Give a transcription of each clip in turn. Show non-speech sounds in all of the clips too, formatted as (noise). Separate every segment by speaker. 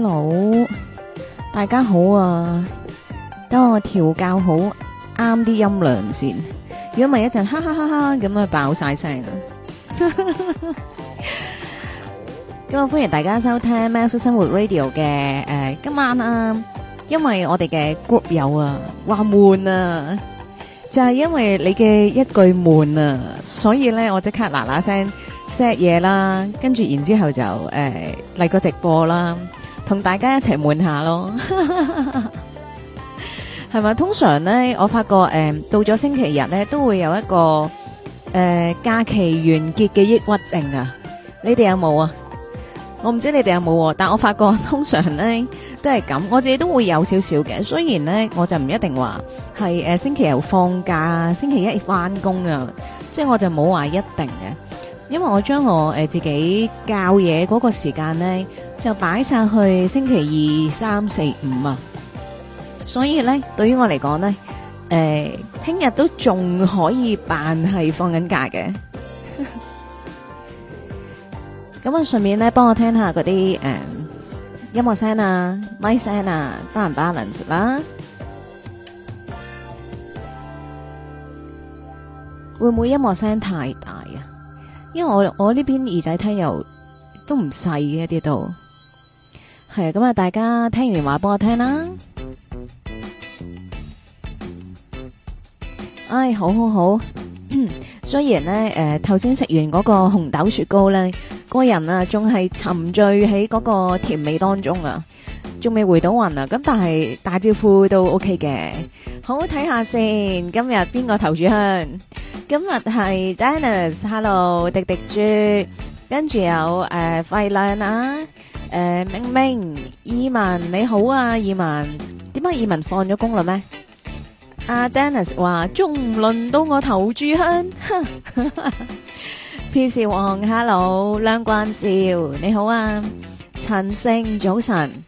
Speaker 1: hello，大家好啊！等我調教好啱啲音量先。如果唔係一陣，哈哈哈哈咁啊爆晒聲啊！咁啊，歡迎大家收聽《喵式生活 Radio》嘅誒，今晚啊，因為我哋嘅 group 友啊話悶啊，就係因為你嘅一句悶啊，所以咧我即刻嗱嗱聲 set 嘢啦，跟住然之後就誒嚟個直播啦。同大家一齊悶下咯，係咪？通常咧，我發覺誒，到咗星期日咧，都會有一個誒假期完結嘅抑鬱症啊！你哋有冇啊？我唔知你哋有冇，但我發覺通常咧都係咁，我自己都會有少少嘅。雖然咧，我就唔一定話係誒星期日放假，星期一翻工，啊，即係我就冇話一定嘅。因為我將我誒自己教嘢嗰個時間咧，就擺晒去星期二、三四五啊，所以咧，對於我嚟講咧，誒，聽日都仲可以扮係放緊假嘅。咁啊，順便咧，幫我聽下嗰啲誒音樂聲啊、咪聲啊、平衡 balance 啦，會唔會音樂聲太大？因為我我呢邊耳仔聽又都唔細嘅一啲都係啊，咁啊，大家聽完話幫我聽啦。唉、哎，好好好， (coughs) 雖然呢，誒，頭先食完嗰個紅豆雪糕咧，個人啊仲係沉醉喺嗰個甜味當中啊。仲未回到魂啊！咁但係打招呼都 OK 嘅。好睇下先，今日邊個頭炷香？今日係 Dennis，Hello，滴滴豬，跟住，有誒費亮啊，誒明明，依文你好啊，依文，點解依文放咗工嘞咩？阿 Dennis 話仲唔輪到我頭炷香，P C 王，Hello，兩關少，你好啊，陳勝，早晨。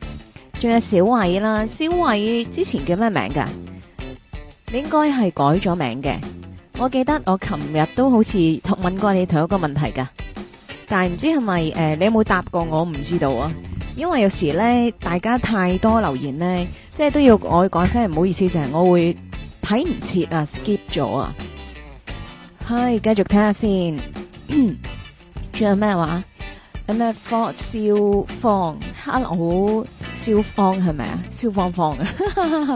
Speaker 1: 仲有小偉啦，小偉之前叫咩名噶？你應該係改咗名嘅。我記得我琴日都好似問過你同一個問題噶，但係唔知係咪誒，你有冇答過我？唔知道啊，因為有時咧，大家太多留言咧，即係都要我講聲唔好意思，就係、是、我會睇唔切啊，skip 咗啊。係，繼續睇下先。仲 (coughs) 有咩話？有咩？方笑放 hello 蕭芳係咪啊？蕭芳芳，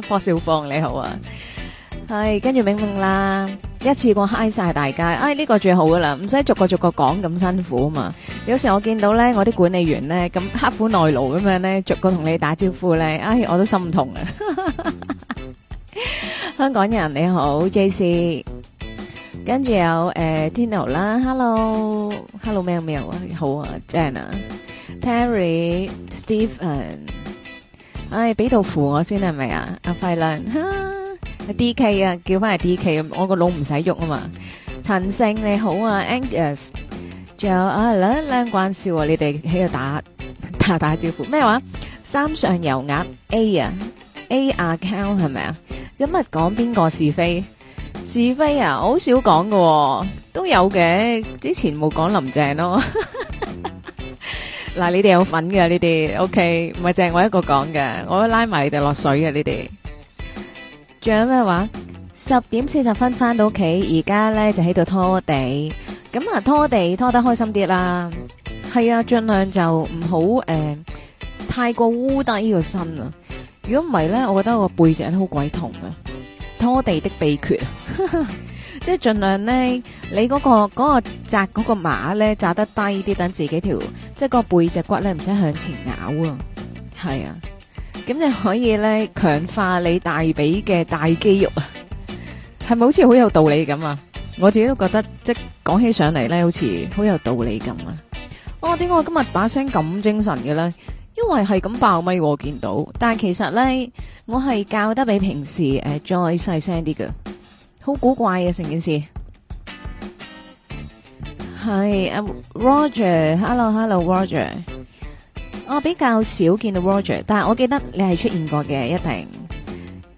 Speaker 1: 霍少芳，你好啊！係跟住明明啦，一次過 high 晒大家，哎呢個最好噶啦，唔使逐個逐個講咁辛苦啊嘛！有時我見到咧，我啲管理員咧咁刻苦耐勞咁樣咧，逐個同你打招呼咧，哎我都心痛啊！香港人你好，JC，跟住有誒 Tino 啦，Hello，Hello，喵喵啊，好啊，Jenna，Terry，Steve，嗯。唉，俾到符我先係咪啊？阿費亮吓，D K 啊，叫翻嚟 D K 啊，我個腦唔使喐啊嘛。陳勝你好啊，Angus，仲有啊，靚靚關照你哋喺度打打打招呼咩話？三上油鴨 A 啊 A account 係咪啊？今日講邊個是非？是非啊，我好少講噶喎，都有嘅。之前冇講林鄭咯。嗱，你哋有份嘅呢啲，OK，唔係淨係我一個講嘅，我都拉埋你哋落水㗎。呢啲。仲有咩話？十點四十分翻到屋企，而家咧就喺度拖地，咁啊，拖地拖得開心啲啦。係啊，盡量就唔好誒太過污低個身啊。如果唔係咧，我覺得我個背脊都好鬼痛啊。拖地的秘訣啊！即係盡量咧，你嗰個嗰個紮嗰個馬咧紮得低啲，等自己條即係個背脊骨咧唔使向前咬啊。係啊，咁你可以咧強化你大髀嘅大肌肉啊，係咪好似好有道理咁啊？我自己都覺得，即係講起上嚟咧，好似好有道理咁啊。哇！點解我今日把聲咁精神嘅咧？因為係咁爆咪我見到，但係其實咧我係教得比平時誒再細聲啲嘅。好古怪嘅成件事，係阿 Roger，Hello，Hello，Roger，我比較少見到 Roger，但係我記得你係出現過嘅，一定。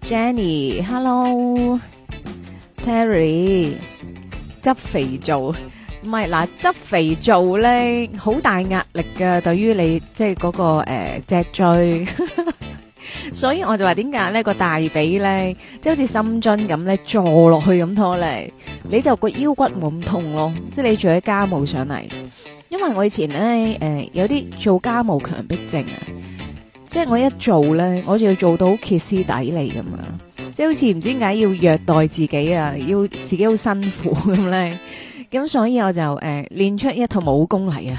Speaker 1: Jenny，Hello，Terry，執肥皂，唔係嗱，執肥皂咧好大壓力㗎，對於你即係嗰個誒脊椎。所以我就話點解咧個大髀咧，即係好似深蹲咁咧坐落去咁拖咧，你就個腰骨冇咁痛咯。即係你做咗家務上嚟，因為我以前咧誒、呃、有啲做家務強迫症啊，即係我一做咧，我就要做到歇斯底里咁樣，即係好似唔知點解要虐待自己啊，要自己好辛苦咁咧，咁所以我就誒練、呃、出一套武功嚟啊，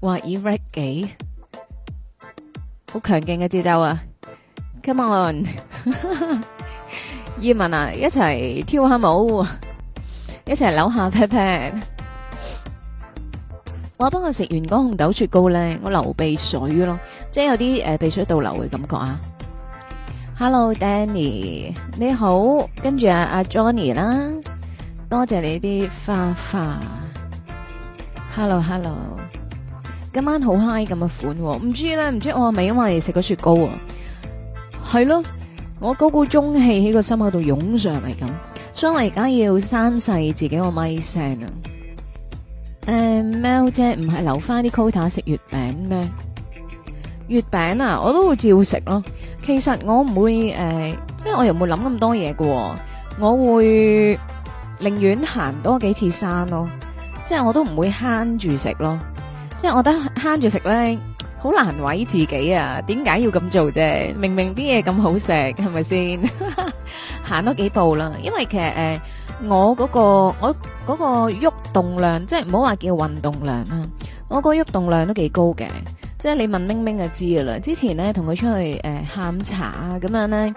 Speaker 1: 話以 red 幾。好強勁嘅節奏啊！Come on，葉文啊，一齊跳下舞，一齊扭下 pat pat。我幫我食完嗰紅豆雪糕咧，我流鼻水咯，即係有啲誒鼻水倒流嘅感覺啊！Hello Danny，你好，跟住阿阿 Johnny 啦，多謝你啲花花。Hello Hello。今晚好嗨，咁嘅款，唔知咧，唔知我係咪因為食個雪糕啊？係咯，我嗰股中氣喺個心口度湧上嚟咁，所以我而家要閂細自己個咪聲啊！誒、嗯、，喵、嗯、姐唔係留翻啲 quota 食月餅咩？月餅啊，我都會照食咯。其實我唔會誒、呃，即係我又唔會諗咁多嘢喎。我會寧願行多幾次山咯，即係我都唔會慳住食咯。即係我覺得慳住食咧，好難為自己啊！點解要咁做啫？明明啲嘢咁好食，係咪先？行多幾步啦，因為其實誒，我嗰個我嗰個喐動量，即係唔好話叫運動量啦，我個喐動量都幾高嘅。即係你問明明就知噶啦，之前咧同佢出去誒下午茶啊咁樣咧，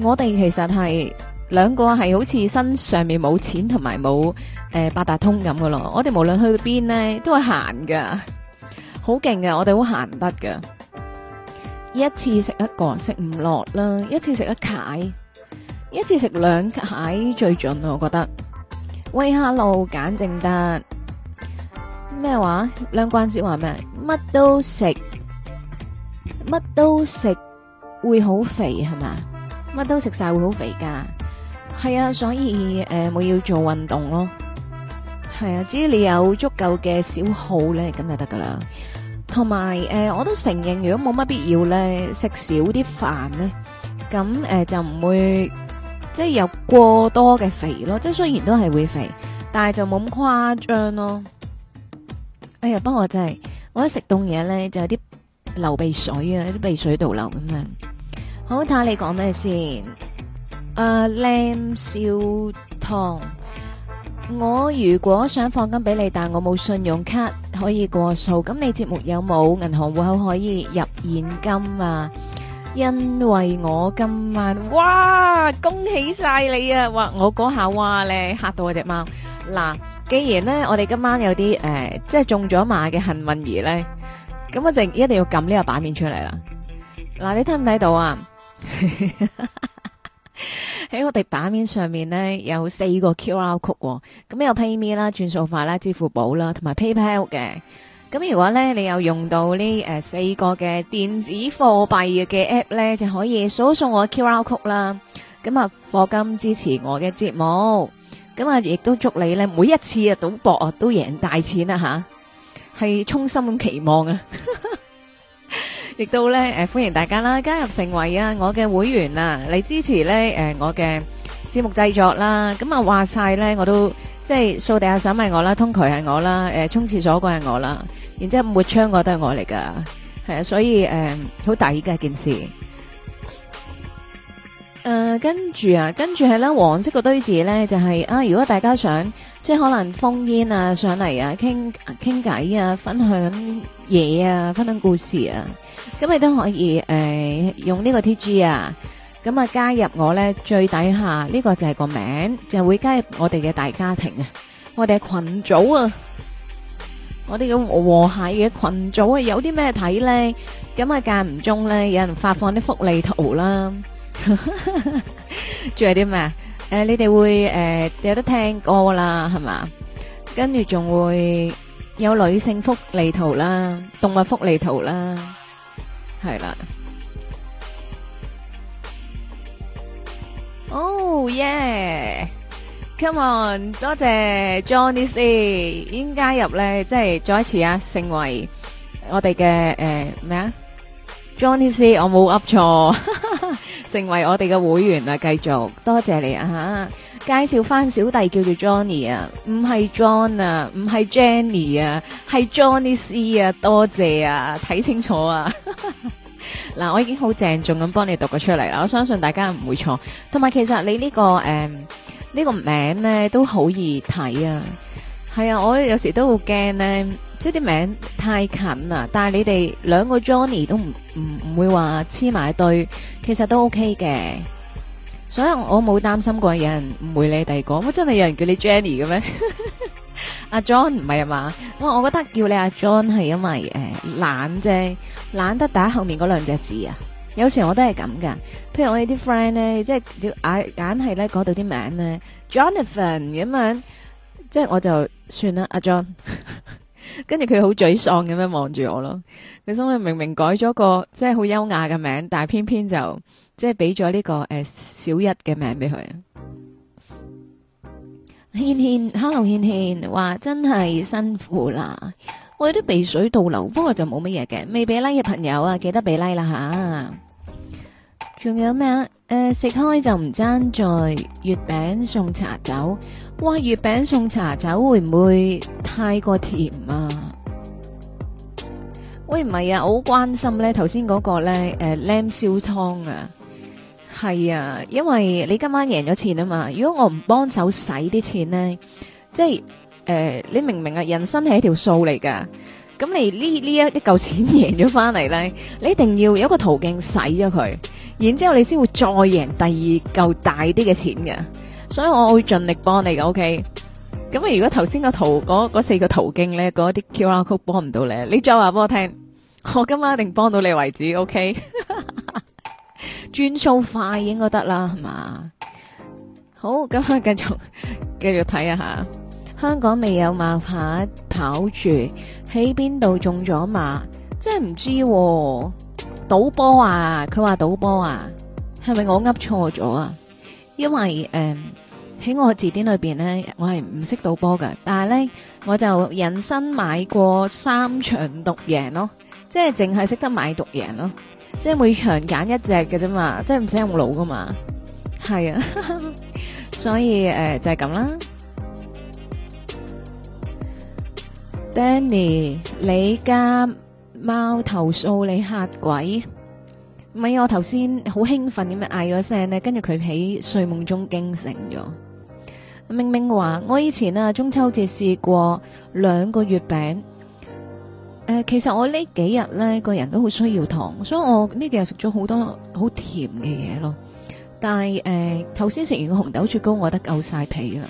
Speaker 1: 我哋其實係。兩個係好似身上面冇錢同埋冇誒八達通咁嘅咯，我哋無論去到邊咧都係行噶，好勁噶，我哋好行得噶。一次食一個食唔落啦，一次食一蟹，一次食兩蟹最盡我覺得。喂 hello 簡正得。咩話？梁關小話咩？乜都食，乜都食會好肥係嘛？乜都食晒會好肥噶。係啊，所以誒冇、呃、要做運動咯。係啊，至於你有足夠嘅小耗咧，咁就得噶啦。同埋誒，我都承認，如果冇乜必要咧，食少啲飯咧，咁誒、呃、就唔會即係有過多嘅肥咯。即係雖然都係會肥，但係就冇咁誇張咯。哎呀，不過真係，我一食凍嘢咧，就有啲流鼻水啊，啲鼻水倒流咁樣。好，睇下你講咩先。誒，靚少棠，我如果想放金俾你，但我冇信用卡可以過數，咁你節目有冇銀行戶口可以入現金啊？因為我今晚，哇，恭喜晒你啊！話我嗰下哇咧嚇到我隻貓。嗱，既然咧我哋今晚有啲誒，即係中咗馬嘅幸運兒咧，咁我就一定要撳呢個版面出嚟啦。嗱，你睇唔睇到啊？喺 (music) 我哋版面上面呢，有四個 QR Code，哦，咁、嗯、有 PayMe 啦、轉數快啦、支付寶啦同埋 PayPal 嘅。咁、嗯、如果呢，你有用到呢誒、呃、四個嘅電子貨幣嘅 App 呢，就可以掃掃我 QR Code 啦。咁、嗯、啊，課金支持我嘅節目。咁、嗯、啊，亦、嗯、都祝你呢，每一次啊賭博啊都贏大錢啊吓，係、啊、衷心咁期望啊！ (laughs) 亦都咧，誒歡迎大家啦，加入成為啊我嘅會員啊，嚟支持咧，誒我嘅節目製作啦。咁啊話晒咧，我都即係掃地下個係我啦，通渠係我啦，誒沖廁所個係我啦，然之後抹窗個都係我嚟噶，係啊，所以誒好抵嘅一件事。誒，跟住啊，跟住係啦，黃色個堆字咧就係啊，如果大家想。即係可能封煙啊，上嚟啊，傾傾偈啊，分享嘢啊，分享故事啊，咁你都可以誒用呢個 TG 啊，咁啊加入我咧，最底下呢個就係個名，就會加入我哋嘅大家庭啊，我哋嘅群組啊，我哋咁和諧嘅群組啊，有啲咩睇咧？咁啊間唔中咧，有人發放啲福利圖啦，仲有啲咩？誒，你哋會誒有得聽歌啦，係嘛？跟住仲會有女性福利圖啦，動物福利圖啦，係啦。Oh yeah! Come on，多謝 Johnny C，已經加入咧，即係再一次啊，成為我哋嘅誒咩啊？Johnny C，我冇噏錯。成為我哋嘅會員啊！繼續多謝你啊！啊介紹翻小弟叫做 Johnny 啊，唔係 John 啊，唔係 Jenny 啊，係 Johnny C 啊！多謝啊，睇清楚啊！嗱， (laughs) 我已經好鄭重咁幫你讀佢出嚟啦，我相信大家唔會錯。同埋其實你呢、呢個誒呢、呃呢個名咧都好易睇啊！係啊，我有時都好驚咧。即係啲名太近啦，但係你哋兩個 Johnny 都唔唔唔會話黐埋一堆，其實都 OK 嘅，所以我冇擔心過有人唔會你第二個，乜真係有人叫你 Jenny 嘅咩？ (laughs) 阿 John 唔係啊嘛？我我覺得叫你阿 John 係因為誒懶啫，懶、呃、得打後面嗰兩隻字啊。有時我都係咁噶，譬如我哋啲 friend 咧，即係眼眼係咧嗰度啲名咧，Jonathan 咁樣，即係我就算啦，阿 John。 (laughs) 跟住佢好沮喪咁樣望住我咯，佢心諗，明明改咗個即係好優雅嘅名，但係偏偏就即係俾咗呢個誒、欸、小一嘅名俾佢。倩倩，hello 倩倩，話真係辛苦啦，我有啲鼻水倒流，不過就冇乜嘢嘅，未俾拉嘅朋友啊，記得俾拉啦吓。啊仲有咩啊？誒，食開就唔爭在月餅送茶酒。哇，月餅送茶酒會唔會太過甜啊？喂，唔係啊，我好關心咧。頭先嗰個咧，誒，lamb 燒湯啊，係啊，因為你今晚贏咗錢啊嘛。如果我唔幫手使啲錢咧，即係誒，你明唔明啊？人生係一條數嚟噶，咁你呢呢一一嚿錢贏咗翻嚟咧，你一定要有一個途徑使咗佢。然之後你先會再贏第二嚿大啲嘅錢嘅，所以我會盡力幫你嘅，OK？咁如果頭先個圖嗰四個途徑咧，嗰啲 QR code 幫唔到你，你再話幫我聽，我今晚一定幫到你為止，OK？轉 (laughs) 數快應該得啦，係嘛？好，咁啊，繼續繼續睇一下，香港未有馬牌跑住，喺邊度中咗馬？真係唔知道啊。賭波啊！佢話賭波啊，係咪我噏錯咗啊？因為誒，喺、呃、我字典裏邊咧，我係唔識賭波噶。但係咧，我就人生買過三場獨贏咯，即係淨係識得買獨贏咯，即係每場揀一隻嘅啫嘛，即係唔使用腦噶嘛。係啊，所以誒、呃、就係、是、咁啦。Danny，你家貓投訴你吓鬼，唔係我頭先好興奮咁樣嗌個聲呢。跟住佢喺睡夢中驚醒咗。明明話我以前啊中秋節試過兩個月餅，誒、呃、其實我呢幾日呢，個人都好需要糖，所以我呢幾日食咗好多好甜嘅嘢咯。但係誒頭先食完個紅豆雪糕，我覺得夠晒皮啦。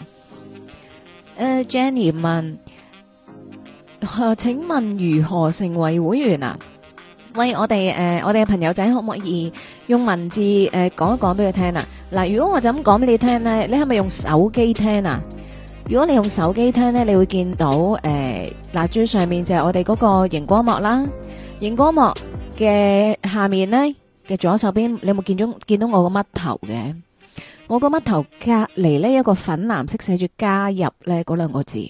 Speaker 1: 誒、呃、Jenny 問。請問如何成為會員啊？喂，我哋誒，我哋嘅朋友仔可唔可以用文字誒講一講俾佢聽啊？嗱，如果我就咁講俾你聽咧，你係咪用手機聽啊？如果你用手機聽咧，你會見到誒嗱，最上面就係我哋嗰個熒光幕啦。熒光幕嘅下面咧，嘅左手邊，你有冇見到見到我個嘜頭嘅？我個唛頭隔離咧，有一個粉藍色寫住加入咧嗰兩個字。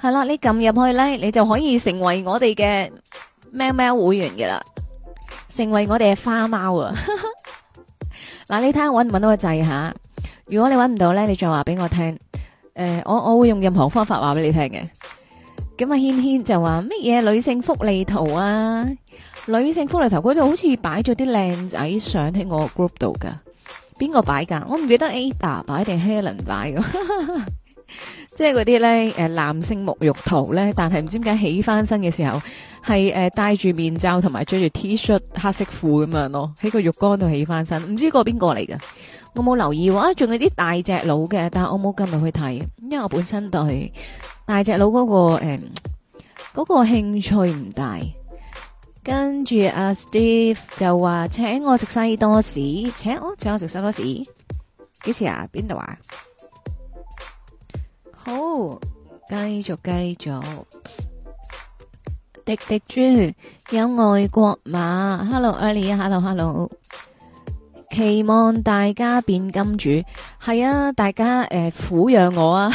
Speaker 1: 係啦、 (music) 嗯，你撳入去咧，你就可以成為我哋嘅喵喵會員嘅啦，成為我哋嘅花貓啊！嗱、嗯，你睇下搵唔搵到個掣吓？如果你搵唔到咧，你再話俾我聽。誒、呃，我我會用任何方法話俾你聽嘅。咁、嗯、啊，軒軒就話乜嘢女性福利圖啊？女性福利圖嗰度好似擺咗啲靚仔相喺我 group 度噶，邊個擺噶？我唔記得 Ada 擺定 Helen 擺。哈哈即係嗰啲咧。誒、呃，男性沐浴圖咧，但係唔知點解起翻身嘅時候係誒、呃、戴住面罩和，同埋着住 T shirt 黑色褲咁樣咯，喺個浴缸度起翻身。唔知道個邊個嚟嘅？我冇留意。哇，仲有啲大隻佬嘅，但係我冇今日去睇，因為我本身對大隻佬嗰、那個，誒、嗯，嗰、那個興趣唔大。跟住阿、啊、Steve 就話請我食西多士，請我請我食西多士，幾時啊？邊度啊？好，繼續繼續，滴滴豬有外國馬，Hello Ali，Hello Hello，hello. 期望大家變金主，係啊，大家誒撫養我啊，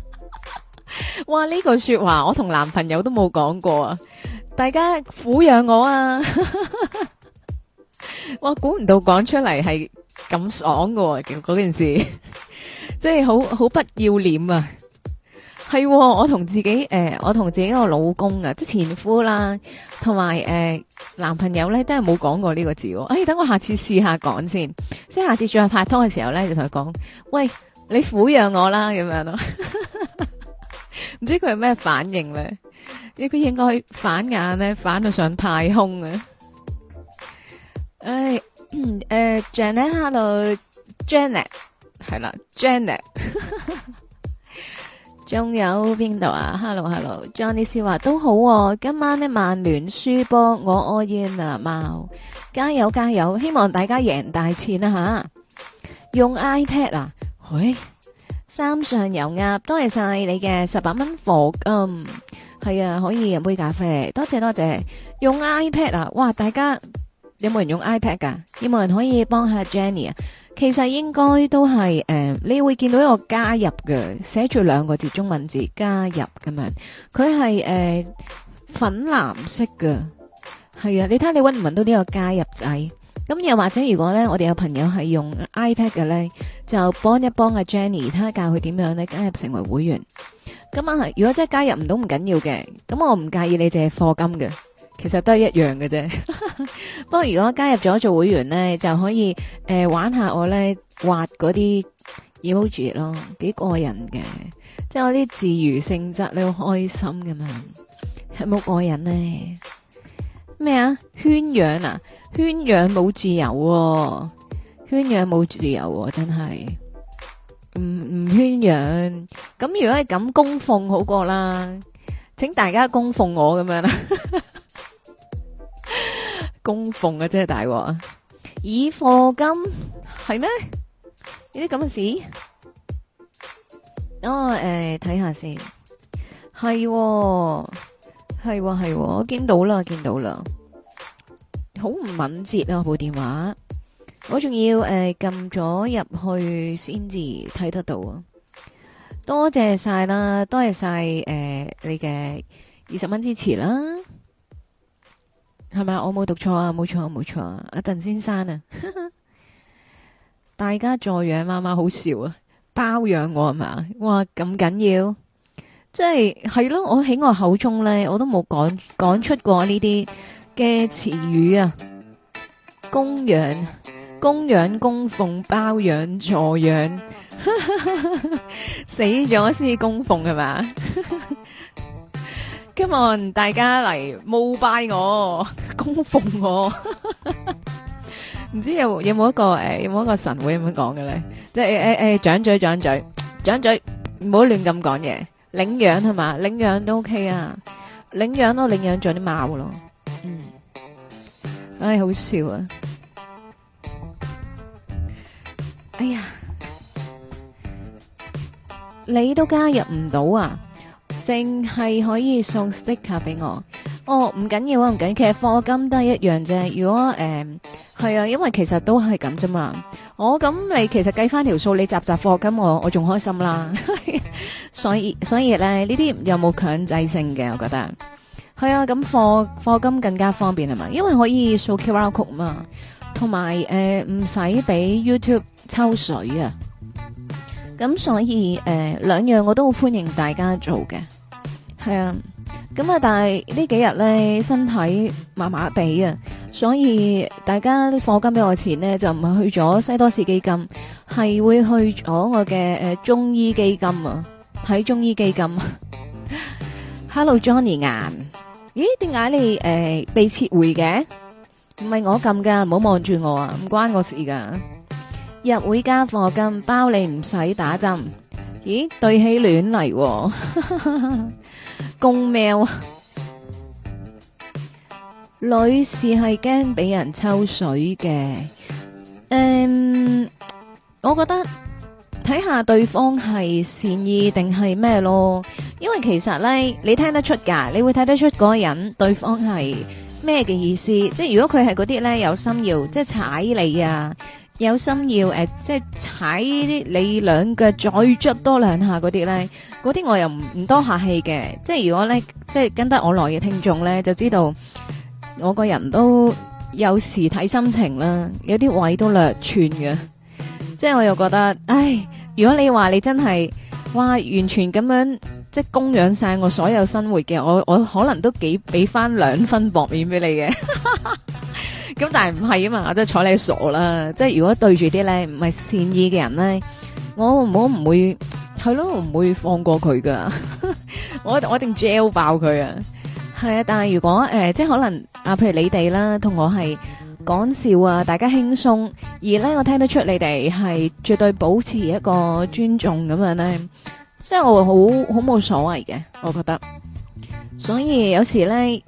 Speaker 1: (laughs) 哇呢句、這個、說話我同男朋友都冇講過啊，大家撫養我啊， (laughs) 哇估唔到講出嚟係咁爽噶，其實嗰件事。即係好好不要臉啊！係我同自己誒，我同自己,、呃、同自己個老公啊，即前夫啦，同埋誒男朋友咧，都係冇講過呢個字、哦。哎，等我下次試下講先，即下次再拍拖嘅時候咧，就同佢講：，喂，你撫養我啦，咁樣咯。唔 (laughs) 知佢係咩反應咧？呢，佢應該反眼咧，反到上太空啊！哎，誒、呃、，Janet，hello，Janet。Janet, Hello, Janet. 係啦，Janet，仲 (laughs) 有邊度啊？Hello，Hello，Johnny 說話都好、啊，今晚呢曼聯輸波，我 all in 啊，貓，加油加油，希望大家贏大錢啊吓！用 iPad 啊，喂、欸，三上油鴨，多謝晒你嘅十八蚊火金，係啊，可以飲杯咖啡，多謝多謝，用 iPad 啊，哇，大家。有冇人用 iPad 噶、啊？有冇人可以幫下 Jenny 啊？其實應該都係誒、呃，你會見到一個加入嘅，寫住兩個字中文字加入咁樣，佢係誒粉藍色嘅，係啊，你睇下你搵唔搵到呢個加入掣？咁又或者如果咧，我哋有朋友係用 iPad 嘅咧，就幫一幫阿、啊、Jenny，睇下教佢點樣咧加入成為會員。今晚如果真係加入唔到唔緊要嘅，咁我唔介意你淨係課金嘅。其實都係一樣嘅啫。不過如果加入咗做會員咧，就可以誒玩下我咧，畫嗰啲 emoji 咯，幾過癮嘅。即係我啲自娛性質，你好開心㗎嘛，係冇過癮咧？咩啊？圈養啊？圈養冇自由，圈養冇自由，真係唔唔圈養。咁如果係咁供奉好過啦，請大家供奉我咁樣啦。供奉嘅啫，係大鑊以課金係咩？呢啲咁嘅事，哦誒，睇、呃、下先，係系系，我見到啦，見到啦，好唔敏捷啊！部電話，我仲要誒撳咗入去先至睇得到啊！多謝晒啦，多謝晒誒、呃、你嘅二十蚊支持啦！係咪啊？我冇讀錯啊，冇錯冇錯啊！阿鄧先生啊，大家助養媽媽好笑啊，包養我係咪啊？哇咁緊要，即係係咯，我喺我口中咧，我都冇講講出過呢啲嘅詞語啊，供養、供養、供奉、包養、助養，死咗先供奉係嘛？希望大家嚟膜拜我，供奉我。唔知有有冇一個誒，有冇一個神會咁樣講嘅咧？即係誒誒，掌嘴掌嘴掌嘴，唔好亂咁講嘢。領養係嘛？領養都 OK 啊，領養咯，領養咗啲貓咯。嗯，唉，好笑啊！哎呀，你都加入唔到啊！淨係可以送 sticker 俾我，哦，唔緊要啊唔緊，其實貨金都係一樣啫。如果誒係、呃、啊，因為其實都係咁啫嘛。我、哦、咁你其實計翻條數，你集集貨金我我仲開心啦。 (laughs) 所以所以咧呢啲有冇強制性嘅？我覺得係啊。咁貨貨金更加方便係嘛，因為可以掃 QR code 嘛，同埋誒唔、呃、使俾 YouTube 抽水啊。咁所以誒兩、呃、樣我都好歡迎大家做嘅。係啊，咁啊，但係呢幾日咧身體麻麻地啊，所以大家課金俾我錢咧就唔係去咗西多士基金，係會去咗我嘅誒、呃、中醫基金啊，睇中醫基金。 (laughs) Hello，Johnny，岩，咦，點解你誒、呃、被撤回嘅？唔係我撳噶，唔好望住我啊，唔關我事噶。入會加課金，包你唔使打針。咦，對起亂嚟，啊。 (laughs) 公貓，女士係驚俾人抽水嘅。嗯，um，我覺得睇下對方係善意定係咩咯。因為其實咧，你聽得出噶，你會睇得出嗰個人對方係咩嘅意思。即係如果佢係嗰啲咧有心要即係踩你啊，有心要誒、呃，即踩啲你兩腳再捽多兩下嗰啲呢，嗰啲我又唔唔多客氣嘅。即係如果呢，即係跟得我來嘅聽眾呢，就知道我個人都有時睇心情啦，有啲位都略串嘅。即係我又覺得，唉，如果你話你真係哇，完全咁樣即係供養晒我所有生活嘅，我我可能都幾俾翻兩分薄面俾你嘅。 (laughs) 咁但係唔係啊嘛，我真係睬你傻啦！即係如果對住啲咧唔係善意嘅人咧，我唔好唔會，係咯唔會放過佢噶， (laughs) 我我一定 j e l 爆佢啊！係啊，但係如果誒、呃，即係可能啊，譬如你哋啦，同我係講笑啊，大家輕鬆，而咧我聽得出你哋係絕對保持一個尊重咁樣咧，所以我會好好冇所謂嘅，我覺得。所以有時咧。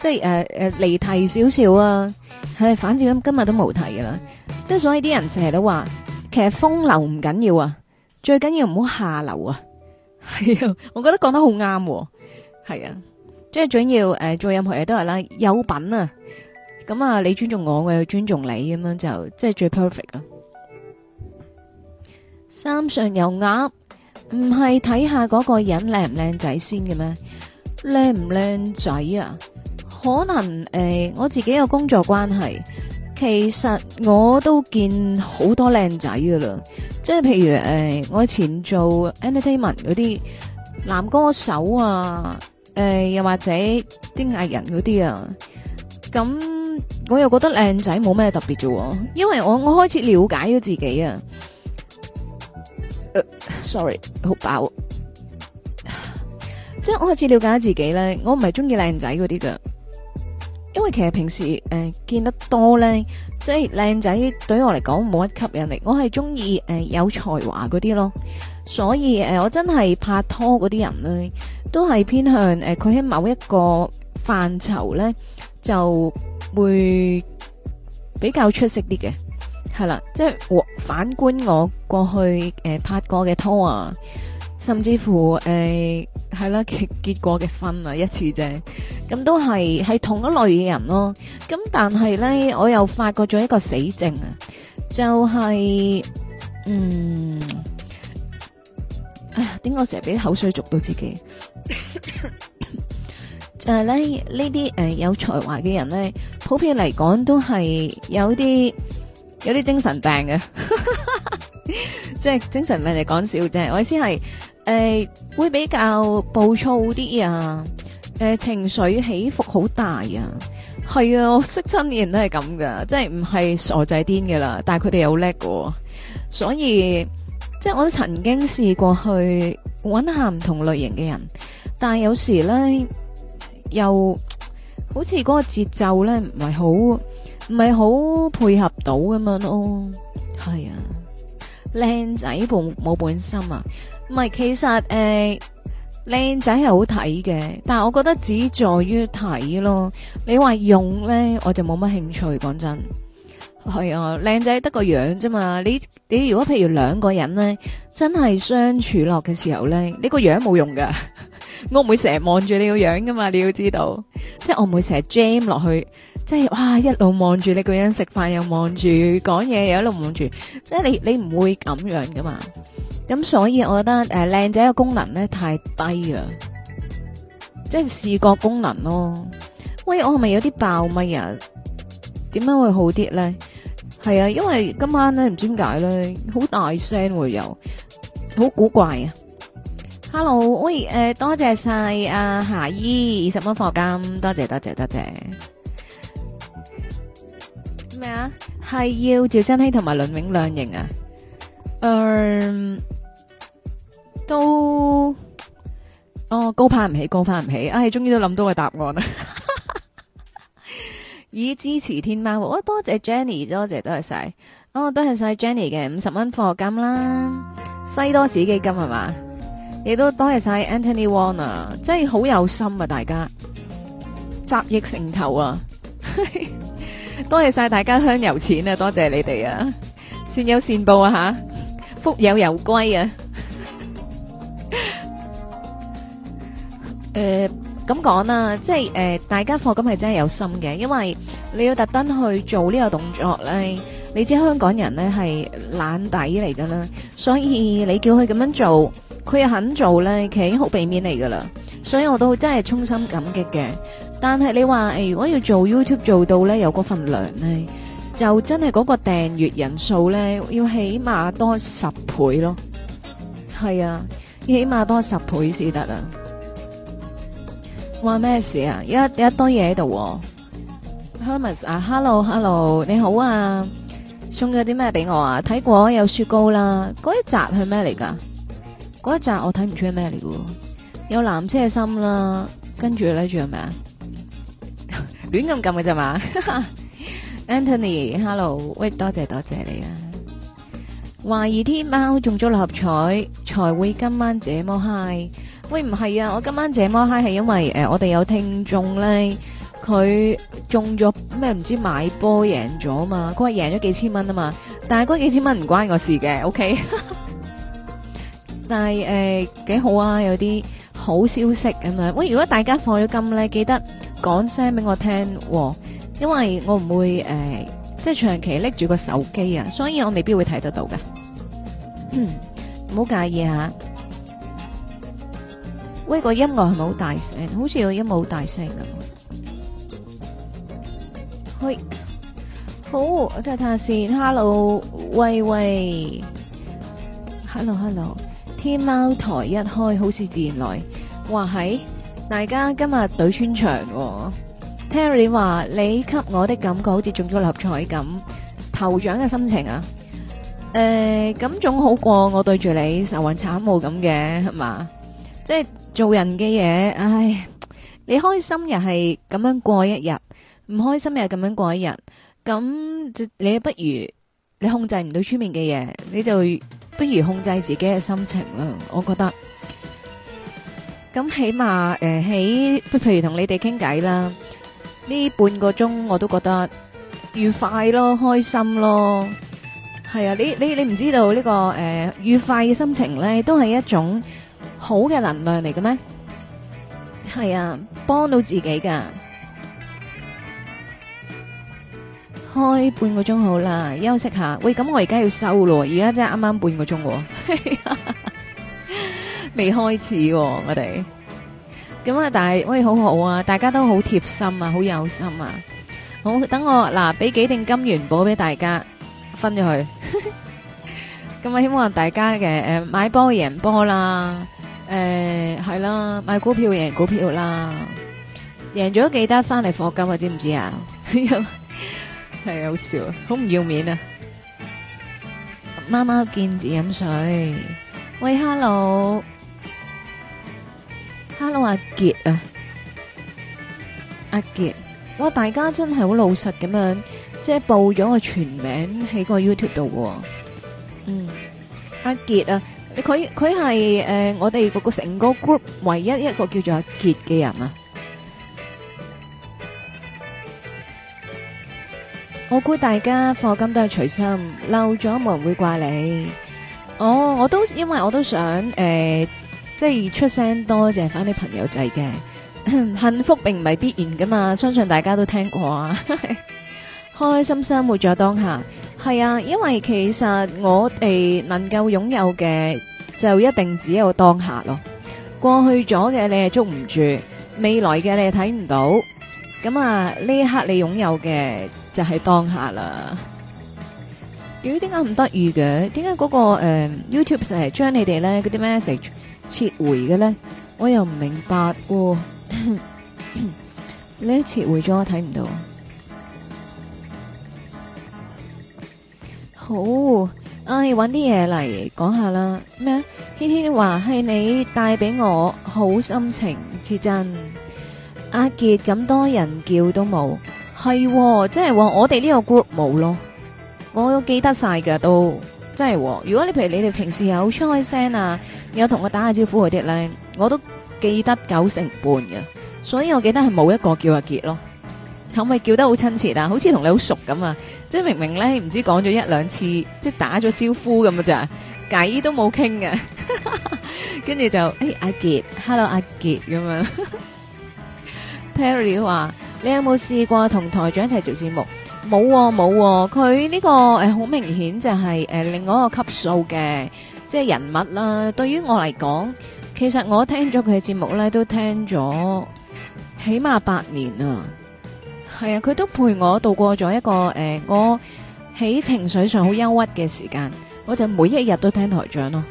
Speaker 1: 即係誒誒離題少少啊，係反正咁今日都冇題噶啦，即係所以啲人成日都話，其實風流唔緊要啊，最緊要唔好下流啊，係啊，我覺得講得好啱，哦，係啊，即係最緊要誒，做任何嘢都係啦，有品啊，咁啊，你尊重我，我又尊重你咁樣就即係最 perfect 啦。三上悠亞，唔係睇下嗰個人靚唔靚仔先嘅咩？靚唔靚仔啊？可能誒、呃，我自己有工作關係，其實我都見好多靚仔噶啦，即係譬如誒、呃，我以前做 Entertainment 嗰啲男歌手啊，誒、呃，又或者啲藝人嗰啲啊，咁我又覺得靚仔冇咩特別啫，因為我我開始了解咗自己啊、uh，sorry，好飽、啊， (laughs) 即係我開始了解自己咧，我唔係中意靚仔嗰啲噶。因為其實平時誒、呃、見得多咧，即係靚仔對我嚟講冇乜吸引力。我係中意誒有才華嗰啲咯，所以誒、呃、我真係拍拖嗰啲人咧，都係偏向誒佢喺某一個範疇咧，就會比較出色啲嘅係啦。即係反觀我過去誒、呃、拍過嘅拖啊。甚至乎誒係、欸、啦結結過嘅婚啊一次啫，咁都係係同一類嘅人咯。咁但係咧，我又發覺咗一個死症啊，就係、是、嗯，哎呀，點解成日俾口水捉到自己？ (laughs) 就係咧呢啲誒、呃、有才華嘅人咧，普遍嚟講都係有啲有啲精神病嘅，即 (laughs) 係精神病嚟講笑啫，我意思係。誒、呃，會比較暴躁啲啊！誒、呃，情緒起伏好大啊，係啊，我識親啲人都係咁噶，即係唔係傻仔癲噶啦，但係佢哋又好叻噶，所以即係我都曾經試過去搵下唔同類型嘅人，但係有時咧又好似嗰個節奏咧唔係好唔係好配合到咁樣咯，係啊，靚仔本冇本心啊！唔係，其實誒，靚仔係好睇嘅，但係我覺得只在於睇咯。你話用呢，我就冇乜興趣。講真，係啊，靚仔得個樣啫嘛。你你如果譬如兩個人呢，真係相處落嘅時候呢，你個樣冇用噶。 (laughs) 我唔會成日望住你個樣噶嘛，你要知道。即係我唔會成日 jam 落去，即係哇一路望住你個樣食飯又望住講嘢又一路望住，即係你你唔會咁樣噶嘛。咁所以我覺得誒靚仔嘅功能咧太低啦，即係視覺功能咯。喂，我係咪有啲爆咪啊？點樣會好啲咧？係啊，因為今晚咧唔知點解咧，好大聲會有好古怪啊！Hello，喂誒，多謝晒阿霞姨二十蚊課金，多謝多謝多謝。咩啊？係要趙振熙同埋倫永亮型啊？嗯。都哦高攀唔起，高攀唔起。哎，終於都諗到個答案啦！ (laughs) 以支持天貓，我、哦、多謝 Jenny，多謝多謝晒，哦，多謝晒 Jenny 嘅五十蚊課金啦，西多士基金係嘛，亦都多謝晒 Anthony Wong 啊，真係好有心啊，大家集腋成裘啊， (laughs) 多謝晒大家香油錢啊，多謝你哋啊，善有善報啊吓、啊，福有攸歸啊！誒，咁講啦，即係誒、呃，大家課金係真係有心嘅，因為你要特登去做呢個動作咧，你知香港人咧係懶底嚟噶啦，所以你叫佢咁樣做，佢又肯做咧，其實已經好畀面嚟噶啦。所以我都真係衷心感激嘅。但係你話誒、呃，如果要做 YouTube 做到咧有嗰份量咧，就真係嗰個訂閱人數咧要起碼多十倍咯。係啊，起碼多十倍先得啦話咩事啊？有一有一堆嘢喺度。Hermes 啊，Hello Hello，你好啊！送咗啲咩俾我啊？睇過有雪糕啦，嗰一集係咩嚟噶？嗰一集我睇唔出係咩嚟噶。有藍色嘅心啦，跟住咧仲有咩啊？亂咁撳嘅啫嘛。 (laughs) Anthony，Hello，喂，多謝多謝你啊！懷疑天喵中咗六合彩，才會今晚這麼 high。喂，唔係啊！我今晚這麼嗨係因為誒，我哋有聽眾咧，佢中咗咩唔知，買波贏咗啊嘛！佢話贏咗幾千蚊啊嘛，但係嗰幾千蚊唔關我事嘅，OK。但係誒幾好啊，有啲好消息咁樣！喂，如果大家放咗金咧，記得講聲俾我聽，因為我唔會誒即係長期拎住個手機啊，所以我未必會睇得到㗎。唔好介意嚇。喂，個音樂係咪好大聲？好似個音樂好大聲咁。喂，好，我睇下睇下先。Hello，喂喂，Hello Hello，天喵台一開，好似自然來。哇係，大家今日隊穿牆。Terry 話你給我的感覺好似中咗六合彩咁，頭獎嘅心情啊。誒，咁總好過我對住你愁雲慘霧咁嘅係嘛？即係。做人嘅嘢，唉，你開心又係咁樣過一日，唔開心又係咁樣過一日，咁你不如你控制唔到出面嘅嘢，你就不如控制自己嘅心情啦。我覺得，咁起碼誒喺，譬如同你哋傾偈啦，呢半個鐘我都覺得愉快咯，開心咯，係啊，你你你唔知道呢個誒愉快嘅心情咧，都係一種。好嘅能量嚟嘅咩？係啊，幫到自己噶。開半個鐘好啦，休息下。喂，咁我而家要收咯，而家真係啱啱半個鐘，未開始，我哋。咁啊，但係喂，好好啊，大家都好貼心啊，好有心啊。好，等我嗱，俾幾錠金元寶俾大家分咗佢。咁啊，希望大家嘅誒買波贏波啦。誒，係啦，買股票贏股票啦，贏咗記得翻嚟貨金啊，知唔知啊？係啊，好笑啊，好唔要面啊！貓貓見字飲水，喂，hello，hello 阿傑啊，阿傑，哇，大家真係好老實咁樣，即係報咗個全名喺個 YouTube 度嘅，嗯，阿傑啊。佢佢係誒，我哋嗰個成個 group 唯一一個叫做阿杰嘅人啊！我估大家課金都係隨心，漏咗冇人會怪你。哦，我都因為我都想誒，即係出聲多謝返啲朋友仔嘅。幸福並唔係必然㗎嘛，相信大家都聽過啊。開開心心活在當下，係啊，因為其實我哋能夠擁有嘅就一定只有當下咯。過去咗嘅你係捉唔住，未來嘅你係睇唔到，咁啊呢一刻你擁有嘅就係當下啦。咦，點解咁唔得意嘅？點解嗰個誒 YouTube 係將你哋咧嗰啲 message 撤回嘅咧？我又唔明白喎，你一撤回咗我睇唔到。好，唉、哦，揾啲嘢嚟講下啦。咩？天天話係你帶俾我好心情，至真。阿杰咁多人叫都冇，係即係話我哋呢個 group 冇咯。我都記得晒噶都，真係、啊。如果你譬如你哋平時有出開聲啊，有同我打下招呼嗰啲咧，我都記得九成半嘅。所以我記得係冇一個叫阿杰咯。可唔可以叫得好親切啊？好似同你好熟咁啊！即係明明咧，唔知講咗一兩次，即係打咗招呼咁啊，咋偈都冇傾嘅。跟住就誒，阿杰，Hello，阿杰咁樣。Terry 話：你有冇試過同台長一齊做節目？冇，冇。佢呢個誒，好明顯就係誒，另外一個級數嘅，即係人物啦。對於我嚟講，其實我聽咗佢嘅節目咧，都聽咗起碼八年啦。係啊，佢都陪我度過咗一個誒，我喺情緒上好憂鬱嘅時間，我就每一日都聽台長咯。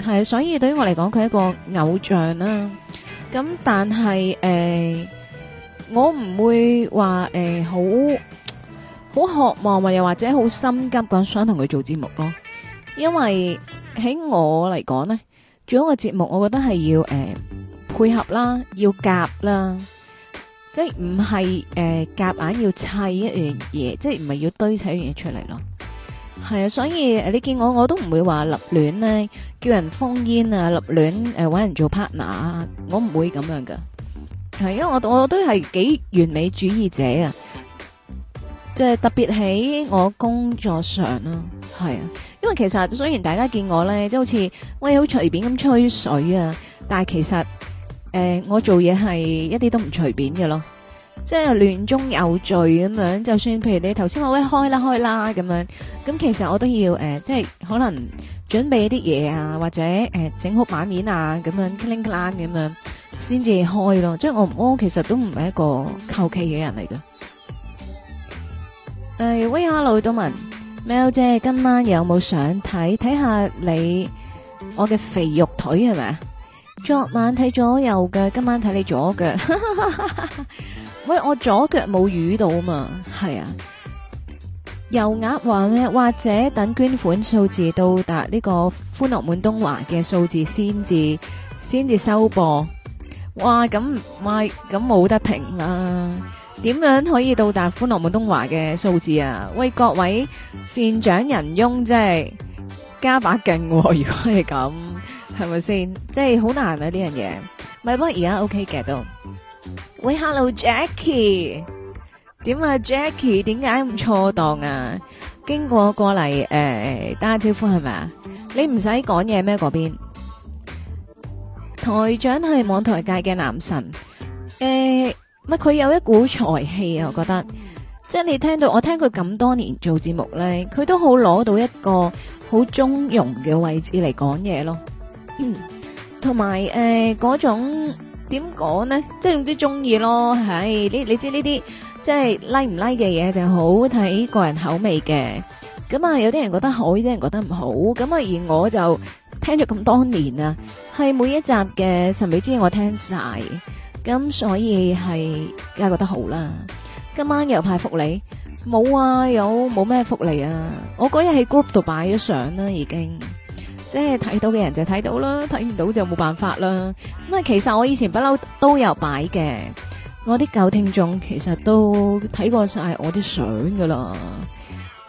Speaker 1: 係，所以對於我嚟講，佢係一個偶像啦。咁但係誒，我唔會話誒好，好渴望或又或者好心急咁想同佢做節目咯。因為喺我嚟講呢，做一個節目，我覺得係要誒配合啦，要夾啦。即係唔係誒夾硬要砌一樣嘢，即係唔係要堆砌一樣嘢出嚟咯。係啊，所以誒你見我我都唔會話立亂咧，叫人封煙啊，立亂誒搵人做 partner 啊，我唔會咁樣噶。係因為我我都係幾完美主義者啊，即係特別喺我工作上咯。係啊，因為其實雖然大家見我咧，即係好似我又好隨便咁吹水啊，但係其實。誒、呃，我做嘢係一啲都唔隨便嘅咯，即係亂中有序咁樣。就算譬如你頭先話喂開啦開啦咁樣，咁其實我都要誒、呃，即係可能準備啲嘢啊，或者誒、呃、整好版面啊咁樣，cling 啦咁樣，先至開咯。即係我屙，我其實都唔係一個求其嘅人嚟嘅。誒、呃，喂，hello，杜文，喵姐，今晚有冇想睇睇下你我嘅肥肉腿係咪啊？昨晚睇咗右腳，今晚睇你左腳。喂，我左腳冇瘀到嘛？係啊。右額話咧，或者等捐款數字到達呢個歡樂滿東華嘅數字先至，先至收播。哇！咁咪咁冇得停啦？點樣可以到達歡樂滿東華嘅數字啊？喂，各位善長人翁，即係加把勁。如果係咁。係咪先？即係好難啊！呢樣嘢咪不過而家 OK 嘅都。喂，Hello，Jackie，點啊？Jackie，點解咁錯檔啊？經過過嚟誒，打下招呼係咪啊？你唔使講嘢咩？嗰邊台長係網台界嘅男神誒，乜佢有一股才氣啊？我覺得，即係你聽到我聽佢咁多年做節目咧，佢都好攞到一個好中庸嘅位置嚟講嘢咯。嗯，同埋誒，嗰種點講咧，即係總之中意咯，係呢，你知呢啲即係 like 唔 like 嘅嘢就係好睇個人口味嘅。咁啊，有啲人覺得好，有啲人覺得唔好。咁啊，而我就聽咗咁多年啊，係每一集嘅神秘之夜我聽晒，咁所以係梗係覺得好啦。今晚又派福利冇啊？有冇咩福利啊？我嗰日喺 group 度擺咗相啦，已經。即係睇到嘅人就睇到啦，睇唔到就冇辦法啦。咁啊，其實我以前不嬲都有擺嘅，我啲舊聽眾其實都睇過晒我啲相噶啦。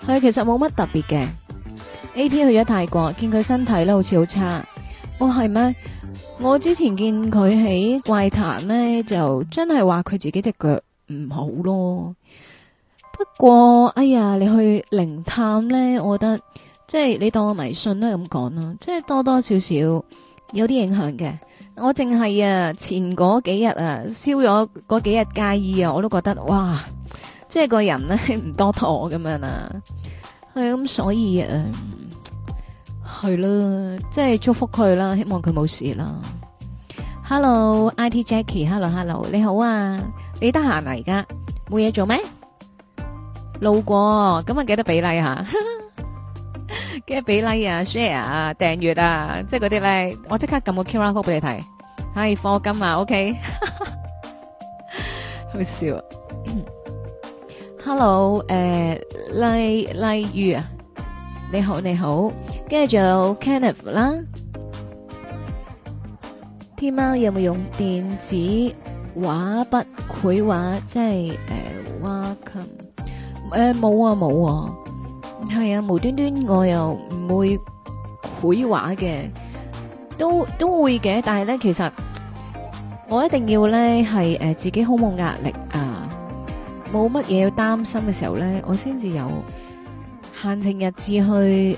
Speaker 1: 係其實冇乜特別嘅。AP 去咗泰國，見佢身體咧好似好差。哦係咩？我之前見佢喺怪談咧，就真係話佢自己隻腳唔好咯。不過哎呀，你去靈探咧，我覺得。即係你當我迷信都係咁講啦，即係多多少少有啲影響嘅。我淨係啊前嗰幾日啊燒咗嗰幾日街衣啊，我都覺得哇，即係個人咧、啊、唔 (laughs) 多妥咁樣啊係咁，所以誒係咯，即係祝福佢啦，希望佢冇事啦。Hello，IT Jackie，Hello，Hello，Hello, 你好啊，你得閒嚟而家冇嘢做咩？路過，咁啊記得俾 like 吓？ (laughs) 跟住俾 like 啊、share 啊、訂閱啊，即係嗰啲咧，我即刻撳個 QR code 俾你睇，係課金啊，OK， (laughs) 好笑啊！Hello，誒、uh，like like you 啊，你好你好，跟住仲有 Kenneth 啦，天貓有冇用電子畫筆繪畫？即係誒 welcome 誒，冇啊冇啊。沒係啊，無端端我又唔會繪畫嘅，都都會嘅。但係咧，其實我一定要咧係誒自己好冇壓力啊，冇乜嘢要擔心嘅時候咧，我先至有限定日子去誒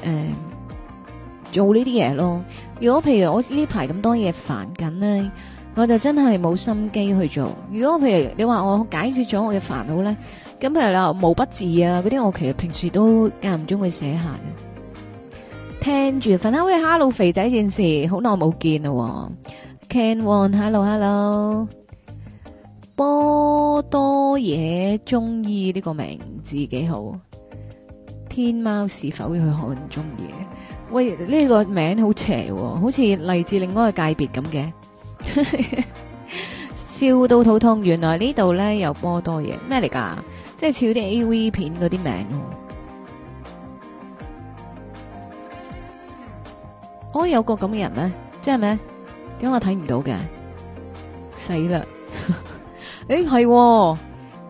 Speaker 1: 做呢啲嘢咯。如果譬如我呢排咁多嘢煩緊咧，我就真係冇心機去做。如果譬如你話我解決咗我嘅煩惱咧。咁係啦，毛筆字啊，嗰啲我其實平時都間唔中會寫下嘅。聽住，粉紅嘅 Hello 肥仔電視，好耐冇見咯。Can one hello hello？波多野中意呢個名字幾好？天貓是否要去看中意？喂，呢個名好邪，好似嚟自另外一個界別咁嘅。笑到肚痛，原來呢度咧有波多野，咩嚟噶？即係似啲 A. V. 片嗰啲名咯，哦、有麼我有個咁嘅人咩？即係咩？點解我睇唔到嘅？死啦！誒、 (laughs) 哎，係、哦、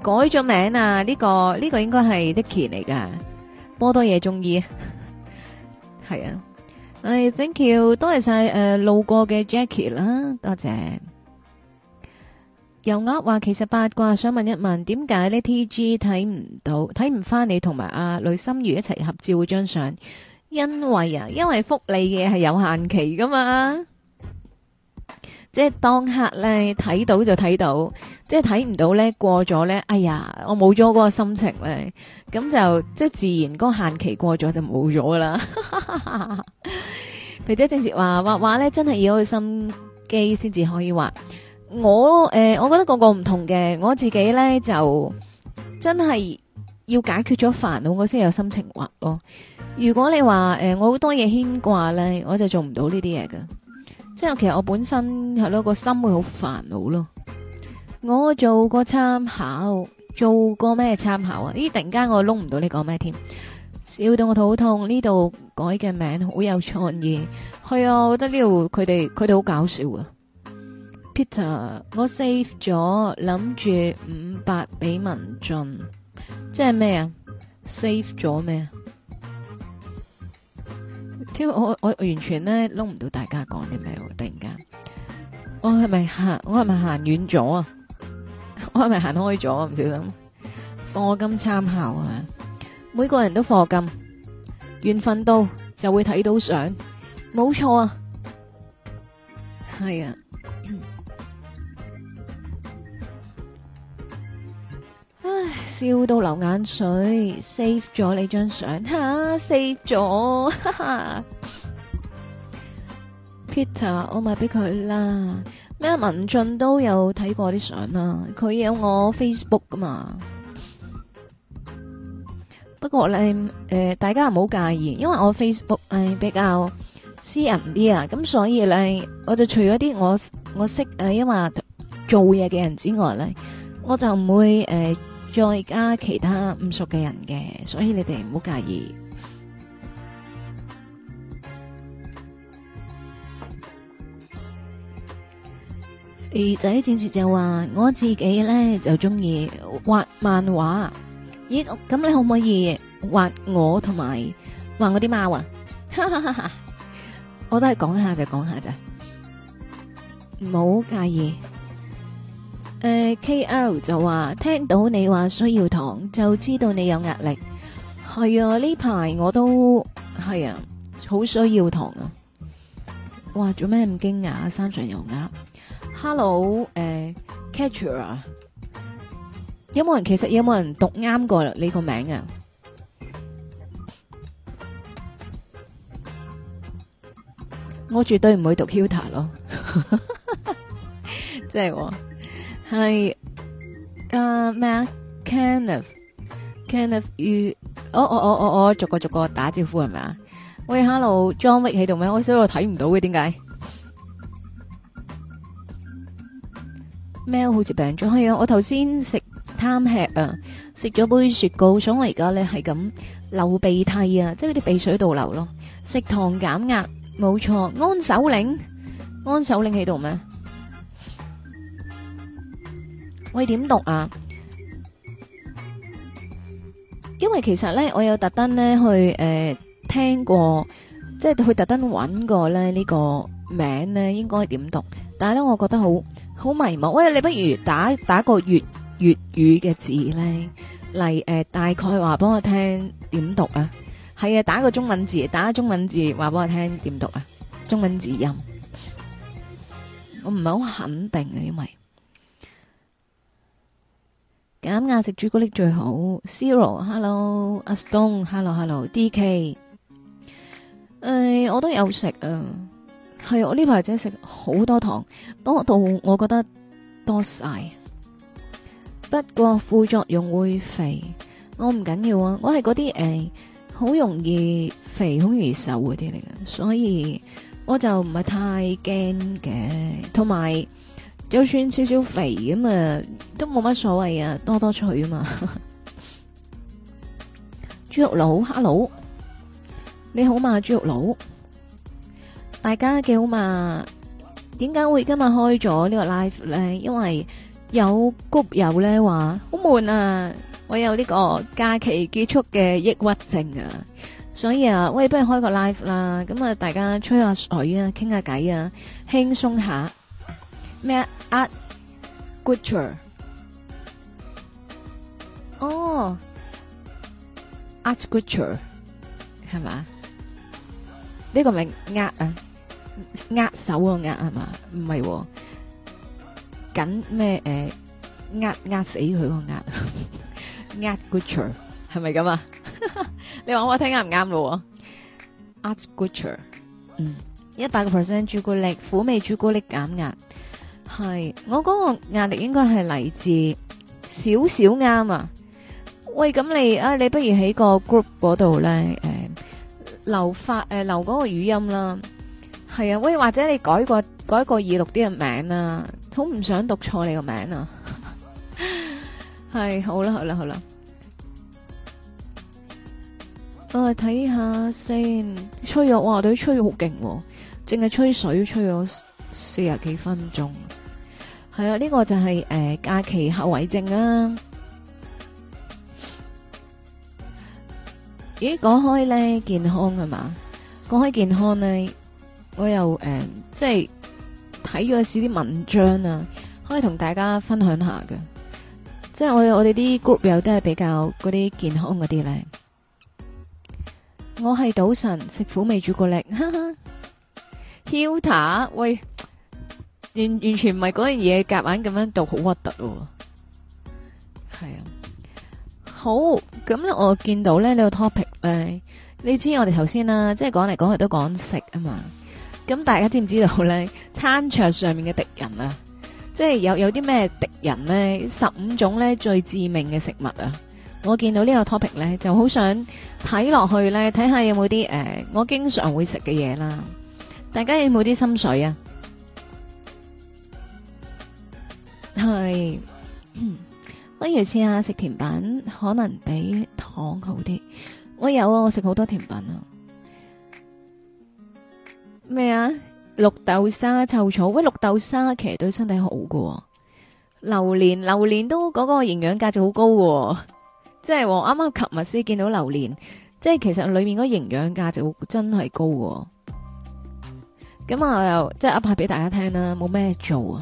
Speaker 1: 改咗名啊！呢、這個呢、這個應該係 Dickie 嚟噶，波多野中意。係 (laughs) 啊，誒、哎，Thank you，多謝晒誒、呃、路過嘅 Jackie 啦，多謝。又呃話：其實八卦，想問一問點解呢？T G 睇唔到，睇唔翻你同埋阿呂心如一齊合照嗰張相，因為啊，因為福利嘅係有限期噶嘛，即係當刻咧睇到就睇到，即係睇唔到咧過咗咧，哎呀，我冇咗嗰個心情咧，咁就即係自然嗰個限期過咗就冇咗啦。肥仔正時話：畫畫咧真係要有心機先至可以畫。我誒、呃，我覺得個個唔同嘅。我自己咧就真係要解決咗煩惱，我先有心情畫咯。如果你話誒、呃，我好多嘢牽掛咧，我就做唔到呢啲嘢噶。即、就、係、是、其實我本身係咯，個心會好煩惱咯。我做個參考，做個咩參考啊？咦，突然間我窿唔到你講咩添？笑到我肚痛。呢度改嘅名好有創意，係啊，我覺得呢度佢哋佢哋好搞笑啊。Peter，我 save 咗，諗住五百俾文進，即係咩啊？save 咗咩？挑我我完全咧，撈唔到大家講啲咩？突然間，我係咪行？我係咪行遠咗啊？我係咪行開咗？唔小心，課金參考啊！每個人都課金，緣分到就會睇到相，冇錯啊！係啊！唉，笑到流眼水，save 咗你張相、啊、哈 save 咗，Peter，我咪俾佢啦。咩文進都有睇過啲相啦，佢有我 Facebook 噶嘛。不過咧，誒、呃，大家唔好介意，因為我 Facebook 咧比較私人啲啊，咁所以咧，我就除咗啲我我識誒，呃、因為做嘢嘅人之外咧，我就唔會誒。呃再加其他唔熟嘅人嘅，所以你哋唔好介意。二仔戰士就話，我自己咧就中意畫漫畫。咦，咁你可唔可以畫我同埋畫我啲貓啊？哈哈哈哈，我都係講下就講下咋，唔好介意。誒、uh,，K L 就話聽到你話需要糖，就知道你有壓力。係啊，呢排我都係啊，好需要糖啊！哇，做咩咁驚訝？山上油鴨，Hello，誒、uh,，catcher，有冇人？其實有冇人讀啱過你個名啊？我絕對唔會讀 huta 咯，即 (laughs) 係。係啊咩啊？Kenneth，Kenneth，與哦哦哦哦哦，逐個逐個打招呼係咪啊？喂，Hello，John，威喺度咩？我所以我睇唔到嘅，點解？喵好似病咗，係啊，我頭先食貪吃啊，食咗杯雪糕，所以我而家咧係咁流鼻涕啊，即係啲鼻水倒流咯。食糖減壓，冇錯。安首領，安首領喺度咩？喂，點讀啊？因為其實咧，我有特登咧去誒、呃、聽過，即係去特登搵過咧呢個名咧應該點讀，但係咧我覺得好好迷茫。喂，你不如打打個粵粵語嘅字咧嚟誒，大概話俾我聽點讀啊？係啊，打個中文字，打個中文字，話俾我聽點讀啊？中文字音，我唔係好肯定啊，因為。減壓食朱古力最好。Zero，Hello，阿 Stone，Hello，Hello，DK。誒，我都有食啊，係我呢排真係食好多糖，多到我覺得多晒。不過副作用會肥，我唔緊要啊，我係嗰啲誒好容易肥、好容易瘦嗰啲嚟嘅，所以我就唔係太驚嘅，同埋，就算少少肥咁啊，都冇乜所謂啊，多多趣啊嘛！豬 (laughs) 肉佬，hello，你好嘛，豬肉佬，大家幾好嘛？點解會今日開咗呢個 live 咧？因為有谷友咧話好悶啊，我有呢個假期結束嘅抑鬱症啊，所以啊，我喂，不如開個 live 啦，咁啊，大家吹下水啊，傾下偈啊，輕鬆下。咩？壓 goodure？哦，壓 goodure 係嘛？呢個咪壓啊？壓手個壓係嘛？唔係緊咩？誒，壓壓死佢個壓壓 goodure 係咪咁啊？你話我聽啱唔啱咯？壓 goodure，嗯，一百個 percent 朱古力苦味朱古力減壓。係，我嗰個壓力應該係嚟自少少啱啊！喂，咁你啊，你不如喺個 group 嗰度咧，誒、呃、留發誒、呃、留嗰個語音啦。係啊，喂，或者你改個改個易讀啲嘅名啊。好唔想讀錯你個名啊！係好啦，好啦，好啦，我睇下先，吹啊！哇，對吹咗好勁，淨係吹水吹咗四十幾分鐘。係啊，呢個就係、是、誒、呃、假期後遺症啦、啊。咦，講開咧健康係嘛？講開健康咧，我又誒、呃、即係睇咗少啲文章啊，可以同大家分享一下嘅。即係我我哋啲 group 友都係比較嗰啲健康嗰啲咧。我係賭神，食苦味朱古力。哈哈 Huta 喂。完完全唔係嗰樣嘢，夾硬咁樣讀好核突喎，
Speaker 2: 係啊，
Speaker 1: 好咁咧，我見到咧呢個 topic 咧，你知我哋頭先啦，即係講嚟講去都講食啊嘛，咁大家知唔知道咧？餐桌上面嘅敵人啊，即係有有啲咩敵人咧？十五種咧最致命嘅食物啊！我見到呢個 topic 咧，就好想睇落去咧，睇下有冇啲誒，我經常會食嘅嘢啦，大家有冇啲心水啊？係，不如試下食甜品，可能比糖好啲。我有啊，我食好多甜品啊。咩啊？綠豆沙、臭草喂，綠豆沙其實對身體好噶喎。榴蓮，榴蓮都嗰個營養價值好高噶喎哦，即係啱啱琴日先見到榴蓮，即係其實裏面嗰個營養價值真係高噶。咁啊，我又即係 update 俾大家聽啦，冇咩做啊。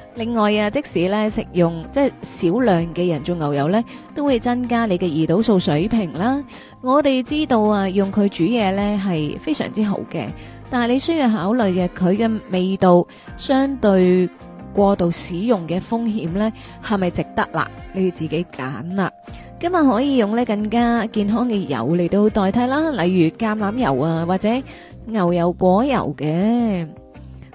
Speaker 1: 另外啊，即使咧食用即係少量嘅人造牛油呢，都會增加你嘅胰島素水平啦。我哋知道啊，用佢煮嘢呢係非常之好嘅，但係你需要考慮嘅佢嘅味道相對過度使用嘅風險呢，係咪值得啦？你要自己揀啦。今日可以用呢更加健康嘅油嚟到代替啦，例如橄欖油啊，或者牛油果油嘅。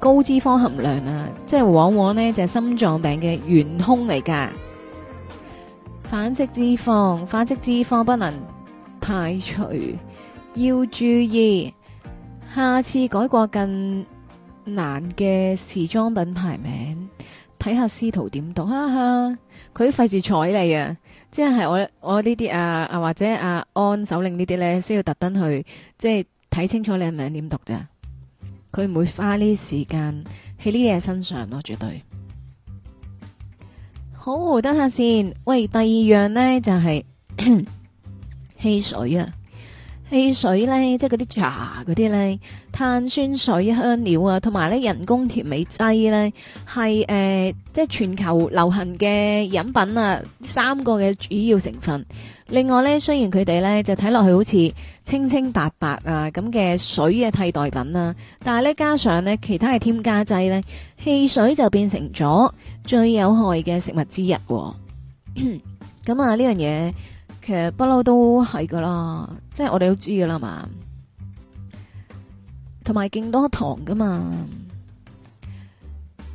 Speaker 1: 高脂肪含量啊，即係往往呢就係心臟病嘅元凶嚟噶。反式脂肪、反式脂肪不能排除，要注意。下次改過更難嘅時裝品牌名，睇下司徒點讀。哈哈，佢費事睬你啊！即係我我呢啲啊啊或者阿、啊、安首領呢啲咧，需要特登去即係睇清楚你係咪點讀咋？佢唔會花呢時間喺呢啲嘢身上咯，絕對好回答下先。喂，第二樣呢就係、是、汽水啊！汽水呢，即係嗰啲茶嗰啲呢，碳酸水、香料啊，同埋呢人工甜味劑呢，係誒、呃，即係全球流行嘅飲品啊，三個嘅主要成分。另外呢，雖然佢哋呢就睇落去好似清清白白啊咁嘅水嘅替代品啊，但係呢，加上呢其他嘅添加劑呢，汽水就變成咗最有害嘅食物之一，哦。咁啊，呢 (coughs) 樣嘢。其實不嬲都係噶啦，即係我哋都知噶啦嘛，同埋勁多糖噶嘛，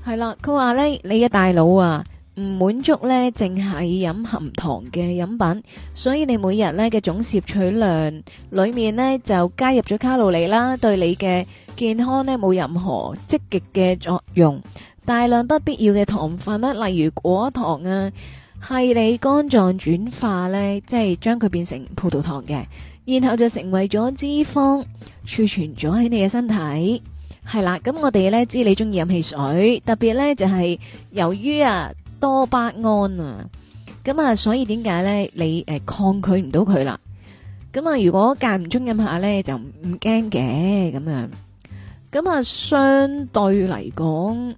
Speaker 1: 係啦。佢話呢，你嘅大腦啊唔滿足呢，淨係飲含糖嘅飲品，所以你每日呢嘅總攝取量裏面呢，就加入咗卡路里啦，對你嘅健康呢冇任何積極嘅作用。大量不必要嘅糖分咧，例如果糖啊。係你肝臟轉化咧，即係將佢變成葡萄糖嘅，然後就成為咗脂肪儲存咗喺你嘅身體，係啦。咁我哋咧知你中意飲汽水，特別咧就係由於啊多巴胺啊，咁啊所以點解咧你誒抗拒唔到佢啦？咁啊如果間唔中飲下咧就唔驚嘅咁樣，咁啊相對嚟講。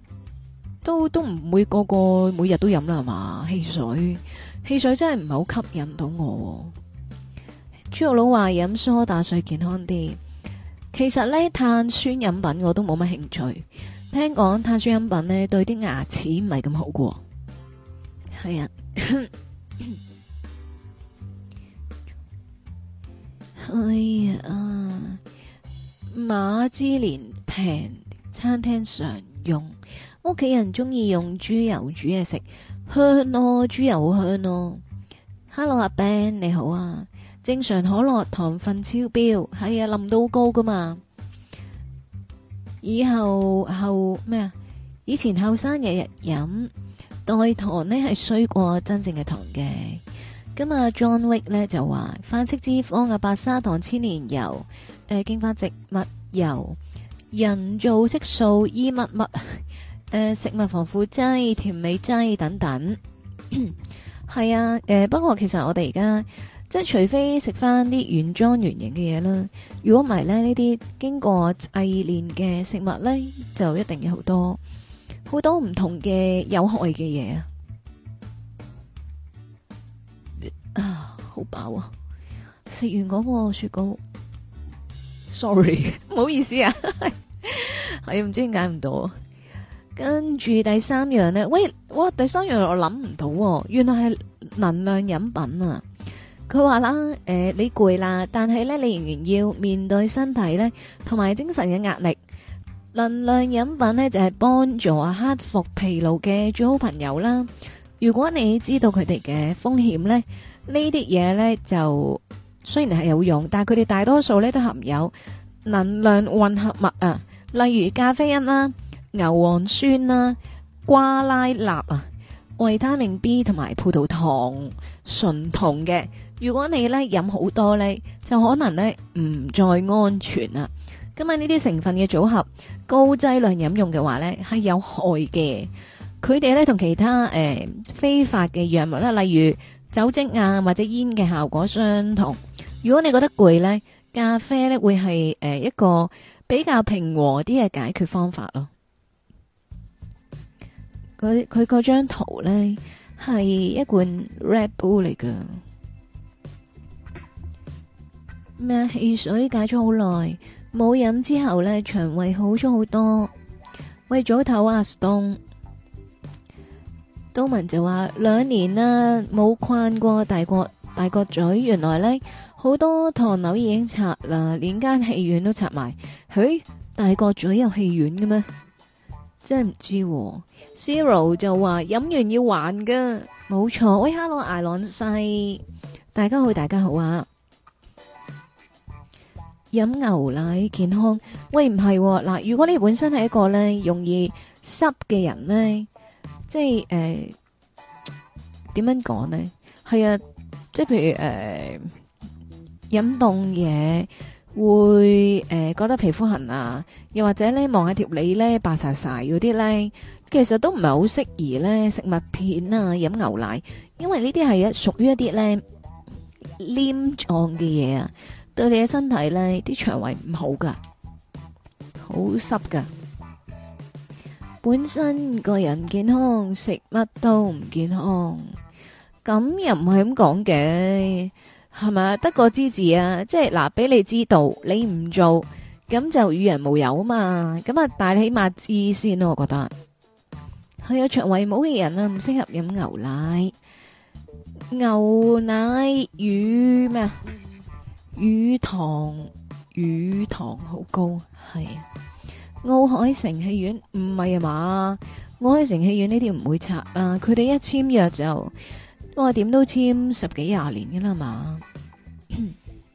Speaker 1: 都都唔會個個每日都飲啦，係嘛汽水？汽水真係唔係好吸引到我。豬肉佬話飲梳打水健康啲，其實呢，碳酸飲品我都冇乜興趣。聽講碳酸飲品呢對啲牙齒唔係咁好過，係啊，係 (coughs) 啊，馬之蓮平餐廳常用。屋企人鍾意用豬油煮嘢食，香咯、哦、豬油好香咯、哦。Hello 阿 Ben 你好啊，正常可樂糖分超標，係啊，冧到高噶嘛。以後後咩啊？以前後生日日飲代糖呢係衰過真正嘅糖嘅。咁啊 John Wick 呢就話，反式脂肪啊，白砂糖、千年油、誒、呃、氫化植物油、人造色素、衣物物。 (laughs) 誒、呃，食物防腐劑、甜味劑等等，係 (coughs) 啊。誒、呃，不過其實我哋而家即係除非食翻啲原裝原形嘅嘢啦，如果唔係咧，呢啲經過提煉嘅食物咧，就一定有好多好多唔同嘅有害嘅嘢啊！ (coughs) 啊，好飽啊！食完嗰個雪糕，sorry，唔 (laughs) 好意思啊，係 (laughs) 唔知點解唔到。跟住第三樣呢，喂，哇！第三樣我諗唔到喎，原來係能量飲品啊！佢話啦，誒、呃，你攰啦，但係咧，你仍然要面對身體咧同埋精神嘅壓力。能量飲品呢，就係、是、幫助克服疲勞嘅最好朋友啦。如果你知道佢哋嘅風險呢，呢啲嘢呢，就雖然係有用，但係佢哋大多數咧都含有能量混合物啊，例如咖啡因啦。牛磺酸啦、啊、瓜拉納啊、維他命 B 同埋葡萄糖，相同嘅。如果你咧飲好多咧，就可能咧唔再安全啦。咁呢啲成分嘅組合高劑量飲用嘅話咧係有害嘅。佢哋咧同其他誒、呃、非法嘅藥物啦，例如酒精啊或者煙嘅效果相同。如果你覺得攰咧，咖啡咧會係誒、呃、一個比較平和啲嘅解決方法咯。佢佢嗰張圖咧係一罐 Red Bull 嚟噶。咩汽水戒咗好耐，冇飲之後咧腸胃好咗好多，喂早唞啊 Stone，東文就話兩年啦冇逛過大角大角咀，原來咧好多唐樓已經拆啦，連間戲院都拆埋，嘿大角咀有戲院嘅咩？真係唔知道、啊，Zero 就話飲完要還噶，冇錯。喂 Hello，艾朗西大家好，大家好啊！飲牛奶健康，喂，唔係嗱，如果你本身係一個咧容易濕嘅人咧，即係誒點樣講咧？係啊，即係譬如誒飲凍嘢。呃會誒、呃、覺得皮膚痕啊，又或者咧望下條脷咧白晒晒嗰啲咧，其實都唔係好適宜咧食物片啊飲牛奶，因為這些是些呢啲係一屬於一啲咧黏狀嘅嘢啊，對你嘅身體咧啲腸胃唔好噶，好濕噶。本身個人健康食乜都唔健康，咁又唔係咁講嘅。係咪啊？得個知字啊，即係嗱，俾你知道，你唔做，咁就與人無尤啊嘛。咁啊，大起碼知先咯，我覺得。係啊，有腸胃唔好嘅人啊，唔適合飲牛奶。牛奶乳咩啊？乳糖乳糖好高，係啊。奧海城戲院唔係啊嘛？奧海城戲院呢啲唔會拆啊，佢哋一簽約就。我點點都簽十幾廿年嘅啦，嘛？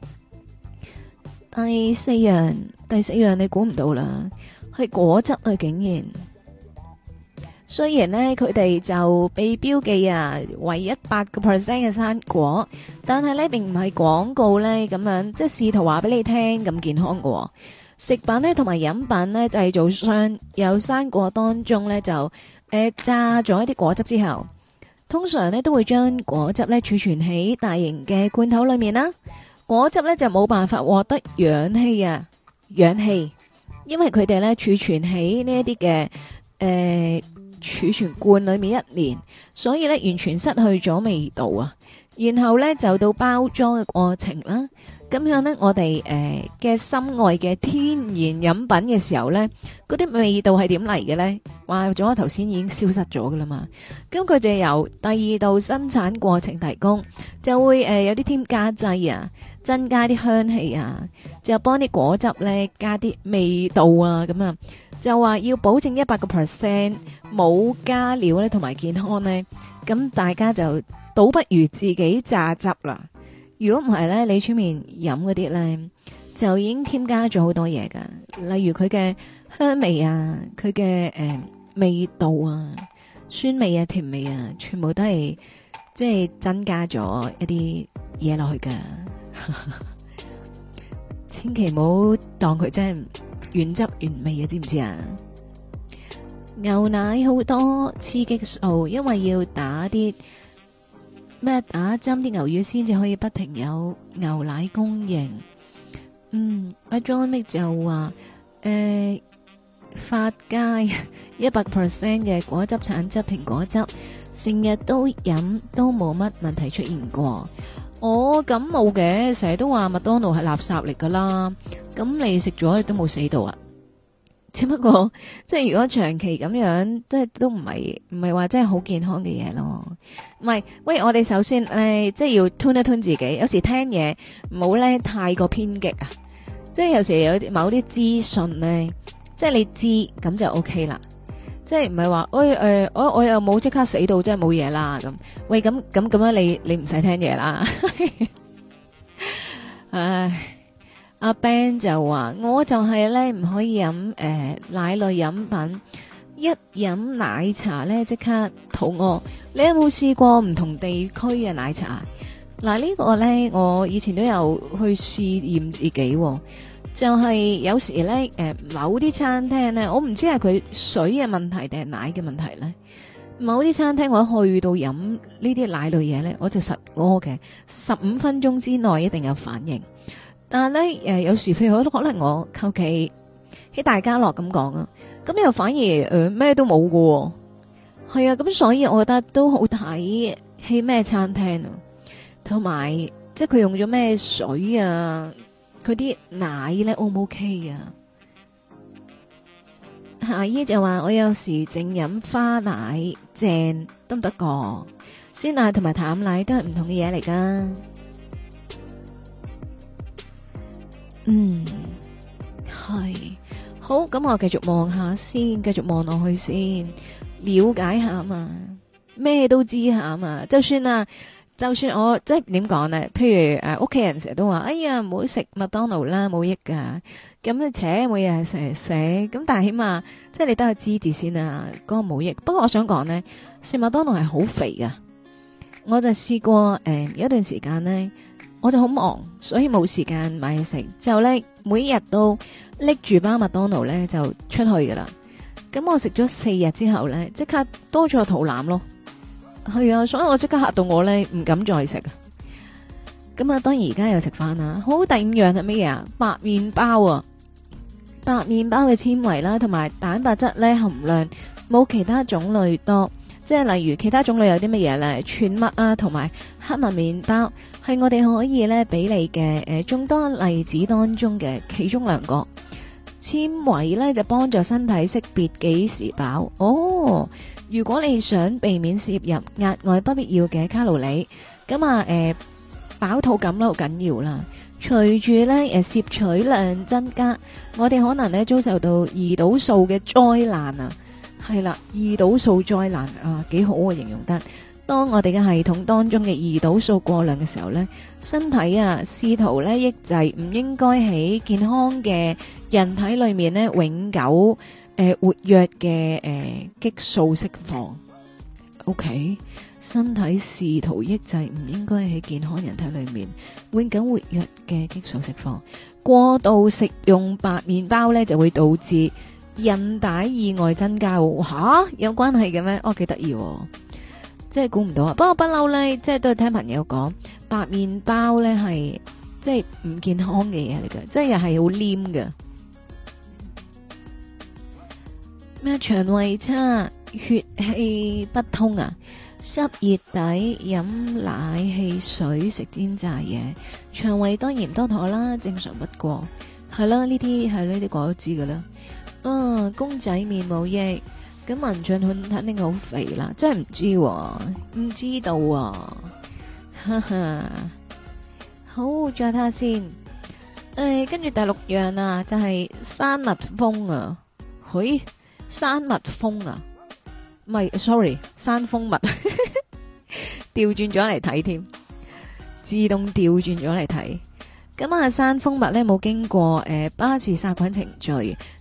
Speaker 1: (coughs) 第四樣，第四樣你估唔到啦，係果汁啊！竟然，雖然呢，佢哋就被標記啊為一百個 percent 嘅生果，但係呢並唔係廣告呢。咁樣，即係試圖話俾你聽咁健康嘅。食品呢同埋飲品呢，製造商由生果當中呢，就誒榨咗、呃、一啲果汁之後。通常咧都會將果汁咧儲存喺大型嘅罐頭裏面啦，果汁咧就冇辦法獲得氧氣啊，氧氣，因為佢哋咧儲存喺呢一啲嘅誒儲存罐裏面一年，所以咧完全失去咗味道啊，然後咧就到包裝嘅過程啦。咁樣咧，我哋誒嘅心愛嘅天然飲品嘅時候咧，嗰啲味道係點嚟嘅咧？話咗我頭先已經消失咗噶啦嘛，咁佢就由第二道生產過程提供，就會誒有啲添加劑啊，增加啲香氣啊，就幫啲果汁咧加啲味道啊，咁啊，就話要保證一百個 percent 冇加料咧，同埋健康咧，咁大家就倒不如自己榨汁啦。如果唔係咧，你出面飲嗰啲咧，就已經添加咗好多嘢噶。例如佢嘅香味啊，佢嘅誒味道啊，酸味啊，甜味啊，全部都係即係增加咗一啲嘢落去噶。 (laughs) 千祈唔好當佢真係原汁原味啊，知唔知啊？牛奶好多刺激素，因為要打啲。咩打針啲牛乳先至可以不停有牛奶供應？嗯，阿 John m i c 就話，誒、欸，法界一百 percent 嘅果汁橙汁、蘋果汁，成日都飲都冇乜問題出現過。我感冒嘅，成日都話麥當勞係垃圾嚟噶啦。咁你食咗你都冇死到啊？只不過即係如果長期咁樣，即係都唔係唔係話真係好健康嘅嘢咯。唔係，喂，我哋首先誒、哎，即係要 tune 一 tune 自己。有時聽嘢唔好咧太過偏激啊，即係有時有某啲資訊咧，即係你知咁就 OK 啦。即係唔係話，喂誒，我我又冇即刻死到真係冇嘢啦咁。喂，咁咁咁樣你你唔使聽嘢啦。 (laughs) 唉。阿 Ben 就話：我就係咧唔可以飲誒、呃、奶類飲品，一飲奶茶咧即刻肚屙。你有冇試過唔同地區嘅奶茶？嗱、啊這個、呢個咧，我以前都有去試驗自己、哦。就係、是、有時咧、呃、某啲餐廳咧，我唔知係佢水嘅問題定係奶嘅問題咧。某啲餐廳我一去到飲呢啲奶類嘢咧，我就實屙嘅，十五分鐘之內一定有反應。但係咧，誒，有時譬如我覺得我求其喺大家樂咁講啊，咁又反而誒咩、呃、都冇噶，係啊，咁所以我覺得都好睇喺咩餐廳啊，同埋即係佢用咗咩水啊，佢啲奶咧 O 唔 O K 啊？阿姨就話我有時淨飲花奶正，得唔得噶？鮮奶同埋淡奶都係唔同嘅嘢嚟噶。嗯，係好，咁我繼續望下先，繼續望落去先，了解下啊嘛，咩都知下啊嘛，就算啦、啊，就算我即係點講咧，譬如誒，屋、呃、企人成日都話，哎呀，唔好食麥當勞啦，冇益噶，咁你請冇嘢係日食，咁但係起碼即係你都係知字先啦、啊，嗰、那個冇益。不過我想講咧，食麥當勞係好肥噶，我就試過誒，有、呃、一段時間咧。我就好忙，所以冇時間買嘢食。之後咧，每日都拎住包麥當勞呢就出去噶啦。咁我食咗四日之後呢，即刻多咗肚腩咯。係啊，所以我即刻吓到我呢，唔敢再食。啊。咁啊，當然而家又食翻啦。好，第五樣係乜嘢啊？白麵包啊，白麵包嘅纖維啦，同埋蛋白質呢含量冇其他種類多。即係例如其他種類有啲乜嘢呢？全麥啊，同埋黑麥麵包。係我哋可以咧，俾你嘅誒眾多例子當中嘅其中兩個纖維咧，就幫助身體識別幾時飽。哦，如果你想避免攝入額外不必要嘅卡路里，咁啊誒飽肚感咯，好緊要啦。隨住咧誒攝取量增加，我哋可能咧遭受到胰島素嘅災難啊！係啦，胰島素災難啊，幾好啊，形容得。當我哋嘅系統當中嘅胰島素過量嘅時候呢，身體啊試圖咧抑制唔應該喺健康嘅人體裏面咧永久誒活躍嘅誒激素釋放。OK，身體試圖抑制唔應該喺健康人體裏面永久活躍嘅激素釋放。過度食用白麵包呢就會導致韌帶意外增加。吓，有關係嘅咩？哦，幾得意。即係估唔到啊！不過不嬲咧，即係都係聽朋友講，白麵包咧係即係唔健康嘅嘢嚟嘅，即係又係好黏㗎。咩腸胃差、血氣不通啊，濕熱底，飲奶汽水，食煎炸嘢，腸胃當然唔多妥啦，正常不過係啦，呢啲係呢啲我都知噶啦這些果子的。啊，公仔麵冇益。沒咁文俊，佢肯定好肥啦，真係唔知，唔知道。哈哈，好，再睇下先。誒，跟住第六樣啊，就係山蜜蜂啊，嘿，山蜜蜂啊，唔係，sorry，山蜂蜜，調轉咗嚟睇添，自動調轉咗嚟睇。咁啊，山蜂蜜咧冇經過誒巴氏殺菌程序，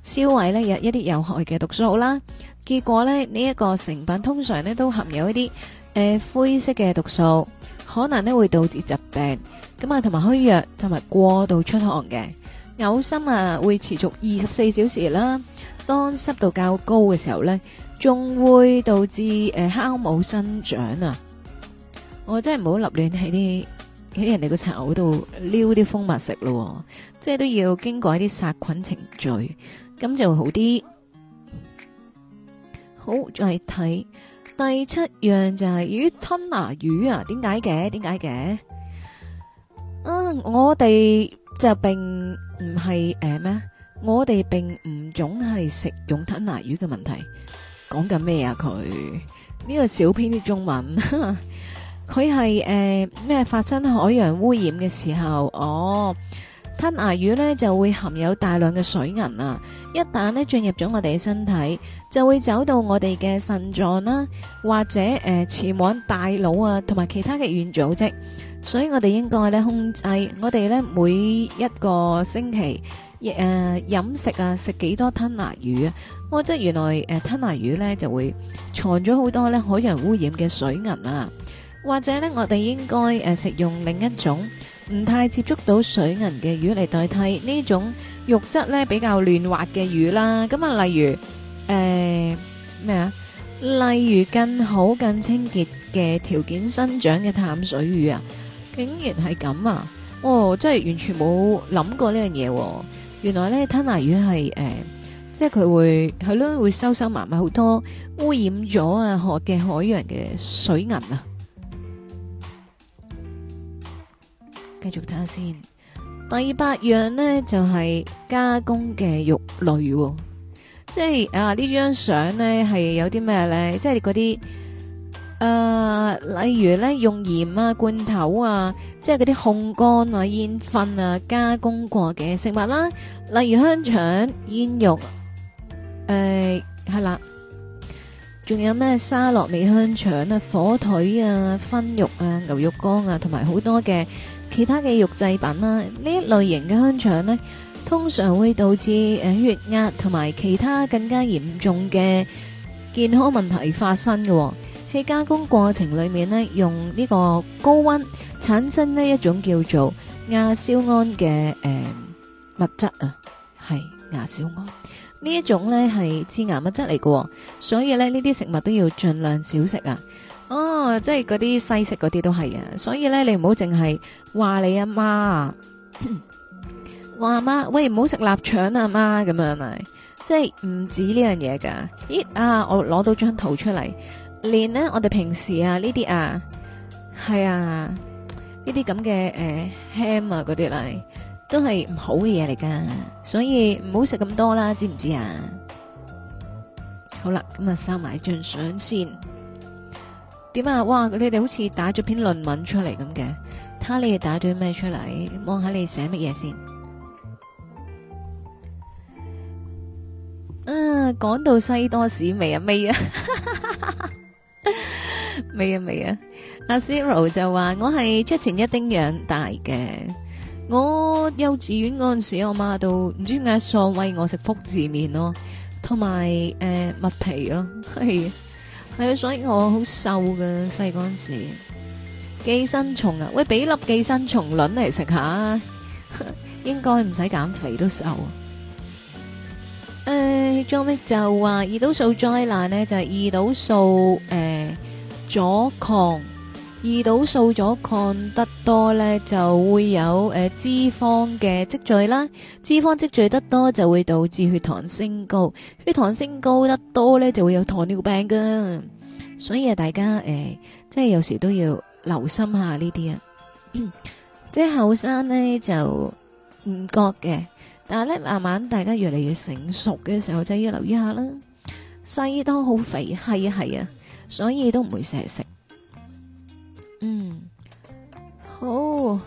Speaker 1: 燒毀咧，有一啲有害嘅毒素啦。結果咧，呢一個成品通常咧都含有一啲誒灰色嘅毒素，可能咧會導致疾病，咁啊同埋虛弱同埋過度出汗嘅嘔心啊，會持續二十四小時啦。當濕度較高嘅時候咧，仲會導致誒酵母生長啊！我真係唔好立亂喺啲喺人哋個巢度撩啲蜂蜜食咯，即係都要經過一啲殺菌程序，咁就好啲。好，再睇第七樣就係魚吞拿魚啊？點解嘅？點解嘅？啊，我哋就並唔係誒咩？我哋並唔總係食用吞拿魚嘅問題。講緊咩啊？佢呢個小編啲中文，佢係誒咩發生海洋污染嘅時候哦。吞拿魚咧就會含有大量嘅水銀啊！一旦咧進入咗我哋嘅身體，就會走到我哋嘅腎臟啦，或者誒、呃、前往大腦啊，同埋其他嘅軟組織。所以我哋應該咧控制我哋咧每一個星期誒飲、呃、食啊，食幾多吞拿魚啊！我即係原來誒、呃、吞拿魚咧就會藏咗好多咧海洋污染嘅水銀啊，或者咧我哋應該誒食用另一種。唔太接觸到水銀嘅魚嚟代替呢種肉質咧比較嫩滑嘅魚啦，咁啊，例如誒咩啊，例如更好更清潔嘅條件生長嘅淡水魚啊，竟然係咁啊！哦，真係完全冇諗過呢樣嘢，原來咧吞拿魚係誒、呃，即係佢會係咯，都會收收埋埋好多污染咗啊河嘅海洋嘅水銀啊！繼續睇下先，第八樣呢，就係、是、加工嘅肉類、哦，即係啊呢張相呢，係有啲咩呢？即係嗰啲誒，例如呢，用鹽啊、罐頭啊，即係嗰啲烘乾啊、煙燻啊加工過嘅食物啦，例如香腸、煙肉，誒、呃、係啦，仲有咩沙樂味香腸啊、火腿啊、燻肉啊、牛肉乾啊，同埋好多嘅。其他嘅肉製品啦，呢一類型嘅香腸呢，通常會導致誒血壓同埋其他更加嚴重嘅健康問題發生嘅。喺加工過程裏面呢，用呢個高溫產生呢一種叫做亞硝胺嘅誒物質啊，係亞硝胺呢一種呢係致癌物質嚟嘅，所以呢呢啲食物都要盡量少食啊。哦，oh，即係嗰啲西式嗰啲都係啊，所以咧你唔好淨係話你阿媽啊，話阿媽，喂，唔好食臘腸阿媽咁樣咪，即係唔止呢樣嘢噶。咦啊，我攞到張圖出嚟，連呢我哋平時啊呢啲啊係啊呢啲咁嘅誒 ham 啊嗰啲嚟，這些這呃、 (coughs) 都係唔好嘅嘢嚟噶，所以唔好食咁多啦，知唔知啊？好啦，咁啊收埋張相先。點啊！哇，你哋好似打咗篇論文出嚟咁嘅，睇下你哋打咗咩出嚟，望下你寫乜嘢先。啊，講到西多士味啊味啊味啊味啊！阿、啊 (laughs) 啊啊、zero 就話我係出前一丁養大嘅。我幼稚園嗰陣時候，我媽到唔知點解傻餵我食福字麵咯，同埋誒麥皮咯，係。係啊，所以我好瘦噶細嗰陣時，寄生蟲啊，喂俾粒寄生蟲卵嚟食下，應該唔使減肥都瘦。誒，做咩就話胰島素災難咧，就係胰島素誒阻抗。胰島素阻抗得多呢，就會有、呃、脂肪嘅積聚啦。脂肪積聚得多，就會導致血糖升高。血糖升高得多呢，就會有糖尿病㗎。所以啊，大家、呃、即係有時都要留心下呢啲啊。 (coughs) 即係後生呢，就唔覺嘅，但係呢，慢慢大家越嚟越成熟嘅時候，就要留意下啦。西餐好肥，係啊係啊，所以都唔會成日食。嗯，好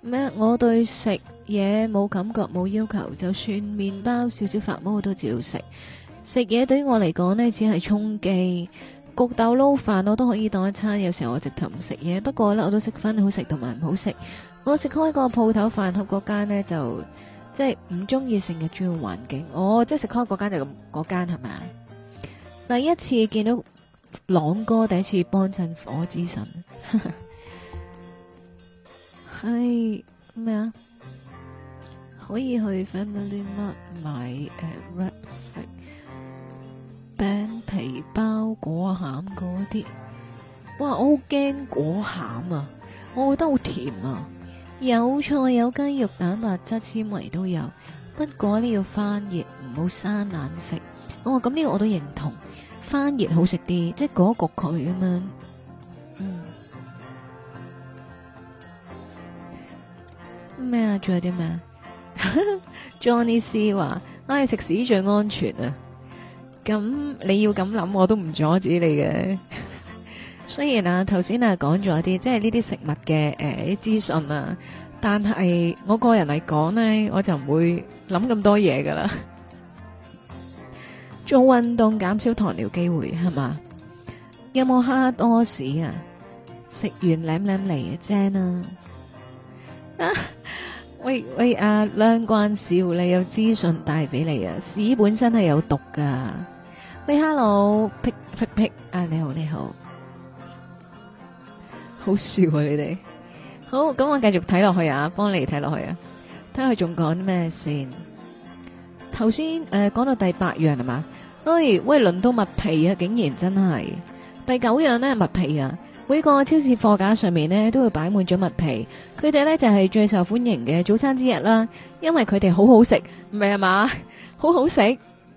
Speaker 1: 咩？我對食嘢冇感覺冇要求，就算麵包少少發毛我都照食。食嘢對於我嚟講呢，只係充飢。焗豆撈飯我都可以當一餐，有時候我直頭唔食嘢。不過呢，我都識分好食同埋唔好食。我食開個鋪頭飯盒嗰間呢，就即係唔中意，成日轉環境。我、哦、即係食開嗰間就咁嗰間係咪？第一次見到。朗哥第一次幫襯火之神，係咩啊？可以去 family mart 買誒 wrap 食餅皮、包果餡嗰啲。哇，我好驚果餡啊！我覺得好甜啊，有菜有雞肉、蛋白質纖維都有。果番不過你要翻熱，唔好生冷食。我咁呢個我都認同。翻熱好食啲，即係焗一焗佢咁樣。嗯，咩啊？仲有啲咩？Johnny C 話：我哋食屎最安全啊！咁你要咁諗，我都唔阻止你嘅。雖然啊，頭先啊講咗啲，即係呢啲食物嘅誒啲資訊啊，但係我個人嚟講呢，我就唔會諗咁多嘢噶啦。做運動減少糖尿機會係嘛？有冇吓多屎啊？食完舐舐嚟啊，正啦！啊，喂喂，阿亮冠少，你有資訊帶俾你啊？屎本身係有毒噶。喂 hello，pick pick pick，啊，你好你好，好笑啊你哋。好，咁我繼續睇落去啊，幫你睇落去啊，睇下佢仲講咩先。頭先誒講到第八樣係嘛？哎，喂，輪到麥皮啊！竟然真係第九樣呢，麥皮啊！每個超市貨架上面呢，都會擺滿咗麥皮，佢哋呢，就係、是、最受歡迎嘅早餐之一啦，因為佢哋好好食，唔係啊嘛？好好食，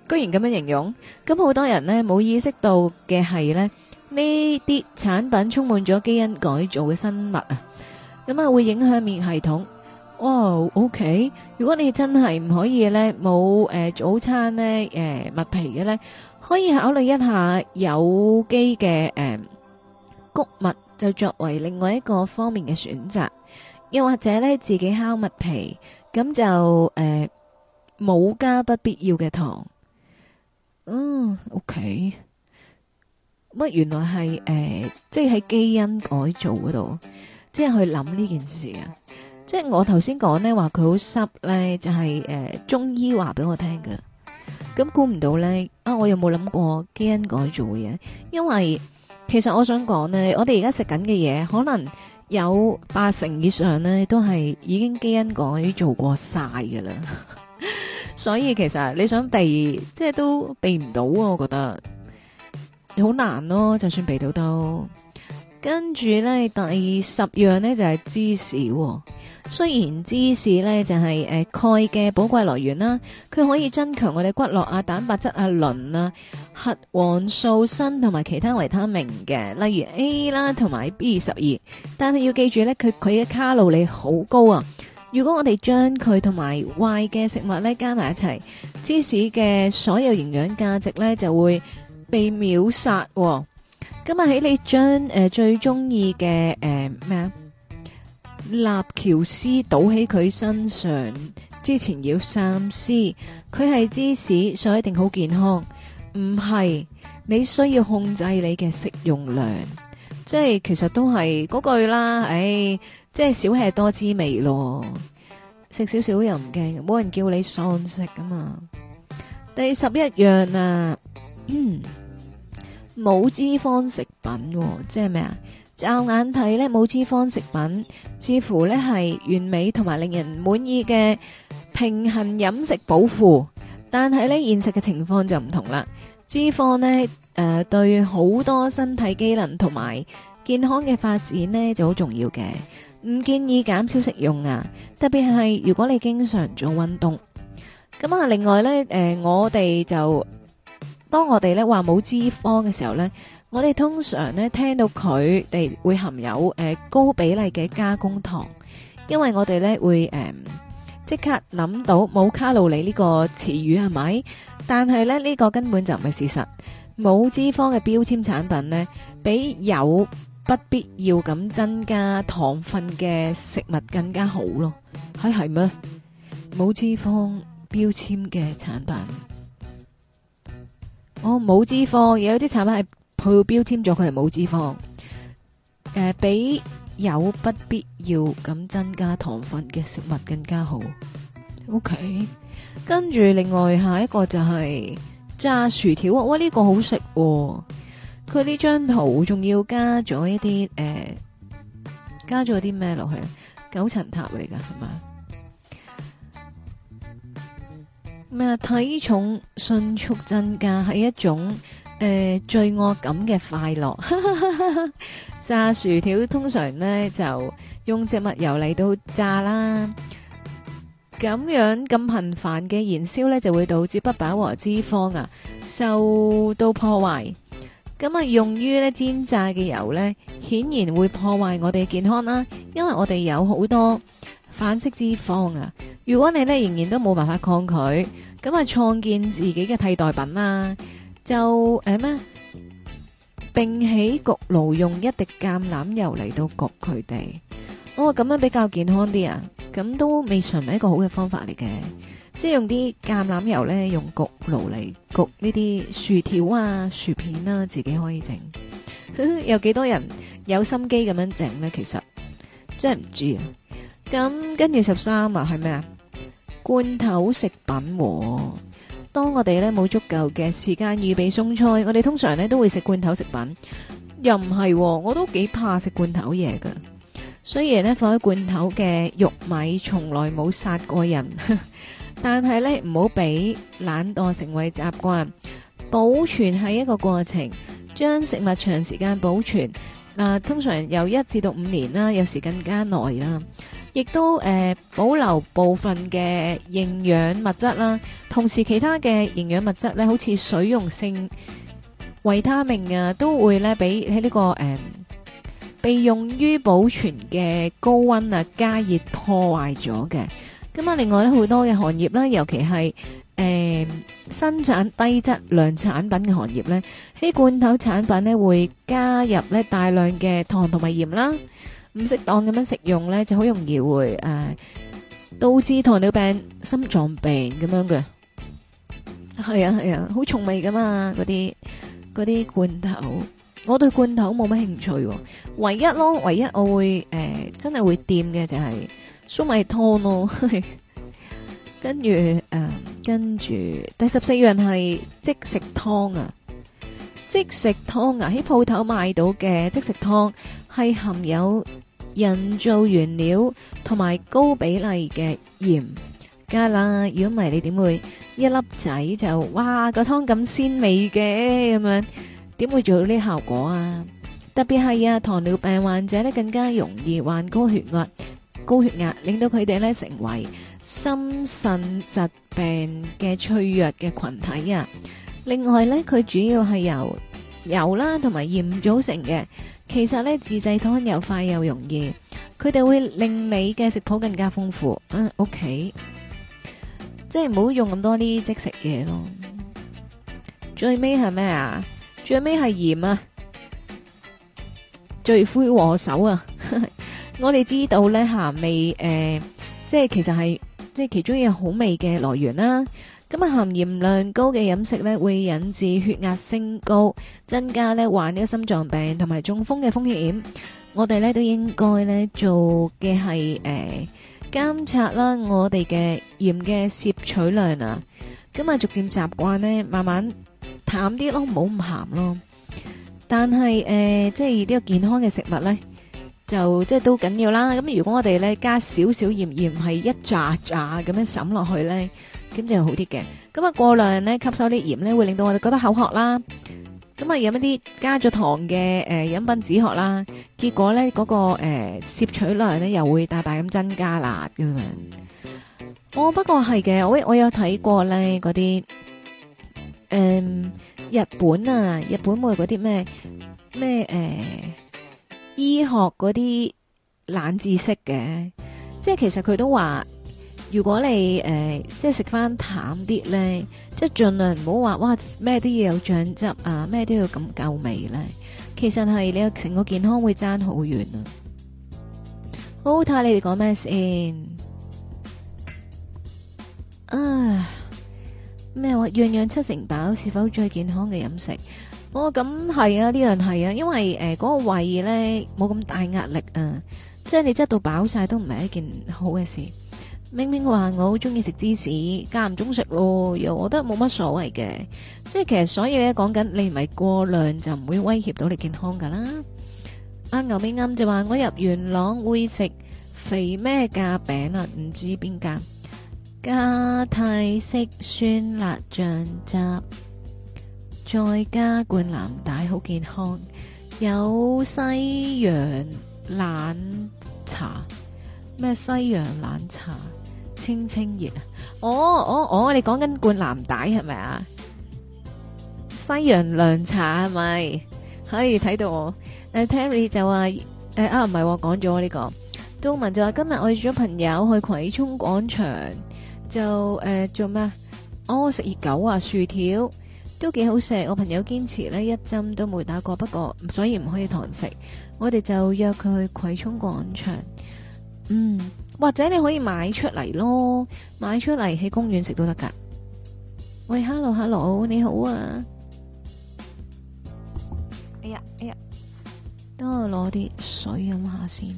Speaker 1: 居然咁樣形容，咁好多人呢，冇意識到嘅係呢呢啲產品充滿咗基因改造嘅生物啊，咁啊會影響免疫系統。哇，OK，如果你真係唔可以呢，冇誒、呃、早餐呢，誒、呃、麥皮嘅呢，可以考慮一下有機嘅穀物，就作為另外一個方面嘅選擇，又或者呢，自己烤麥皮，咁就誒冇、呃、加不必要嘅糖。嗯，OK，乜原來係誒即係喺基因改造嗰度，即、就、係、是、去諗呢件事啊。即係我頭先講咧，話佢好濕咧，就係、是、誒、呃、中醫話俾我聽嘅。咁估唔到咧，啊我又冇諗過基因改造嘅嘢，因為其實我想講咧，我哋而家食緊嘅嘢，可能有八成以上咧都係已經基因改造過晒噶啦。 (laughs) 所以其實你想避，即係都避唔到啊！我覺得好難咯，就算避到都。跟住呢，第十樣呢就係、是、芝士，哦。雖然芝士呢就係誒鈣嘅寶貴來源啦，佢可以增強我哋骨骼啊、蛋白質啊、磷啊、核黃素、鋅同埋其他維他命嘅，例如 A 啦同埋 B 十二。但係要記住呢，佢佢嘅卡路里好高啊！如果我哋將佢同埋壞嘅食物呢，加埋一齊，芝士嘅所有營養價值呢就會被秒殺，哦。今日喺你將誒最中意嘅誒咩啊？納喬斯倒喺佢身上之前要三思，佢係芝士，所以一定好健康。唔係，你需要控制你嘅食用量，即係其實都係嗰句啦。誒，即係少食多滋味咯，食少少又唔驚，冇人叫你喪食噶嘛。第十一樣啊。冇脂肪食品，即係咩啊？驟眼睇咧冇脂肪食品，似乎咧係完美同埋令人滿意嘅平衡飲食寶庫。但係咧現實嘅情況就唔同啦。脂肪呢，誒、呃、對好多身體機能同埋健康嘅發展呢就好重要嘅，唔建議減少食用啊。特別係如果你經常做運動，咁啊另外咧誒、呃、我哋就。當我哋咧話冇脂肪嘅時候呢，我哋通常咧聽到佢哋會含有誒高比例嘅加工糖，因為我哋咧會誒即刻諗到冇卡路里呢個詞語係咪？但係咧呢、呢個根本就唔係事實，冇脂肪嘅標籤產品呢，比有不必要咁增加糖分嘅食物更加好咯。係係咩？冇脂肪標籤嘅產品。哦，冇脂肪，有啲產品係佢標籤咗，佢係冇脂肪。誒、呃，比有不必要咁增加糖分嘅食物更加好。OK，跟住另外下一個就係炸薯條。哇，呢、這個好食喎、哦！佢呢張圖仲要加咗一啲誒、呃，加咗啲咩落去？九層塔嚟㗎係嘛？咩體重迅速增加係一種誒罪惡感嘅快樂。 (laughs) 炸薯條通常呢就用植物油嚟到炸啦，咁樣咁頻繁嘅燃燒呢，就會導致不飽和脂肪啊受到破壞。咁啊，用於呢煎炸嘅油呢，顯然會破壞我哋健康啦、啊，因為我哋有好多。反式脂肪啊！如果你咧仍然都冇辦法抗拒，咁啊創建自己嘅替代品啦，就誒咩、哎，並起焗爐用一滴橄欖油嚟到焗佢哋，哦，我話咁樣比較健康啲啊。咁都未嘗唔係一個好嘅方法嚟嘅，即係用啲橄欖油咧，用焗爐嚟焗呢啲薯條啊、薯片啦、啊，自己可以整。 (laughs) 有幾多人有心機咁樣整呢？其實真係唔知啊。咁跟住十三啊，係咩啊？罐頭食品喎。當我哋呢冇足夠嘅時間預備餸菜，我哋通常呢都會食罐頭食品。又唔係喎，我都幾怕食罐頭嘢㗎。雖然呢放喺罐頭嘅玉米從來冇殺過人，呵呵，但係呢唔好俾懶惰成為習慣。保存係一個過程，將食物長時間保存。呃、通常由一至到五年啦，有時更加耐啦。亦都誒保留部分嘅營養物質啦，同時其他嘅營養物質咧，好似水溶性維他命啊，都會咧俾喺呢個誒被用於保存嘅高溫啊加熱破壞咗嘅。咁啊，另外咧好多嘅行業啦，尤其係誒生產低質量產品嘅行業咧，喺罐頭產品咧會加入咧大量嘅糖同埋鹽啦。唔適當咁樣食用咧，就好容易會誒導致糖尿病、心臟病咁樣嘅。係啊係啊，好重味噶嘛，嗰啲嗰啲罐頭。我對罐頭冇乜興趣，唯一咯，唯一我會誒真係會掂嘅就係粟米湯咯。跟住誒，跟住第十四樣係即食湯啊！即食湯啊，喺鋪頭買到嘅即食湯係含有。人造原料同埋高比例嘅鹽，梗啦。如果唔係，你點會一粒仔就哇個湯咁鮮味嘅咁樣？點會做到呢效果啊？特別係啊，糖尿病患者咧更加容易患高血壓，高血壓令到佢哋咧成為心腎疾病嘅脆弱嘅群體啊。另外咧，佢主要係由油啦同埋鹽組成嘅。其實咧自製湯又快又容易，佢哋會令你嘅食譜更加豐富。嗯、啊、，OK，即係唔好用咁多啲即食嘢咯。最尾係咩啊？最尾係鹽啊，罪魁禍首啊。 (laughs) 我哋知道咧鹹、啊、味誒、呃，即係其實係即係其中一樣好味嘅來源啦、啊。咁啊，含鹽量高嘅飲食咧，會引致血壓升高，增加咧患呢個心臟病同埋中風嘅風險。我哋咧都應該咧做嘅係誒監察啦，我哋嘅鹽嘅攝取量啊。咁啊，逐漸習慣咧，慢慢淡啲咯，唔好咁鹹咯。但係誒，即係呢個健康嘅食物咧，就即係都緊要啦。咁如果我哋咧加少少鹽，鹽係一揸揸咁樣滲落去咧。咁就好啲嘅。咁啊，過量咧，吸收啲鹽咧，會令到我哋覺得口渴啦。咁啊，飲一啲加咗糖嘅誒飲品止渴啦。結果咧，嗰、那個誒攝、呃、取量咧又會大大咁增加啦。咁、哦、樣，我不過係嘅。我我有睇過咧，嗰啲誒日本啊，日本冇嗰啲咩咩誒醫學嗰啲冷知識嘅，即係其實佢都話。如果你誒即係食翻淡啲咧，即係儘量唔好話哇咩都要有醬汁啊，咩都要咁夠味咧。其實係你個成個健康會爭好遠啊。好睇你哋講咩先啊？咩話樣樣七成飽是否最健康嘅飲食？哦，咁係啊，呢樣係啊，因為誒嗰個胃咧冇咁大壓力啊，即係你執到飽晒都唔係一件好嘅事。明明話我好中意食芝士，間唔中食咯，又我覺得冇乜所謂嘅，即係其實所有嘢講緊，你唔係過量就唔會威脅到你健康㗎啦。阿、啊、牛明啱就話我入元朗會食肥咩咖餅啊，唔知邊間？加泰式酸辣醬汁，再加罐藍帶好健康，有西洋冷茶，咩西洋冷茶？清清熱啊！哦哦哦，你講緊灌藍帶係咪啊？西洋涼茶係咪？可以睇到我。誒、uh,，Terry 就話誒啊唔係，講咗呢個。杜文就話今日我約咗朋友去葵涌廣場，就誒、啊、做咩、哦？我食熱狗啊，薯條都幾好食。我朋友堅持咧一針都冇打過，不過所以唔可以堂食。我哋就約佢去葵涌廣場。嗯。或者你可以買出嚟咯，買出嚟喺公園食都得㗎。喂，hello，hello，Hello, 你好啊。哎呀，哎呀，等我攞啲水飲下先，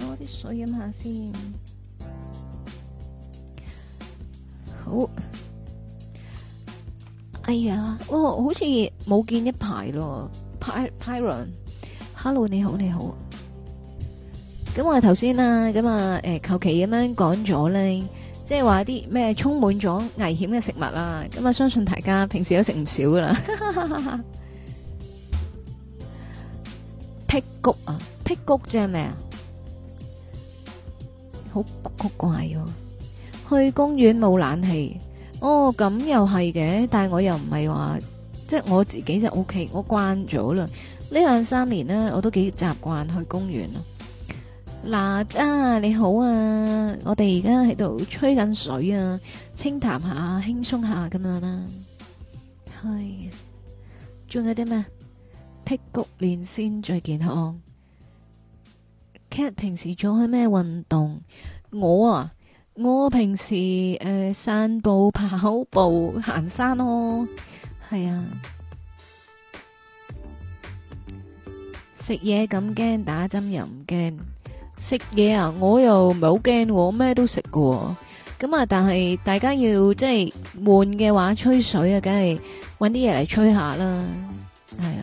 Speaker 1: 攞啲水飲下先。好。哎呀，我、哦、好似冇見一排咯，py，pyron，hello，你好，你好。咁我頭先啦，咁啊，誒，求其咁樣講咗咧，即係話啲咩充滿咗危險嘅食物啦。咁啊，相信大家平時都食唔少噶啦。辟谷啊，辟谷即係咩啊？好古怪哦。去公園冇冷氣哦，咁又係嘅，但係我又唔係話即係我自己就 OK，我慣咗啦。呢兩三年咧，我都幾習慣去公園咯。嗱，咋，你好啊！我哋而家喺度吹緊水啊，清談下，輕鬆下咁樣啦。係、啊，仲有啲咩？辟谷練先最健康。Cat 平時做開咩運動？我啊，我平時誒散、呃、步、跑步、行山咯。係啊，食嘢咁驚，打針又唔驚。食嘢啊，我又唔係好驚，我咩都食噶。咁啊，但係大家要即係悶嘅話，吹水啊，梗係揾啲嘢嚟吹下啦。係啊，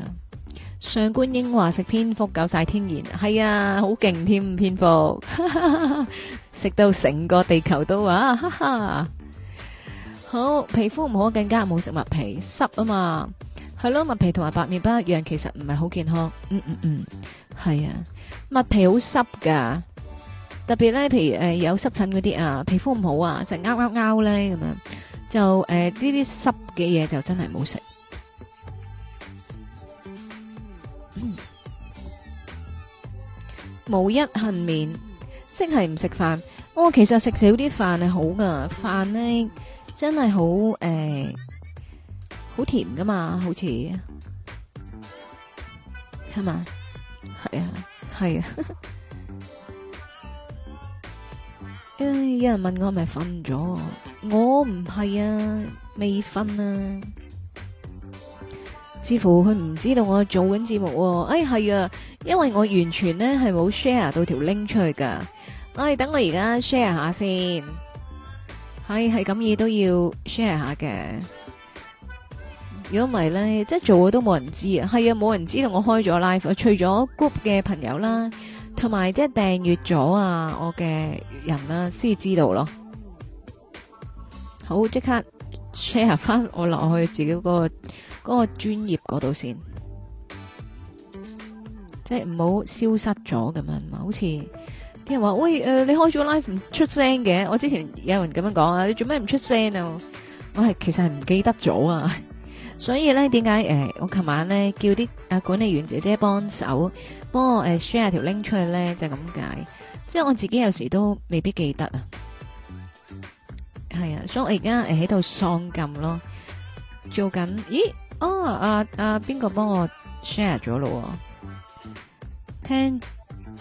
Speaker 1: 上官英華食蝙蝠夠晒天然，係啊，好勁添蝙蝠， (laughs) 食到成個地球都啊，哈 (laughs) 哈。好皮膚唔好，更加冇食麥皮，濕啊嘛。係咯，麥皮同埋白麵包一樣，其實唔係好健康。嗯嗯嗯，係啊，麥皮好濕噶特別咧，譬如誒，有濕疹嗰啲啊，皮膚唔好啊，成拗拗拗咧咁樣，就誒呢啲濕嘅嘢就真係唔好食。冇一幸免，即係唔食飯。我其實食少啲飯係好噶飯咧真係好誒。好甜噶嘛，好似係嘛，係啊，係啊。唉，有人問我係咪瞓咗？我唔係啊，未瞓啊。似乎佢唔知道我做緊節目。哎，係啊，因為我完全咧係冇 share 到條 link 出去噶。哎，等我而家 share 下先。係係咁嘢都要 share 下嘅。如果唔係咧，即係做嘅都冇人知啊。係啊，冇人知道我開咗 live，除咗 group 嘅朋友啦，同埋即係訂閱咗啊，我嘅人啦、啊、先知道咯。好即刻 share 翻，我落去自己嗰、嗰個嗰、嗰個專業嗰度先，即係唔好消失咗咁樣，好似聽人話喂誒、呃，你開咗 live 唔出聲嘅，我之前有人咁樣講啊，你做咩唔出聲啊？我係其實係唔記得咗啊。所以咧，點解誒，我琴晚咧叫啲阿管理員姐姐幫手幫我誒 share 條 link 出去咧，就咁、是、解。即係我自己有時都未必記得啊。係啊，所以我而家誒喺度喪禁咯，做緊咦，哦啊啊邊個幫我 share 咗咯？聽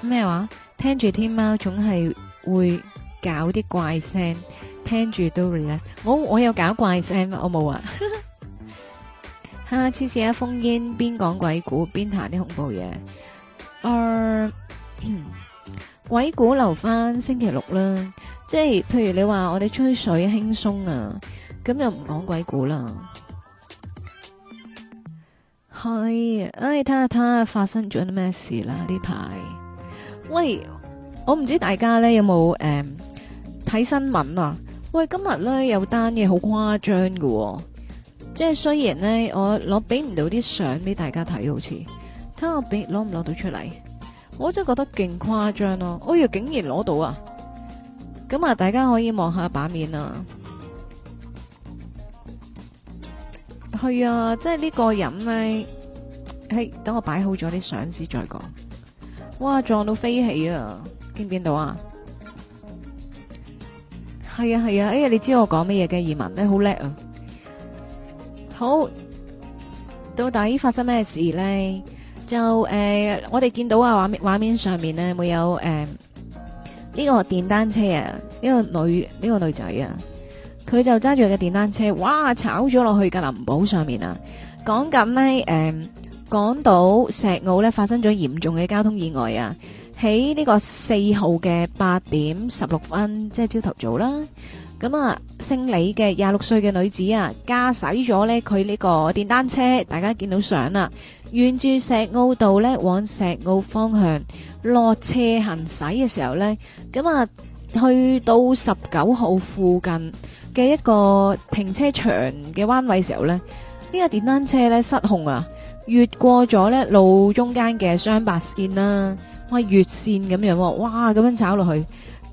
Speaker 1: 咩話、啊？聽住天貓總係會搞啲怪聲，聽住都 relax。我我有搞怪聲我冇啊。 (laughs) 啊！似似啊，烽煙邊講鬼故邊彈啲恐怖嘢。誒，鬼故留翻星期六啦，即係譬如你話我哋吹水輕鬆啊，咁又唔講鬼故啦。係，唉，睇下睇下，發生咗啲咩事啦？呢排，喂，我唔知大家咧有冇誒睇新聞啊？喂，今日咧有單嘢好誇張噶。即係雖然咧，我攞俾唔到啲相俾大家睇，好似，睇我俾攞唔攞到出嚟，我真覺得勁誇張咯。哦、哎、喲，竟然攞到啊！咁啊，大家可以望下把面啊。係啊，即係呢個人咧，係等我擺好咗啲相先再講。哇，撞到飛起啊！見唔見到啊？係啊係啊，哎呀，你知我講乜嘢嘅移民咧，好叻啊！好，到底發生咩事呢？就誒、呃，我哋見到啊，畫面畫面上面呢，會有誒呢、呃這個電單車啊，呢、這個女呢、這個女仔啊，佢就揸住個電單車，哇，炒咗落去架林堡上面啊！講緊呢，誒、呃，港島石澳呢，發生咗嚴重嘅交通意外啊，喺呢個四號嘅八點十六分，即係朝頭早，上早上啦。咁啊，姓李嘅廿六歲嘅女子啊，駕駛咗呢佢呢個電單車，大家見到相啦，沿住石澳道呢往石澳方向落斜行駛嘅時候呢，咁啊去到十九號附近嘅一個停車場嘅彎位時候呢，呢、呢個電單車呢失控啊，越過咗呢路中間嘅雙白線啦、啊，哇越線咁樣、啊，哇咁樣炒落去。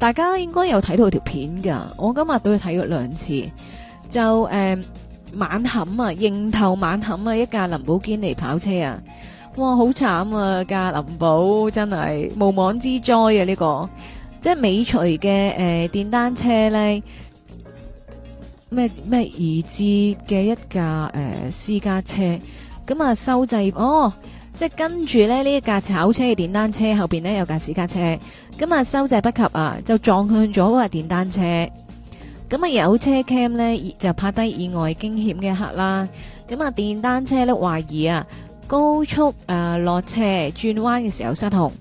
Speaker 1: 大家應該有睇到條片㗎，我今日都去睇咗兩次。就誒、呃，猛砍啊，迎頭猛砍啊，一架林寶堅尼跑車啊，哇，好慘啊，架林寶真係無妄之災啊！呢、呢個即係尾隨嘅誒電單車咧，咩咩而至嘅一架誒、呃、私家車，咁啊收製哦。即係跟住咧，呢一架炒車嘅電單車後邊呢，有架私家車，咁啊收掣不及啊，就撞向咗嗰架電單車。咁啊有車 cam 呢，就拍低意外驚險嘅一刻啦。咁啊電單車呢，懷疑啊高速誒落、呃、車轉彎嘅時候失控，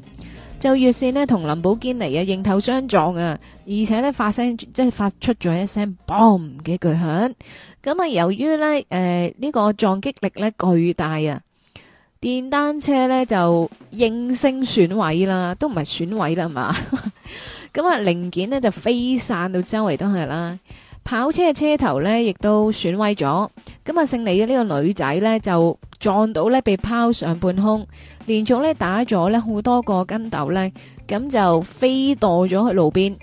Speaker 1: 就越綫呢，同林寶堅尼啊迎頭相撞啊，而且呢，發聲即係發出咗一聲 boom 嘅巨響。咁啊由於呢，誒、呃、呢、呢個撞擊力呢，巨大啊。電單車咧，就應聲損毀啦，都唔係損毀啦，係嘛？咁啊零件，呢就飛散到周圍都係啦。跑車嘅車頭呢亦都損毀咗，咁啊，姓李嘅呢個女仔呢就撞到呢，被拋上半空，連續呢打咗呢好多個跟斗呢，咁就飛墮咗去路邊。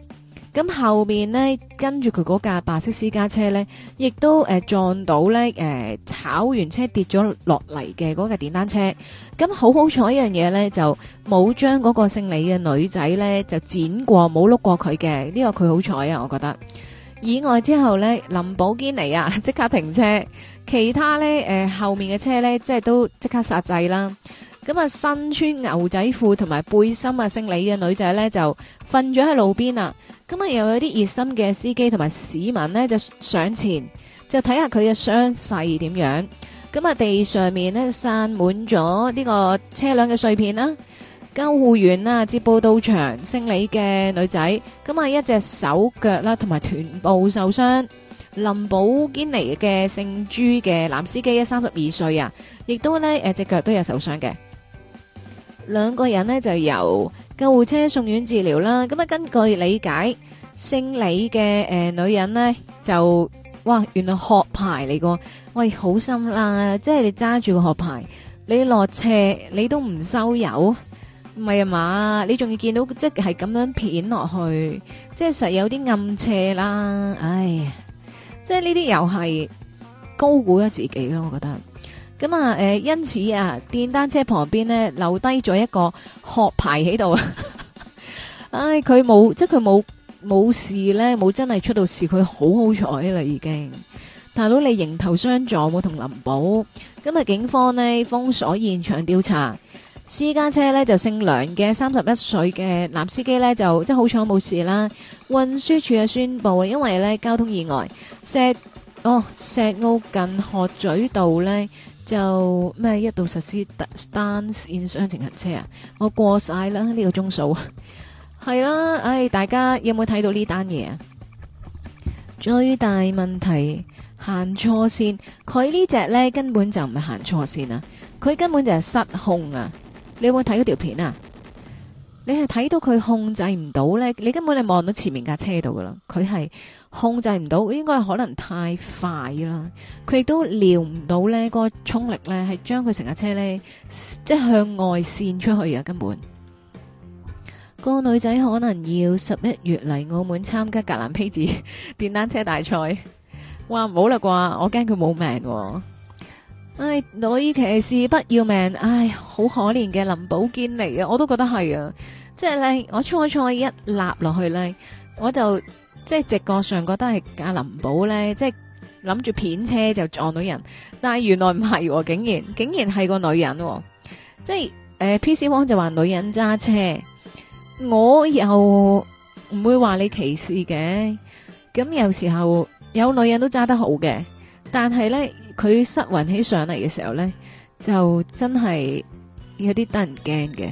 Speaker 1: 咁後面呢，跟住佢嗰架白色私家車呢，亦都誒、呃、撞到呢，誒、呃、炒完車跌咗落嚟嘅嗰架電單車。咁好好彩一樣嘢呢，就冇將嗰個姓李嘅女仔呢，就剪過，冇碌過佢嘅。呢、這個佢好彩啊，我覺得。意外之後呢，林寶堅尼啊，即刻停車，其他呢，誒、呃、後面嘅車呢，即係都即刻剎制啦。咁啊，身穿牛仔褲同埋背心啊，姓李嘅女仔呢，就瞓咗喺路邊啦。咁啊，又有啲熱心嘅司機同埋市民呢，就上前就睇下佢嘅傷勢點樣。咁啊，地上面呢，散滿咗呢個車輛嘅碎片啦。救護員啊，接報到場，姓李嘅女仔咁啊，一隻手腳啦同埋臀部受傷。林寶堅尼嘅姓朱嘅男司機，三十二歲啊，亦都呢誒、隻腳都有受傷嘅。兩個人咧就由救護車送院治療啦咁、嗯、啊，根據理解，姓李嘅誒、呃、女人咧就哇，原來是學牌嚟㗎，喂好心啦，即係你揸住個學牌，你落斜你都唔收油，唔係嘛？你仲要見到即係咁樣片落去，即係實有啲暗斜啦，唉，即係呢啲又係高估咗自己咯，我覺得。咁啊、呃！因此啊，電單車旁邊呢，留低咗一個殼牌喺度。唉、 (laughs) 哎，佢冇，即係佢冇冇事呢，冇真係出到事，佢好好彩啦已經。大佬你迎頭相撞，冇同林寶咁啊，警方呢，封鎖現場調查。私家車呢，就姓梁嘅三十一歲嘅男司機呢，就即係好彩冇事啦。運輸處就宣佈，因為呢，交通意外石哦石澳近鶴咀道呢。就咩一度實施單單線雙程行車啊，我過晒啦呢個鐘數，係 (laughs) 啦，唉、哎，大家有冇睇到呢單嘢啊？最大問題先行錯線，佢呢隻呢，根本就唔係行錯線啊，佢根本就係失控啊！你有冇睇嗰條片啊？你係睇到佢控制唔到咧，你根本你望到前面架車度噶啦，佢係控制唔到，應該可能太快啦，佢亦都撩唔到咧嗰個衝力咧，係將佢成架車咧即係向外線出去啊！根本個女仔可能要十一月嚟澳門參加格蘭披治電單車大賽，哇唔好啦啩，我驚佢冇命喎！唉，女騎士不要命，唉，好可憐嘅林寶堅嚟尼啊，我都覺得係啊～即係咧，我初初一立落去咧，我就即係直覺上覺得係架林寶咧，即係諗住片車就撞到人，但係原來唔係、哦，竟然竟然係個女人、哦，即係誒、呃、，PC 方就話女人揸車，我又唔會話你歧視嘅。咁有時候有女人都揸得好嘅，但係咧佢失魂起上嚟嘅時候咧，就真係有啲得人驚嘅。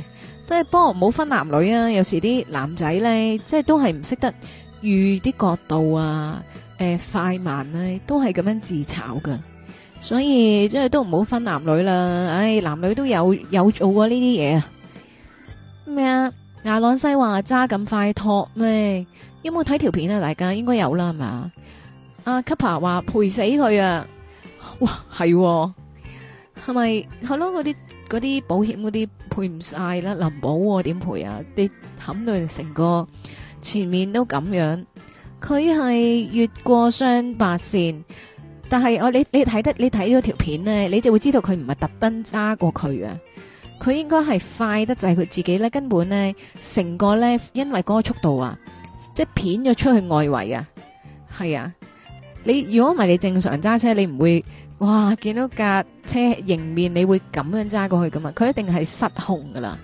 Speaker 1: 都係，我不過唔好分男女啊！有時啲男仔咧，即係都係唔識得預啲角度啊，誒、呃、快慢咧、啊，都係咁樣自炒噶。所以即係都唔好分男女啦。唉、哎，男女都有有做過呢啲嘢啊。咩啊？阿朗西話揸咁快托咩？有冇睇條片啊？大家應該有啦，係嘛？阿 Kappa 話陪死佢啊！哇，係係咪？係咯，嗰啲、哦。是嗰啲保險嗰啲配唔晒啦，林寶點賠啊？你肯定成個前面都咁樣，佢係越過雙白線，但係我你你睇得你睇咗條片咧，你就會知道佢唔係特登揸過佢啊！佢應該係快得滯，係佢自己咧，根本咧成個咧，因為嗰個速度啊，即係片咗出去外圍啊，係啊！你如果唔係你正常揸車，你唔會。哇！見到架車迎面，你會咁樣揸過去㗎嘛？佢一定係失控㗎啦，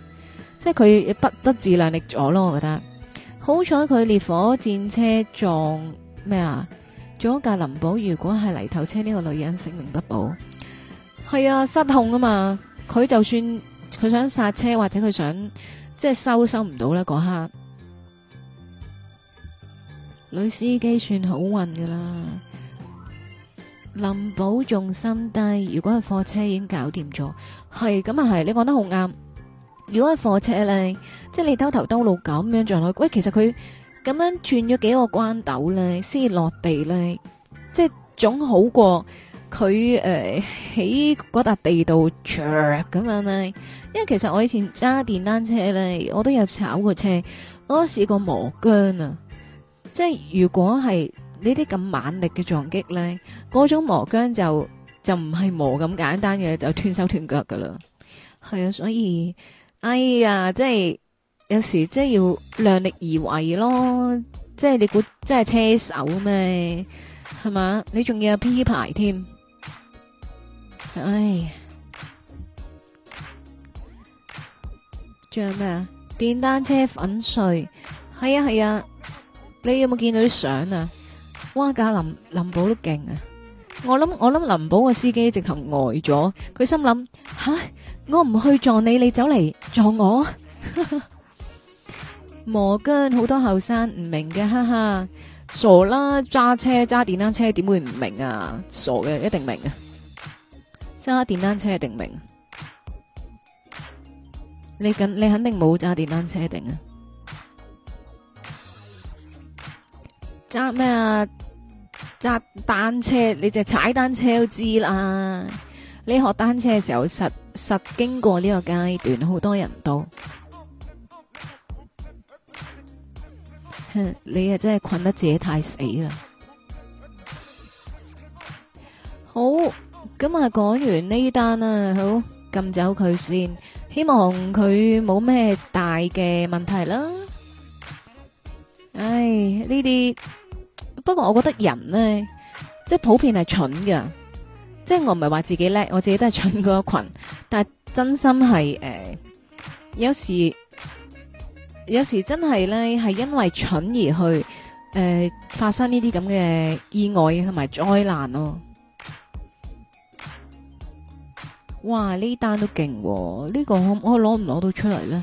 Speaker 1: 即係佢不得自量力咗咯。我覺得好彩佢烈火戰車撞咩啊？撞一架林寶，如果係泥頭車，呢個女人性命不保。係啊，失控啊嘛！佢就算佢想剎車，或者佢想即係收收唔到咧。嗰刻女司機算好運㗎啦。林保重心低，如果係貨車已經搞掂咗。係咁啊係，你講得好啱。如果係貨車咧，即係你兜頭兜路咁樣上去，喂，其實佢咁樣轉咗幾個關斗咧，先落地咧，即係總好過佢誒喺嗰笪地度咁樣咧。因為其實我以前揸電單車咧，我都有炒過車，我試過磨薑啊。即係如果係。呢啲咁猛力嘅撞擊咧，嗰種磨薑就就唔係磨咁簡單嘅，就斷手斷腳噶啦。係啊，所以哎呀，即係有時即係要量力而為咯。即係你估即係車手咩？係嘛？你仲要有 P 牌添？唉，仲有咩啊？電單車粉碎。係啊係啊！你有冇見到啲相啊？哇！架林林寶都勁啊！我諗我諗林寶個司機直頭呆咗，佢心諗吓，我唔去撞你，你走嚟撞我。摩根好多後生唔明嘅，哈哈，傻啦！揸車，揸電單車點會唔明啊？傻嘅一定明啊！揸電單車一定明？你肯你肯定冇揸電單車定啊？揸咩啊？揸單車，你就踩單車都知啦。你學單車嘅時候，實實經過呢個階段，好多人都，你啊真係困得自己太死啦。好，咁啊講完呢單啊，好，撳走佢先，希望佢冇咩大嘅問題啦。唉，呢啲。不過我覺得人咧，即係普遍係蠢嘅，即係我唔係話自己叻，我自己都係蠢嗰一群。但係真心係誒、呃，有時有時真係咧係因為蠢而去誒、呃、發生呢啲咁嘅意外同埋災難咯、哦。哇！呢單都勁，呢、這個我我攞唔攞到出嚟咧？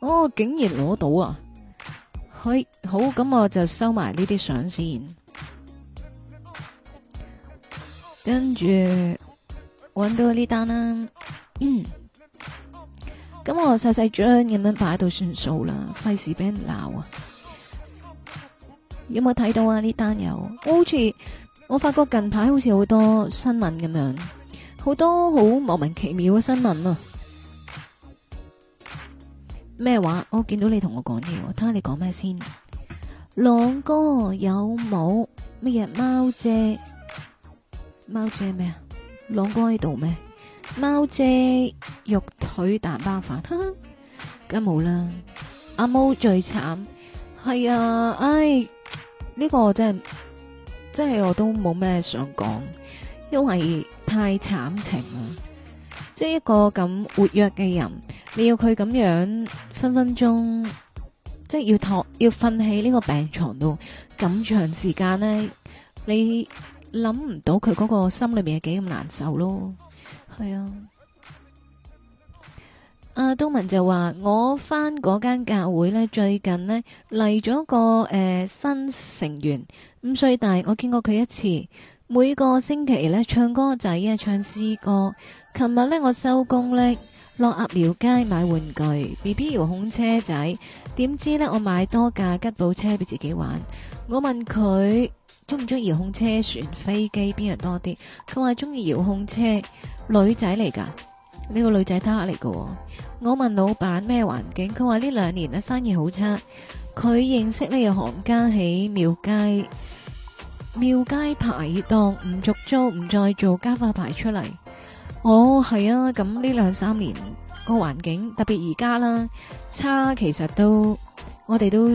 Speaker 1: 哦，竟然攞到啊！可以！好，咁我就收埋呢啲相先，跟住搵到呢單啦。嗯，咁我細細張咁樣擺到算數啦，費事俾人鬧啊！有冇睇到啊？呢單有，好似我發覺近排好似好多新聞咁樣，好多好莫名其妙嘅新聞啊！咩話？我見到你同我講嘢，我睇下你講咩先。朗哥有冇乜嘢？貓姐，貓姐咩啊？朗哥喺度咩？貓姐肉腿蛋包飯，梗冇啦。阿毛最慘，係啊，唉！呢個真係真係我都冇咩想講，因為太慘情啦。即係一個咁活躍嘅人，你要佢咁樣分分鐘。即係要托要瞓喺呢個病床度咁長時間呢，你諗唔到佢嗰個心裏面係幾咁難受咯，係啊。阿、啊、東文就話：我返嗰間教會呢，最近呢嚟咗個誒、呃、新成員，五歲大，我見過佢一次。每個星期呢唱歌仔啊，唱詩歌。琴日呢，我收工呢，落鴨寮街買玩具，B B 遙控車仔。點知咧？我買多架吉普車俾自己玩。我問佢中唔中意遙控車、船、飛機邊樣多啲？佢話中意遙控車。女仔嚟噶，呢個女仔打嚟噶。我問老闆咩環境，佢話呢兩年啊生意好差。佢認識呢個行家喺廟街廟街排檔，唔續租，唔再做加化牌出嚟。哦，係啊，咁呢兩三年。個環境特別而家啦，差其實都，我哋都，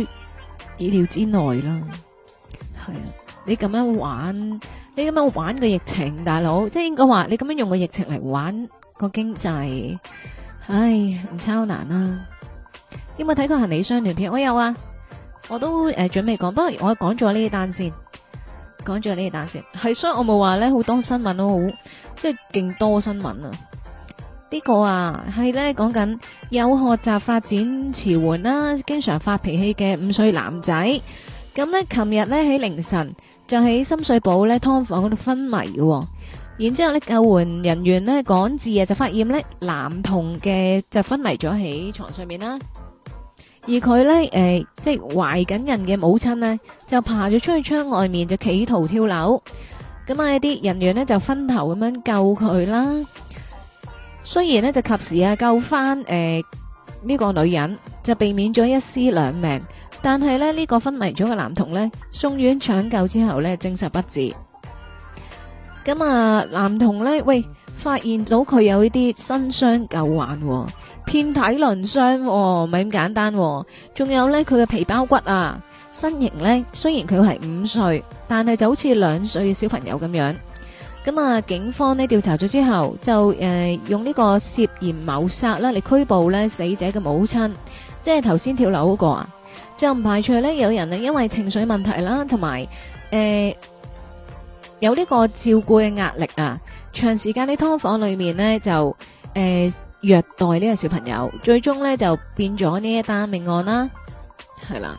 Speaker 1: 意料之內啦。係啊，你咁樣玩，你咁樣玩個疫情，大佬，即係應該話你咁樣用個疫情嚟玩個經濟，唉，唔差好難啦。有冇睇過行李箱短片？我有啊，我都誒、呃、準備講，不過我講咗呢單先說了這，講咗呢單先。係，所以我冇話咧，好多新聞都好，即係勁多新聞啊。呢個啊係咧講緊有學習發展遲緩啦，經常發脾氣嘅五歲男仔。咁咧，琴日咧喺凌晨就喺深水埗咧劏房嗰度昏迷嘅。然之後咧救援人員咧趕至啊，就發現咧男童嘅就昏迷咗喺床上面啦。而佢咧誒，即係懷緊孕嘅母親呢，就爬咗出去窗外面就企圖跳樓。咁啊，一啲人員呢，就分頭咁樣救佢啦。雖然咧就及時啊救翻誒呢個女人，就避免咗一屍兩命，但係咧呢、這個昏迷咗嘅男童呢，送院搶救之後呢，證實不治。咁啊，男童呢，喂，發現到佢有一啲新傷舊患、哦，遍體鱗傷、哦，喎，咪咁簡單、哦。仲有呢，佢嘅皮包骨啊，身形呢，雖然佢係五歲，但係就好似兩歲小朋友咁樣。咁啊，警方咧調查咗之後，就誒、呃、用呢個涉嫌謀殺啦嚟拘捕咧死者嘅母親，即係頭先跳樓嗰、那個啊。即係唔排除咧有人因為情緒問題啦，同埋誒有呢、呃、個照顧嘅壓力啊，長時間喺劏房裏面就誒虐、呃、待呢個小朋友，最終呢就變咗呢一單命案啦，係啦。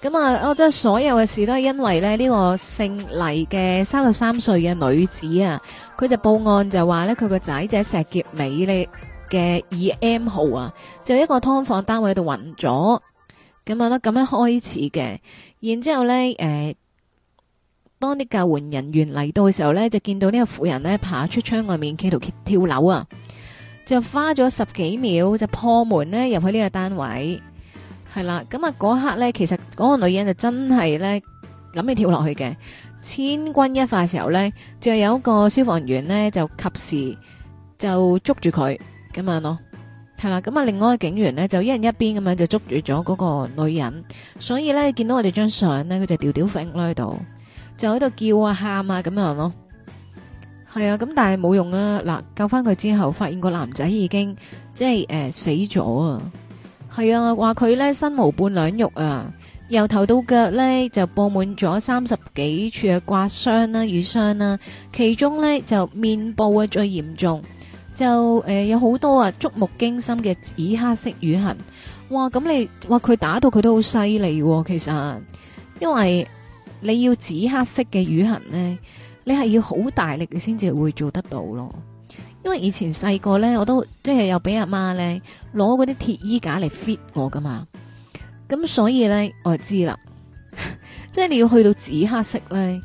Speaker 1: 咁啊！我即係所有嘅事都係因為咧呢個姓黎嘅三十三歲嘅女子啊，佢就報案就話咧佢個仔就喺石硤尾咧嘅二 M 號啊，就一個劏房單位度揾咗，咁啊咧咁樣開始嘅，然之後咧誒、呃，當啲救援人員嚟到嘅時候咧，就見到呢個婦人咧爬出窗外面企圖跳跳樓啊，就花咗十幾秒就破門咧入去呢個單位。係啦，咁啊嗰刻咧，其實嗰個女人就真係咧諗起跳落去嘅，千鈞一發時候咧，就有個消防員咧就及時就捉住佢咁樣咯，係啦，咁啊另外個警員咧就一人一邊咁樣就捉住咗嗰個女人，所以咧見到我哋張相咧，佢就吊吊揈喺度，就喺度叫啊喊啊咁樣咯，係啊，咁但係冇用啊，嗱救翻佢之後，發現個男仔已經即係誒、呃、死咗啊。係啊，話佢咧身無半兩肉啊，由頭到腳咧就布滿咗三十幾處嘅刮傷啦、啊、瘀傷啦，其中咧就面部啊最嚴重，就誒、呃、有好多啊觸目驚心嘅紫黑色瘀痕。哇，咁你話佢打到佢都好犀利喎，其實因為你要紫黑色嘅瘀痕咧，你係要好大力你先至會做得到咯。因為以前細個咧，我都即係又俾阿媽咧攞嗰啲鐵衣架嚟 fit 我噶嘛，咁所以咧我就知啦， (laughs) 即係你要去到紫黑色咧，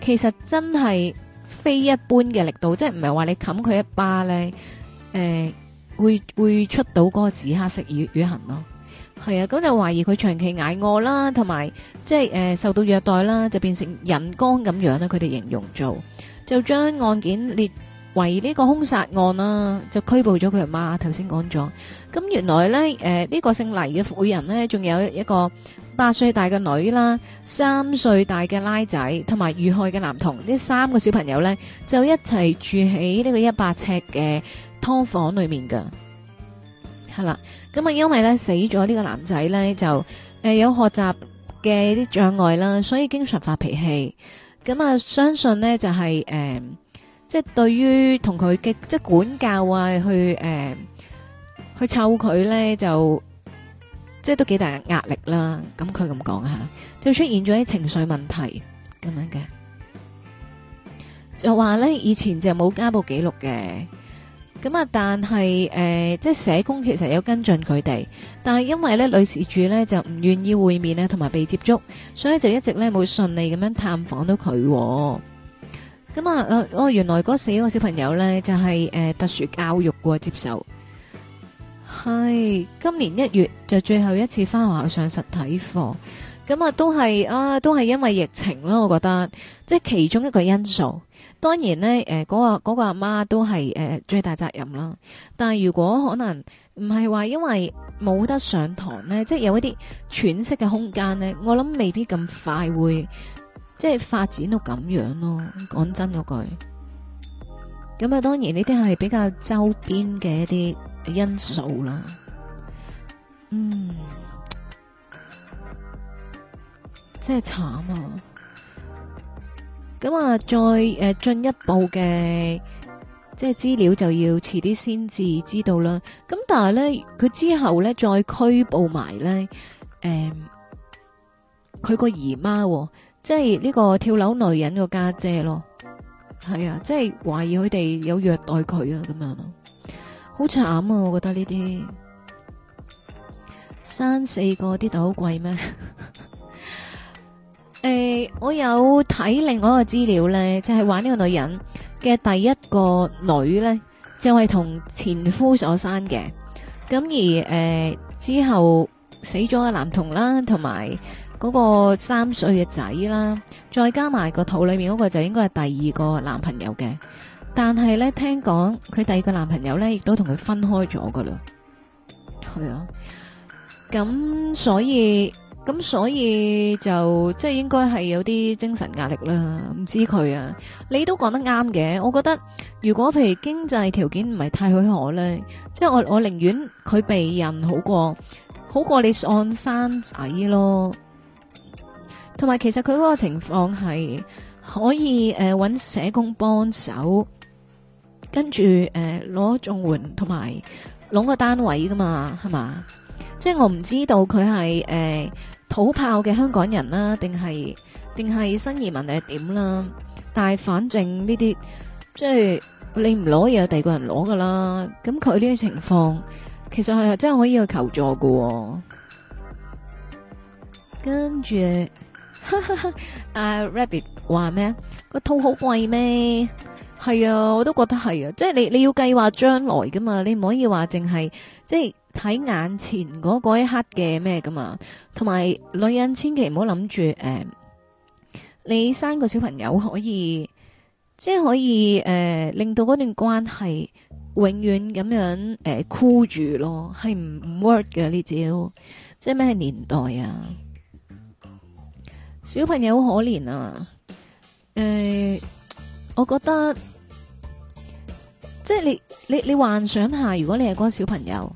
Speaker 1: 其實真係非一般嘅力度，即係唔係話你冚佢一巴咧，誒、呃、會會出到嗰個紫黑色瘀瘀痕咯，係啊，咁就懷疑佢長期挨餓啦，同埋即係誒、呃、受到虐待啦，就變成人乾咁樣啦，佢哋形容做就將案件列為呢個凶殺案啦，就拘捕咗佢阿媽。頭先講咗，咁原來呢，誒、呃、呢、呢個姓黎嘅婦人呢，仲有一個八歲大嘅女啦，三歲大嘅拉仔，同埋遇害嘅男童，呢三個小朋友呢，就一齊住喺呢個一百尺嘅劏房裏面噶。係啦，咁啊，因為呢死咗呢個男仔呢，就誒有學習嘅啲障礙啦，所以經常發脾氣。咁、嗯、啊，相信呢，就係、是、誒。呃即係對於同佢嘅即係管教啊，去誒去湊佢咧，就即係都幾大壓力啦。咁佢咁講吓，就出現咗啲情緒問題咁樣嘅，就話咧以前就冇家暴記錄嘅，咁啊，但係誒即係社工其實有跟進佢哋，但係因為咧女事主咧就唔願意會面咧，同埋被接觸，所以就一直咧冇順利咁樣探訪到佢喎。咁啊，誒、哦，我原來嗰四個小朋友呢，就係、是、誒、呃、特殊教育喎。接受，係今年一月就最後一次翻學校上實體課，咁啊，都係啊，都係因為疫情囉。我覺得即係其中一個因素。當然呢，誒、呃，嗰、那個嗰個阿媽都係誒、呃、最大責任啦。但係如果可能唔係話因為冇得上堂呢，即係有一啲喘息嘅空間呢，我諗未必咁快會。即係發展到咁樣咯，講真嗰句。咁啊，當然呢啲係比較周邊嘅一啲因素啦。嗯，真係慘啊！咁啊，再誒進、啊、一步嘅即係資料就要遲啲先至知道啦。咁但係咧，佢之後咧再拘捕埋咧，誒、嗯，佢個姨媽。即係呢個跳樓女人個家姐，姐咯，係啊，即係懷疑佢哋有虐待佢啊咁樣咯，好慘啊！我覺得呢啲生四個啲豆好貴咩？誒、 (laughs) 欸，我有睇另外一個資料咧，就係話呢個女人嘅第一個女咧就係、是、同前夫所生嘅，咁而誒、欸、之後死咗個男童啦，同埋。嗰個三歲嘅仔啦，再加埋個肚裏面嗰個就應該係第二個男朋友嘅。但係呢，聽講佢第二個男朋友呢，亦都同佢分開咗噶啦。係啊，咁所以咁所以就即係應該係有啲精神壓力啦。唔知佢啊，你都講得啱嘅。我覺得如果譬如經濟條件唔係太許可呢，即係我我寧願佢避孕好過好過你按生仔咯。同埋，其實佢嗰個情況係可以誒搵、呃、社工幫手，跟住誒攞綜援，同埋攞個單位噶嘛，係嘛？即係我唔知道佢係誒土炮嘅香港人啦，定係定係新移民定係點啦？但係反正呢啲即係你唔攞，嘢，有第二個人攞噶啦。咁佢呢啲情況，其實係真係可以去求助喎、喔。跟住。哈哈 Rabbit 話咩？個、 (laughs) uh, 套好貴咩？係啊，我都覺得係啊。即係你你要計劃將來噶嘛，你唔可以話淨係即係睇眼前嗰、那個、一刻嘅咩噶嘛。同埋女人千祈唔好諗住誒，你生個小朋友可以，即係可以誒、呃，令到嗰段關係永遠咁樣誒箍住咯，係唔 work 㗎呢招。即係咩年代啊？小朋友好可憐啊！誒、呃，我覺得即係你你你幻想下，如果你係嗰個小朋友，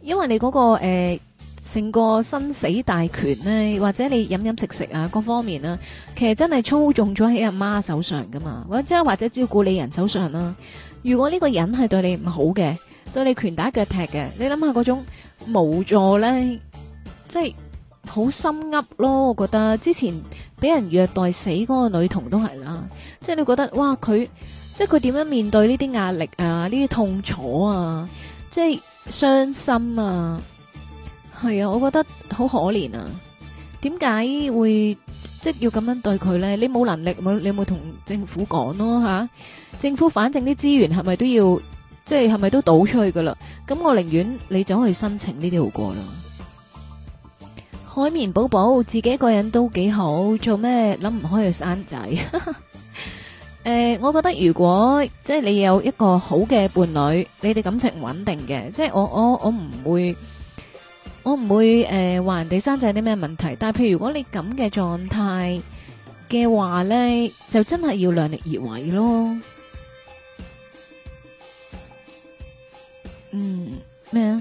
Speaker 1: 因為你嗰、嗰個誒成、呃、個生死大權咧，或者你飲飲食食啊各方面啊，其實真係操縱咗喺阿媽手上噶嘛，或者或者照顧你人手上啦。如果呢個人係對你唔好嘅，對你拳打腳踢嘅，你諗下嗰種無助咧，即係。好心噏咯，我覺得之前俾人虐待死嗰個女童都係啦，即係你覺得哇佢即係佢點樣面對呢啲壓力啊，呢啲痛楚啊，即係傷心啊，係啊，我覺得好可憐啊，點解會即係要咁樣對佢呢？你冇能力，你冇同政府講咯吓？政府反正啲資源係咪都要，即係係咪都倒出去噶啦？咁我寧願你走去申請呢啲好過啦。海綿寶寶自己一個人都幾好，做咩諗唔開去生仔？誒，我覺得如果即係你有一個好嘅伴侶，你哋感情唔穩定嘅，即係我我我唔會，我唔會誒話人哋生仔啲咩問題。但係譬如如果你咁嘅狀態嘅話咧，就真係要量力而為咯。嗯，咩啊？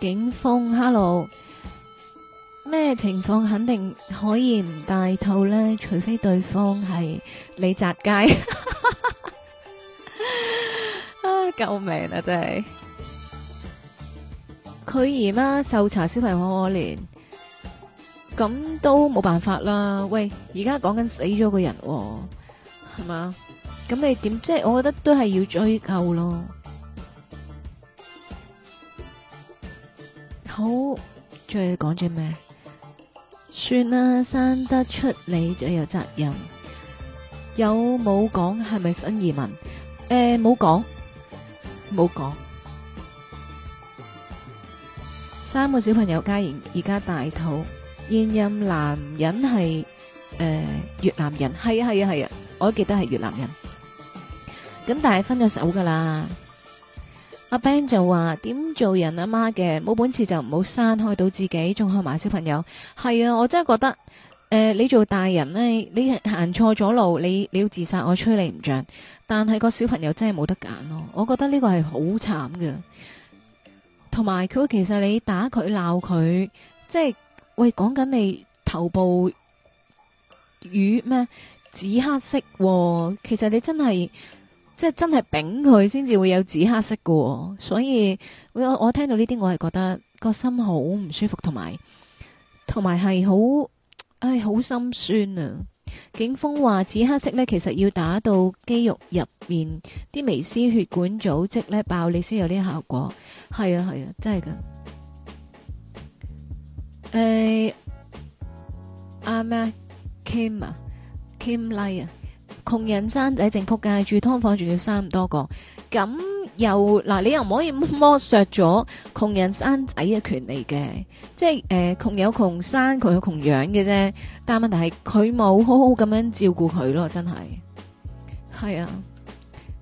Speaker 1: 景風，hello。咩情況肯定可以唔戴套咧？除非對方係李澤楷啊！救命啊！真係佢姨媽受查，小朋友可憐，咁都冇辦法啦。喂，而家講緊死咗個人係嘛？咁你點？即係我覺得都係要追究咯。好，最講住咩？算啦，生得出你就有責任。有冇講係咪新移民？誒、呃，冇講，冇講。三個小朋友家，而而家大肚，現任男人係誒、呃、越南人，係啊係啊係啊，我都記得係越南人。咁但係分咗手噶啦。阿 Ben 就話：點做人阿媽嘅，冇本事就唔好生，害到自己，仲害埋小朋友。係啊，我真係覺得，誒、呃，你做大人呢，你行錯咗路，你你要自殺，我吹你唔着。但係個小朋友真係冇得揀咯，我覺得呢個係好慘噶。同埋佢其實你打佢鬧佢，即係喂講緊你頭部瘀咩紫黑色喎，其實你真係。即係真係丙佢先至會有紫黑色噶所以我我聽到呢啲我係覺得個心好唔舒服，同埋同埋係好唉好心酸啊！警方話紫黑色咧，其實要打到肌肉入面啲微絲血管組織咧爆，你先有啲效果。係啊係啊，真係噶。誒，阿咩 Kim 啊，Kim Lie 啊。窮人生仔正仆街，住劏房仲要生咁多個，咁又嗱，你又唔可以剝削咗窮人生仔嘅權利嘅，即係誒窮有窮生，窮有窮養嘅啫，但問題係佢冇好好咁樣照顧佢咯，真係，係啊，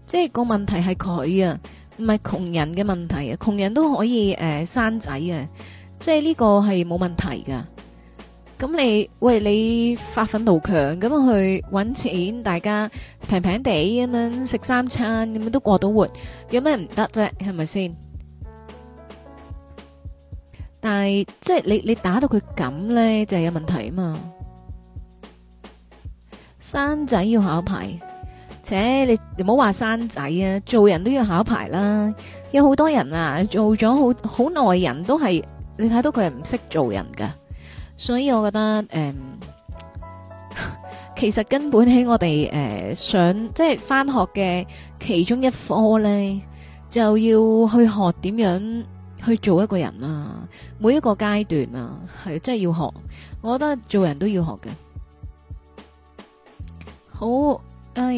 Speaker 1: 即係個問題係佢啊，唔係窮人嘅問題啊，窮人都可以誒、呃、生仔啊，即係呢個係冇問題噶。咁你喂你發奮圖強咁去搵錢，大家平平地咁樣食三餐，咁都過到活，有咩唔得啫？係咪先？但係即係你你打到佢咁咧，就係有問題啊嘛！生仔要考牌，且你唔好話生仔啊，做人都要考牌啦。有好多人啊，做咗好好耐人都係，你睇到佢係唔識做人噶。所以我覺得誒、嗯，其實根本喺我哋誒、嗯、上即係翻學嘅其中一科咧，就要去學點樣去做一個人啊。每一個階段啊，係真係要學。我覺得做人都要學嘅。好，誒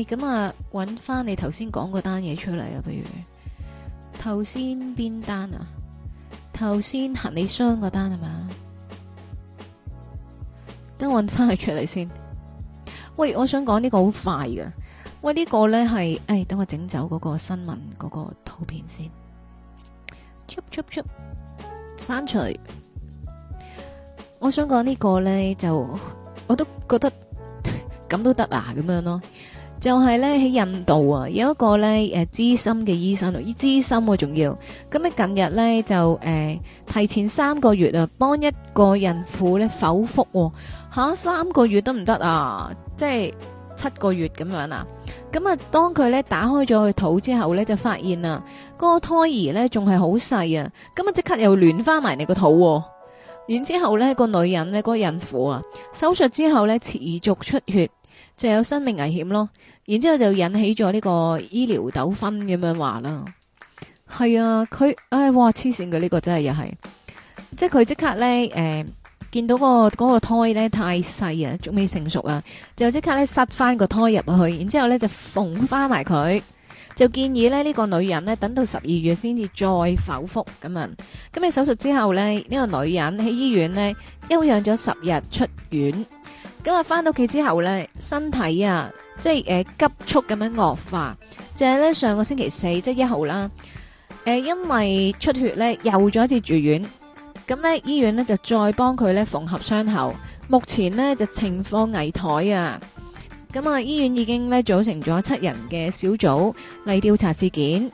Speaker 1: 咁啊，揾翻你頭先講嗰單嘢出嚟，啊，不如頭先邊單啊，頭先行李箱嗰單係嘛？等我搵翻佢出嚟先。喂，我想講呢個好快嘅。喂，這個、呢個咧係，誒、哎，等我整走嗰個新聞嗰個圖片先。出出出，刪除。我想講呢個咧就，我都覺得咁都得啊，咁樣咯。就係咧喺印度啊，有一個咧誒資深嘅醫生，依資深喎、啊、仲要。咁啊近日咧就，誒、呃，提前三個月啊，幫一個孕婦咧剖腹喎。吓，三個月都唔得啊！即係七個月咁樣啊！咁啊，當佢咧打開咗佢肚之後咧，就發現啊，個胎兒咧仲係好細啊！咁啊，即刻又亂翻埋你個肚。然之後咧，個女人咧，個孕婦啊，手術之後咧持續出血，就有生命危險咯。然之後就引起咗呢個醫療糾紛咁樣話啦。係啊，佢唉、哎、哇，黐線嘅呢個真係又係，即係佢即刻咧誒。呃見到、嗰個、嗰個胎咧太細啊，仲未成熟啊，就即刻咧塞翻個胎入去，然之後咧就縫翻埋佢，就建議咧呢、呢個女人咧等到十二月先至再剖腹咁啊。咁啊，手術之後呢，呢、呢個女人喺醫院呢休養咗十日出院，咁啊翻到屋企之後呢，身體啊即係、呃、急速咁樣惡化，就係、是、咧上個星期四即係一號啦，誒、呃、因為出血咧又咗一次住院。咁呢醫院呢，就再幫佢咧縫合傷口。目前呢，就情況危殆啊！咁啊，醫院已經咧組成咗七人嘅小組嚟調查事件。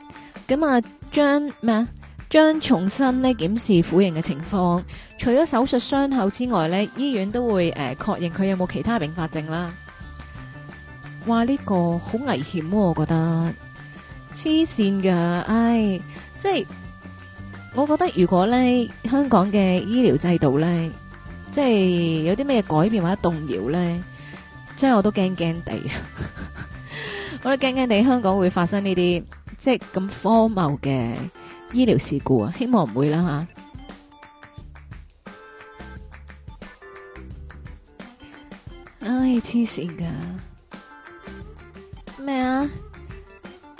Speaker 1: 咁啊，將咩啊？將重新呢檢視婦人嘅情況。除咗手術傷口之外呢，醫院都會誒確、呃、認佢有冇其他併發症啦。哇！呢、這個好危險啊，我覺得黐線噶，唉，即係。我覺得如果咧香港嘅醫療制度咧，即係有啲咩改變或者動搖咧，即係我都驚驚地，我都驚驚地香港會發生呢啲即係咁荒謬嘅醫療事故啊！希望唔會啦吓。唉，黐線噶咩啊！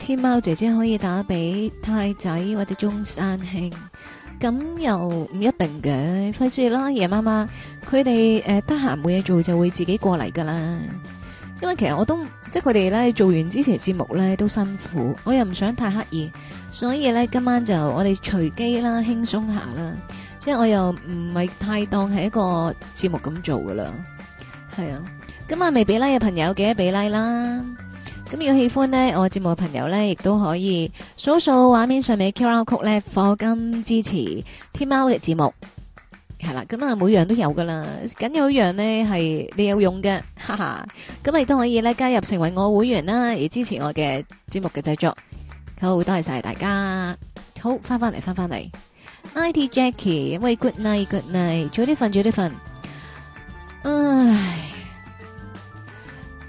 Speaker 1: 天貓姐姐可以打俾太仔或者中山兄，咁又唔一定嘅，費事啦，夜媽媽，佢哋誒得閒冇嘢做就會自己過嚟噶啦。因為其實我都即係佢哋咧做完之前節目咧都辛苦，我又唔想太刻意，所以咧今晚就我哋隨機啦，輕鬆下啦，即係我又唔係太當係一個節目咁做噶啦，係啊。今晚未畀 like 嘅朋友記得畀 like 啦。咁如果喜歡呢，我節目嘅朋友咧，亦都可以數數畫面上面嘅 QR Code 咧，課金支持天喵嘅節目，係啦。咁啊，每樣都有噶啦，梗有一樣呢，係你有用嘅，哈哈。咁亦都可以咧加入成為我會員啦，而支持我嘅節目嘅製作。好，多謝晒大家。好，翻翻嚟，翻翻嚟。Nite Jackie，喂，Good night，Good night，早啲瞓，早啲瞓。唉。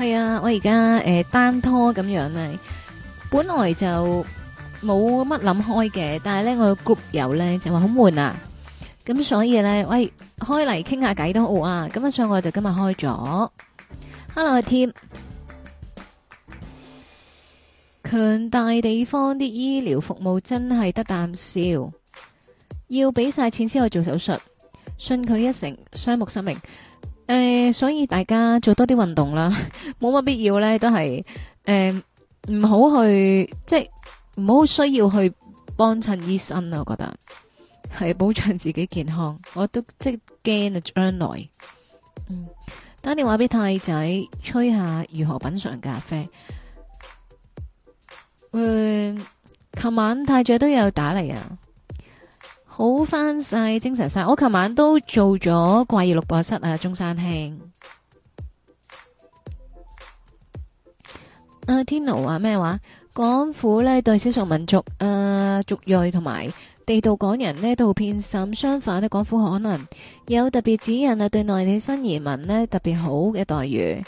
Speaker 1: 係啊，我而家誒，單拖咁樣咧，本來就冇乜諗開嘅，但係咧，我個 group 友咧就話好悶啊，咁所以咧，喂，開嚟傾下偈都好啊，咁所以我就今日開咗，hello 阿 team，強大地方啲醫療服務真係得啖笑，要俾晒錢先可以做手術，信佢一成，雙目失明。誒、呃，所以大家做多啲運動啦，冇乜必要咧，都係誒，唔、呃、好去，即係唔好需要去幫襯醫生啊，我覺得係保障自己健康。我都即係驚啊，將來。嗯，打電話俾太仔，吹下如何品嘗咖啡。嗯、呃，琴晚太姐都有打嚟啊。好翻晒，精神晒。我琴晚都做咗《怪異錄播室》啊，中山兄。阿天奴話咩話？港府呢對少數民族、誒、呃、族裔同埋地道港人呢都偏心相反。呢港府可能有特別指引啊，對內地新移民呢特別好嘅待遇，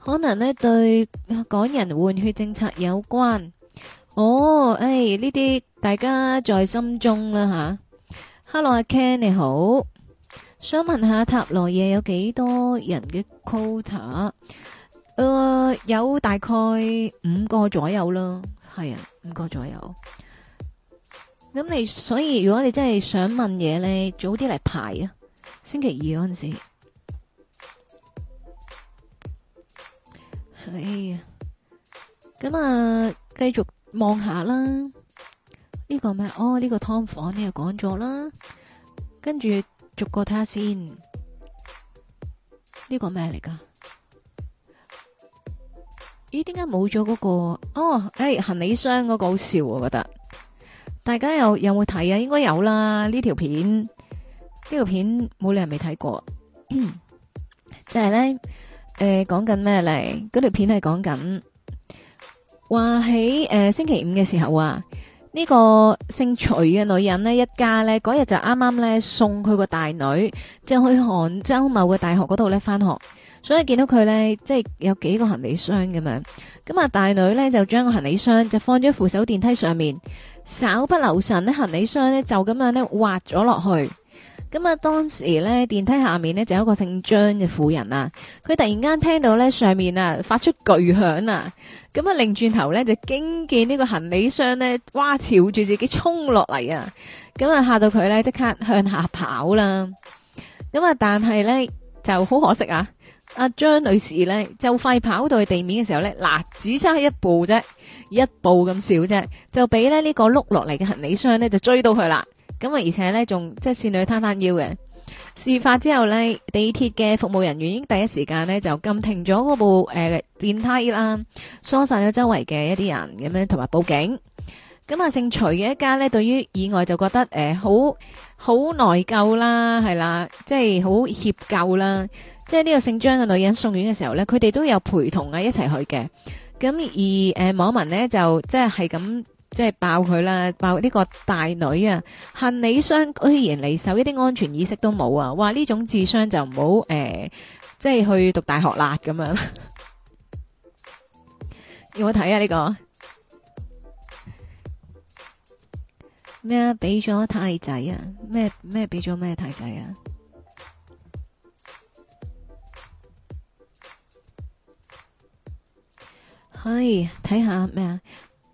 Speaker 1: 可能呢對港人換血政策有關。哦，誒呢啲大家在心中啦，吓。hello，阿 Ken，你好，想問下塔羅嘢有幾多人嘅 quota？誒、呃，有大概五個左右咯，係啊，五個左右。咁你所以，如果你真係想問嘢咧，你早啲嚟排啊！星期二嗰陣時，係啊。咁啊，繼續望下啦。呢個咩？哦，呢個湯房，你又講咗啦。跟住逐個睇下先。呢個咩嚟噶？咦，點解冇咗嗰個？哦，誒，行李箱嗰個好笑，我覺得。大家有有冇睇啊？應該有啦。呢條片呢條片冇理由未睇過，即係咧誒，講緊咩嚟？嗰條片係講緊話喺誒星期五嘅時候啊。呢個姓徐嘅女人呢，一家呢嗰日就啱啱呢送佢個大女，就去杭州某個大學嗰度呢翻學，所以見到佢呢，即係有幾個行李箱咁樣，咁啊大女呢就將個行李箱就放咗喺扶手電梯上面，稍不留神呢，行李箱呢就咁樣呢滑咗落去。咁啊、嗯，當時咧電梯下面咧就有一個姓張嘅婦人啊，佢突然間聽到咧上面啊發出巨響啊，咁啊擰轉頭咧就驚見呢個行李箱咧，哇朝住自己衝落嚟啊，咁啊嚇到佢咧即刻向下跑啦。咁、嗯、啊，但係咧就好可惜啊，阿、啊、張女士咧就快跑到去地面嘅時候咧，嗱只差一步啫，一步咁少啫，就俾咧呢、這個碌落嚟嘅行李箱咧就追到佢啦。咁啊！而且咧，仲即係仙女攤攤腰嘅。事發之後呢，地鐵嘅服務人員已經第一時間呢就禁停咗嗰部誒、呃、電梯啦，疏散咗周圍嘅一啲人，咁樣同埋報警。咁啊，姓徐嘅一家呢，對於意外就覺得誒、呃、好好內疚啦，係啦，即係好歉疚啦。即係呢個姓張嘅女人送院嘅時候呢，佢哋都有陪同啊一齊去嘅。咁而誒、呃、網民呢，就即係係咁。即係爆佢啦，爆呢個大女啊！行李箱居然離手，一啲安全意識都冇啊！哇，呢種智商就唔好誒，即係去讀大學啦咁樣。有冇睇啊？呢個咩啊？俾咗太仔啊？咩咩俾咗咩太仔啊？可以睇下咩啊？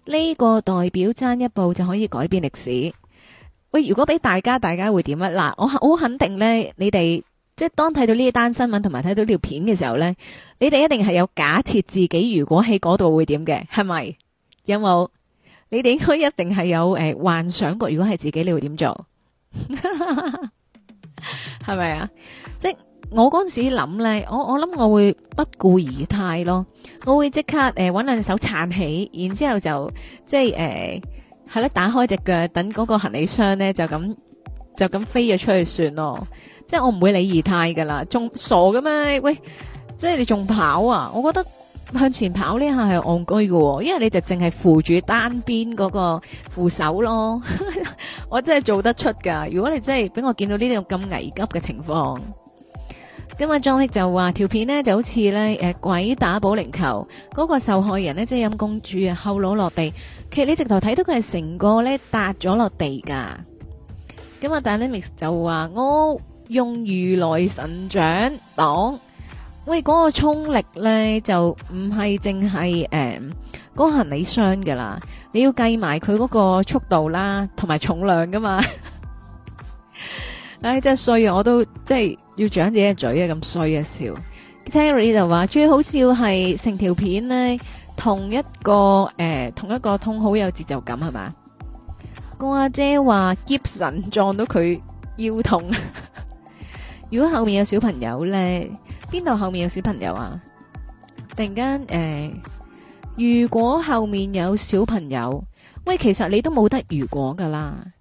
Speaker 1: 呢個代表爭一步就可以改變歷史。喂，如果俾大家，大家會點啊？嗱，我好肯定呢。你哋即係當睇到呢一單新聞同埋睇到條片嘅時候呢，你哋一定係有假設自己如果喺嗰度會點嘅，係咪？有冇？你哋應該一定係有誒、呃、幻想過，如果係自己你會點做？係咪啊？即我嗰時諗咧，我我諗我會不顧儀態咯，我會即刻誒搵兩隻手撐起，然之後就即係誒係啦，打開隻腳，等嗰個行李箱咧就咁就咁飛咗出去算咯。即係我唔會理儀態噶啦，仲傻噶咩？喂，即係你仲跑啊？我覺得向前跑呢下係戇居噶，因為你就淨係扶住單邊嗰個扶手咯。 (laughs) 我真係做得出噶，如果你真係俾我見到呢種咁危急嘅情況。咁啊，莊力就話條片咧就好似咧，誒，鬼打保齡球，嗰、那個受害人咧即係陰功豬，啊，後腦落地，其實你直頭睇到佢係成個咧笪咗落地噶。咁啊、嗯，但係呢 m i s 就話我用如來神掌擋，喂，嗰、那個衝力咧就唔係淨係誒嗰個行李箱噶啦，你要計埋佢嗰個速度啦，同埋重量噶嘛。唉、哎，真係衰啊！我都即係要掌自己嘅嘴啊，咁衰嘅笑。Terry 就話最好笑係成條片咧，同一個誒、呃、同一個 tone 好有節奏感係嘛？個阿姐話 Johnson 撞到佢腰痛。 (laughs) 如果後面有小朋友咧，邊度後面有小朋友啊？突然間誒、呃，如果後面有小朋友，喂，其實你都冇得如果噶啦。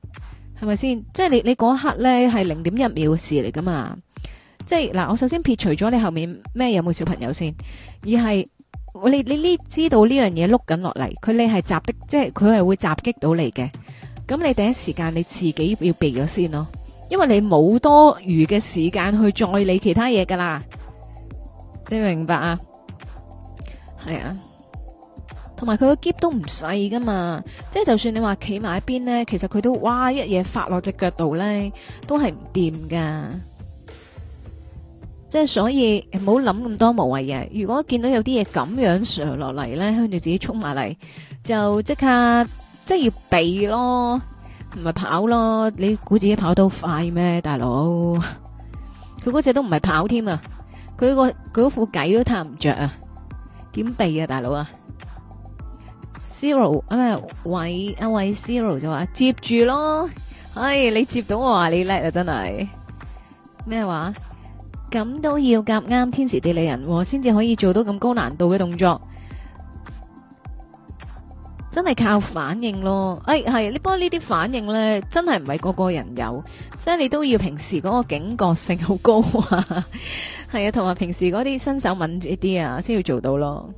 Speaker 1: 係咪先？即係你你嗰一刻呢係零點一秒嘅事嚟噶嘛？即係嗱，我首先撇除咗你後面咩有冇小朋友先，而係我你你呢知道呢樣嘢碌緊落嚟，佢你係襲擊，即係佢係會襲擊到你嘅。咁你第一時間你自己要避咗先咯，因為你冇多餘嘅時間去再理其他嘢噶啦。你明白啊？係啊。同埋佢個喼都唔細噶嘛，即係就算你話企埋一邊咧，其實佢都哇一嘢發落隻腳度咧，都係唔掂噶。即係所以唔好諗咁多無謂嘢。如果見到有啲嘢咁樣瀡落嚟咧，向住自己衝埋嚟，就即刻即係、就是、要避咯，唔係跑咯。你估自己跑得好快咩，大佬？佢嗰隻都唔係跑添啊，佢個佢嗰副計都探唔着啊，點避啊，大佬啊！Zero 啊，位啊位，Zero 就話接住咯，唉，你接到我話你叻啊，真係咩話？咁都要夾啱天時地利人先至可以做到咁高難度嘅動作，真係靠反應咯。哎，係你不過呢啲反應咧，真係唔係個個人有，所以你都要平時嗰個警覺性好高啊， (laughs) 係啊，同埋平時嗰啲身手敏捷啲啊，先要做到咯。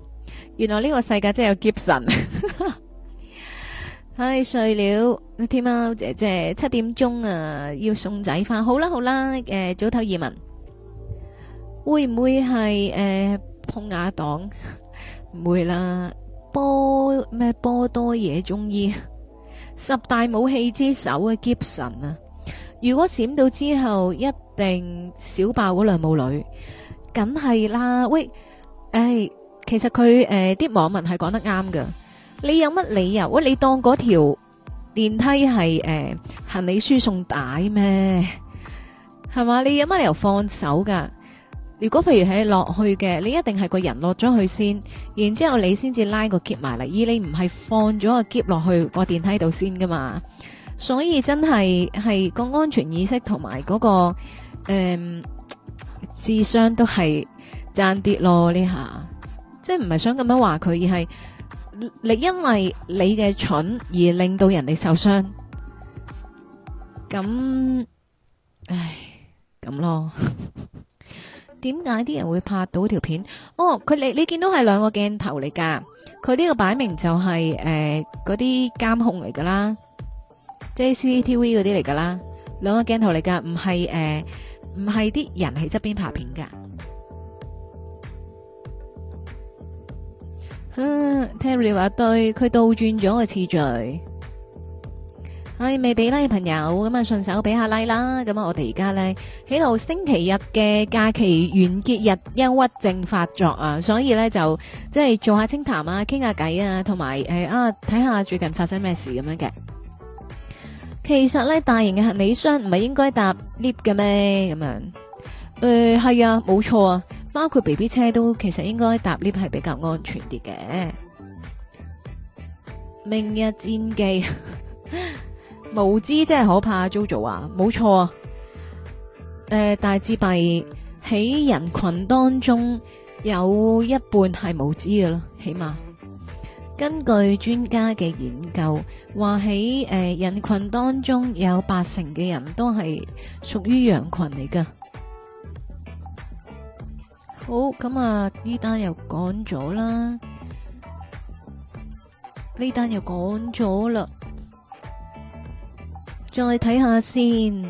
Speaker 1: 原來呢個世界真係有 Gibson。唉，碎了。天喵姐姐七點鐘啊，要送仔返。好啦，好啦。誒，早唞移民會唔會係誒碰雅黨？唔會啦。波咩波多野中醫十大武器之首嘅 Gibson 啊！如果閃到之後一定小爆嗰兩母女，梗係啦。喂，唉。其實佢誒，啲、呃、網民係講得啱噶。你有乜理由？喂，你當嗰條電梯係誒、呃、行李輸送帶咩？係嘛？你有乜理由放手噶？如果譬如係落去嘅，你一定係個人落咗去先，然之後你先至拉個篋埋嚟。而你唔係放咗個篋落去個電梯度先噶嘛？所以真係係個安全意識同埋嗰個誒、呃、智商都係爭啲咯，呢下。即係唔係想咁樣話佢，而係你因為你嘅蠢而令到人哋受傷。咁，唉，咁咯。點解啲人會拍到條片？哦，佢你你見到係兩個鏡頭嚟噶，佢呢個擺明就係誒嗰啲監控嚟噶啦，即係 CCTV 嗰啲嚟噶啦，兩個鏡頭嚟噶，唔係誒唔係啲人喺側邊拍片噶。哼 Taylor 話對，佢倒轉咗個次序。係、哎、未俾拉嘅朋友，咁啊順手俾下拉、like、啦。咁啊，我哋而家咧喺度星期日嘅假期完結日，憂鬱症發作啊，所以咧就即係做下清談啊，傾下偈啊，同埋誒啊，睇下最近發生咩事咁樣嘅。其實咧，大型嘅行李箱唔係應該搭 lift 嘅咩？咁樣，誒、呃，係啊，冇錯啊。包括 BB 車都其實應該搭 lift 係比較安全啲嘅。明日戰記 (laughs) 無知真係可怕 Jojo 啊，冇錯。誒、呃，大智幣喺人群當中有一半係無知嘅咯，起碼根據專家嘅研究，話喺誒人群當中有八成嘅人都係屬於羊群嚟噶。好，咁啊呢單又講咗啦，呢單又講咗啦，再睇下先。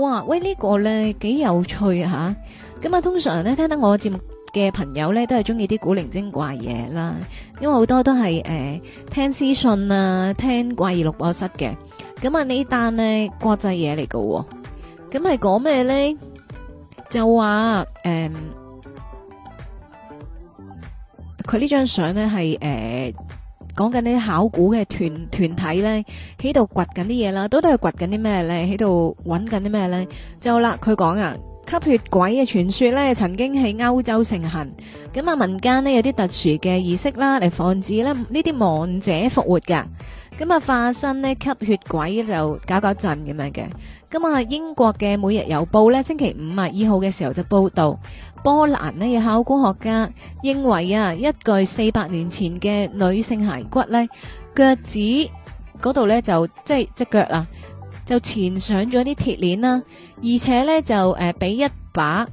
Speaker 1: 哇，喂，呢個咧幾有趣吓，咁啊通常咧聽得我節目嘅朋友咧都係中意啲古靈精怪嘢啦，因為好多都係誒聽屍訊啊，聽怪異錄播室嘅，咁啊呢單咧國際嘢嚟噶，咁係講咩咧？就話誒，佢、嗯、呢張相咧係誒講緊啲考古嘅團團體咧喺度掘緊啲嘢啦，都都係掘緊啲咩咧？喺度揾緊啲咩咧？就啦，佢講啊吸血鬼嘅傳說咧，曾經喺歐洲盛行，咁啊民間呢有啲特殊嘅儀式啦嚟防止咧呢啲亡者復活噶。咁啊，化身咧吸血鬼就搞搞震咁樣嘅。咁啊，英國嘅每日郵報呢星期五啊二號嘅時候就報道，波蘭呢嘅考古學家認為啊，一具四百年前嘅女性骸骨呢腳趾嗰度呢就即係隻腳啊，就纏上咗啲鐵鏈啦，而且呢就誒俾一把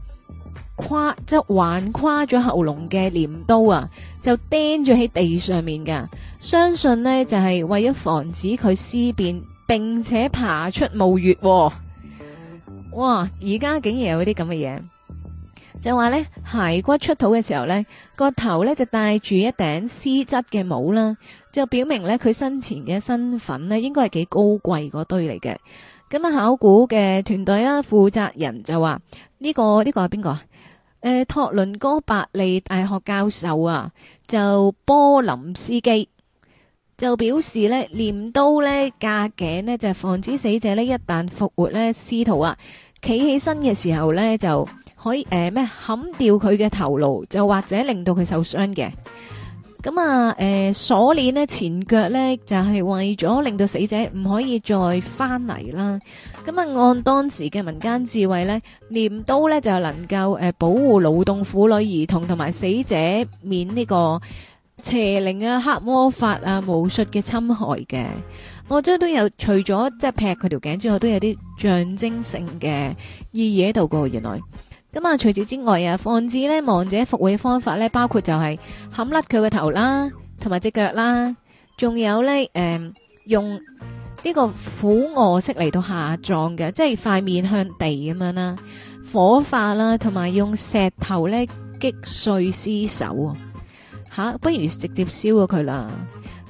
Speaker 1: 跨即係橫跨咗喉嚨嘅鐮刀啊，就釘咗喺地上面噶，相信呢就係、是、為咗防止佢屍變，並且爬出墓穴、哦。哇！而家竟然有啲咁嘅嘢，就話呢骸骨出土嘅時候呢，個頭呢就戴住一頂絲質嘅帽啦，就表明呢佢生前嘅身份呢應該係幾高貴嗰堆嚟嘅。咁啊，考古嘅團隊啦，負責人就話呢、這個呢、這個係邊個啊？誒，托倫哥白尼大學教授啊，就波林斯基就表示呢，鐮刀呢架頸呢，就防止死者呢一旦復活呢司徒啊，企起身嘅時候呢，就可以誒咩砍掉佢嘅頭顱，就或者令到佢受傷嘅。咁啊，誒、呃、鎖鏈呢前腳呢，就係、是、為咗令到死者唔可以再翻嚟啦。咁啊，按當時嘅民間智慧呢，鐮刀呢，就能夠誒、呃、保護勞動婦女、兒童同埋死者免呢個邪靈啊、黑魔法啊、巫術嘅侵害嘅。我即都有，除咗即係劈佢條頸之外，都有啲象徵性嘅意義喺度過原來。咁啊、嗯！除此之外啊，防止咧亡者復活方法咧，包括就係冚甩佢個頭啦，同埋隻腳啦，仲有咧誒、呃，用呢個俯卧式嚟到下葬嘅，即係塊面向地咁樣啦，火化啦，同埋用石頭咧擊碎屍首啊！吓、啊，不如直接燒咗佢啦。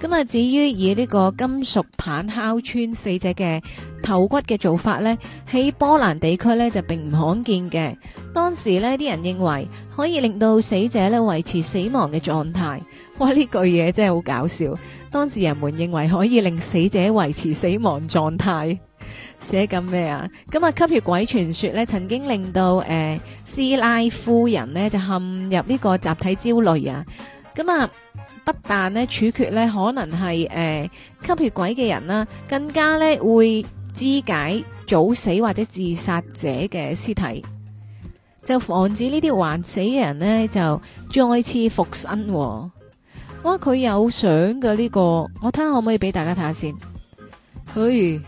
Speaker 1: 咁啊！至於以呢個金屬棒敲穿死者嘅頭骨嘅做法呢，喺波蘭地區呢，就並唔罕見嘅。當時呢啲人認為可以令到死者呢維持死亡嘅狀態。哇！呢句嘢真係好搞笑。當時人們認為可以令死者維持死亡狀態，寫緊咩啊？咁啊，吸血鬼傳說呢曾經令到誒斯拉夫人呢就陷入呢個集體焦慮啊！咁啊，不但咧處決咧可能係誒、呃、吸血鬼嘅人啦，啊，更加咧會肢解早死或者自殺者嘅屍體，就防止呢啲還死嘅人呢就再次復生，哦。哇，佢有相嘅呢個，我睇下可唔可以俾大家睇下先。可以，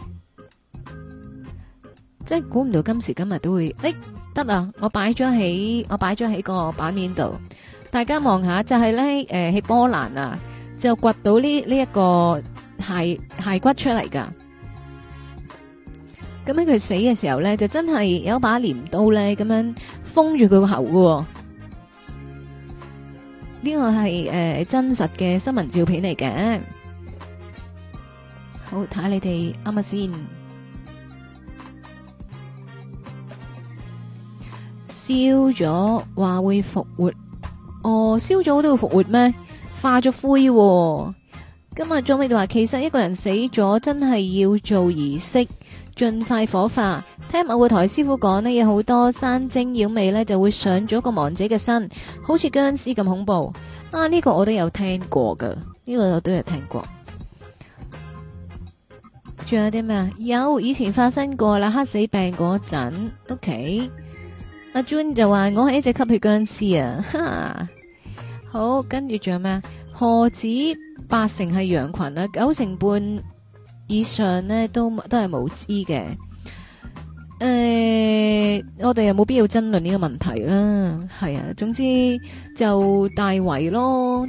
Speaker 1: 即係估唔到今時今日都會。誒、欸，得啦，我擺咗喺我擺咗喺個版面度。大家望下，就係咧，誒，喺波蘭啊，就掘到呢呢一個骸骸骨出嚟噶。咁喺佢死嘅時候咧，就真係有一把鐮刀咧，咁樣封住佢個喉噶。呢個係誒真實嘅新聞照片嚟嘅。好，睇下你哋啱唔啱先。燒咗話會復活。哦，燒咗都會復活咩？化咗灰、哦。今日做尾就話，其實一個人死咗，真係要做儀式，盡快火化。聽某台師傅講呢，有好多山精妖魅呢，就會上咗個亡者嘅身，好似僵屍咁恐怖。啊，呢個我都有聽過噶，呢個我都有聽過。仲有啲咩啊？有以前發生過啦，黑死病嗰陣，OK。阿 Jun 就話：我係一隻吸血僵屍啊！哈，哈，好，跟住仲有咩？何止八成係羊群啊，九成半以上呢都都係無知嘅。誒、欸，我哋又冇必要爭論呢個問題啦。係啊，總之就大圍咯，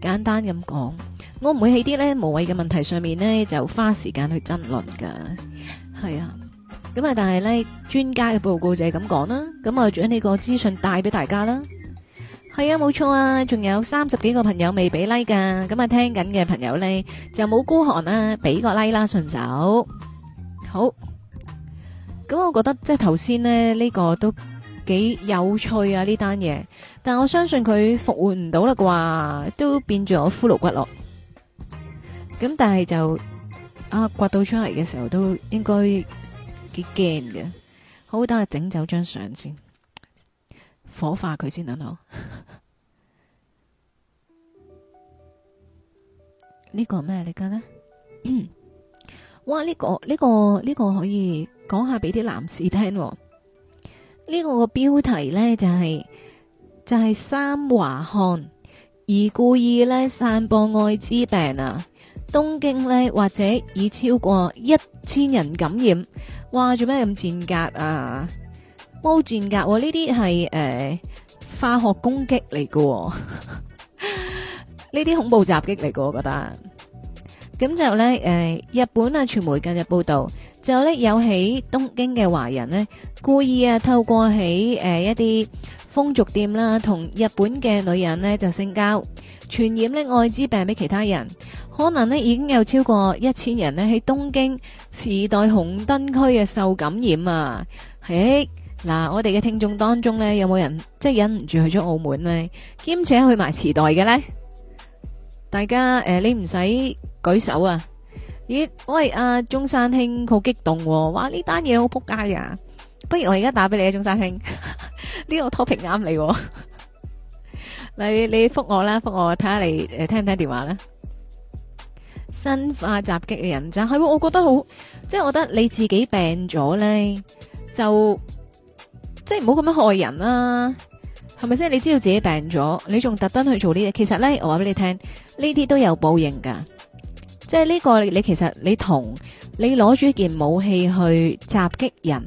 Speaker 1: 簡單咁講，我唔會喺啲咧無謂嘅問題上面呢就花時間去爭論噶。係啊。咁啊！但係咧，專家嘅報告就係咁講啦。咁啊，將呢個資訊帶俾大家啦。係啊，冇錯啊，仲有三十幾個朋友未俾 like 噶。咁啊，聽緊嘅朋友咧就冇孤寒啦，俾個 like 啦順手。好。咁我覺得即係頭先咧呢個都幾有趣啊！呢單嘢，但我相信佢復活唔到啦啩，都變咗骷髏骨咯。咁但係就啊，掘到出嚟嘅時候都應該。驚嘅，好等我整走張相先，火化佢先啦。好 (laughs) 呢個咩嚟噶咧？哇！呢、呢個呢、呢個呢、呢個可以講下俾啲男士聽、哦。呢、呢個個標題呢，就係、係、就係、係、三華漢而故意呢散播艾滋病啊。東京呢，或者已超過一千人感染。哇！做咩咁賤格啊？冇賤格喎，呢啲係誒化學攻擊嚟嘅，呢啲恐怖襲擊嚟嘅，我覺得。咁就咧誒，日本啊，傳媒近日報道，就咧有喺東京嘅華人咧，故意啊透過喺誒一啲風俗店啦，同日本嘅女人呢就性交，傳染呢艾滋病俾其他人，可能呢已經有超過一千人呢喺東京池袋紅燈區嘅受感染啊！嘿，嘿，嗱，我哋嘅聽眾當中呢，有冇人即係忍唔住去咗澳門呢？兼且去埋池袋嘅呢？大家誒、呃，你唔使舉手啊！咦，喂，阿、啊、中山兄好激動，話呢單嘢好撲街啊！不如我而家打俾你啊，中山兄，呢 (laughs) 個 topic 啱你、哦、 (laughs) 你，你覆覆看看你覆我啦，覆我睇下你誒聽唔聽電話啦。生化襲擊嘅人就係、哦，我覺得好，即、就、係、是、我覺得你自己病咗咧，就即係唔好咁樣害人啦、啊，係咪先？你知道自己病咗，你仲特登去做呢啲，其實咧，我話俾你聽，呢啲都有報應噶，即係呢個你，你其實你同你攞住件武器去襲擊人。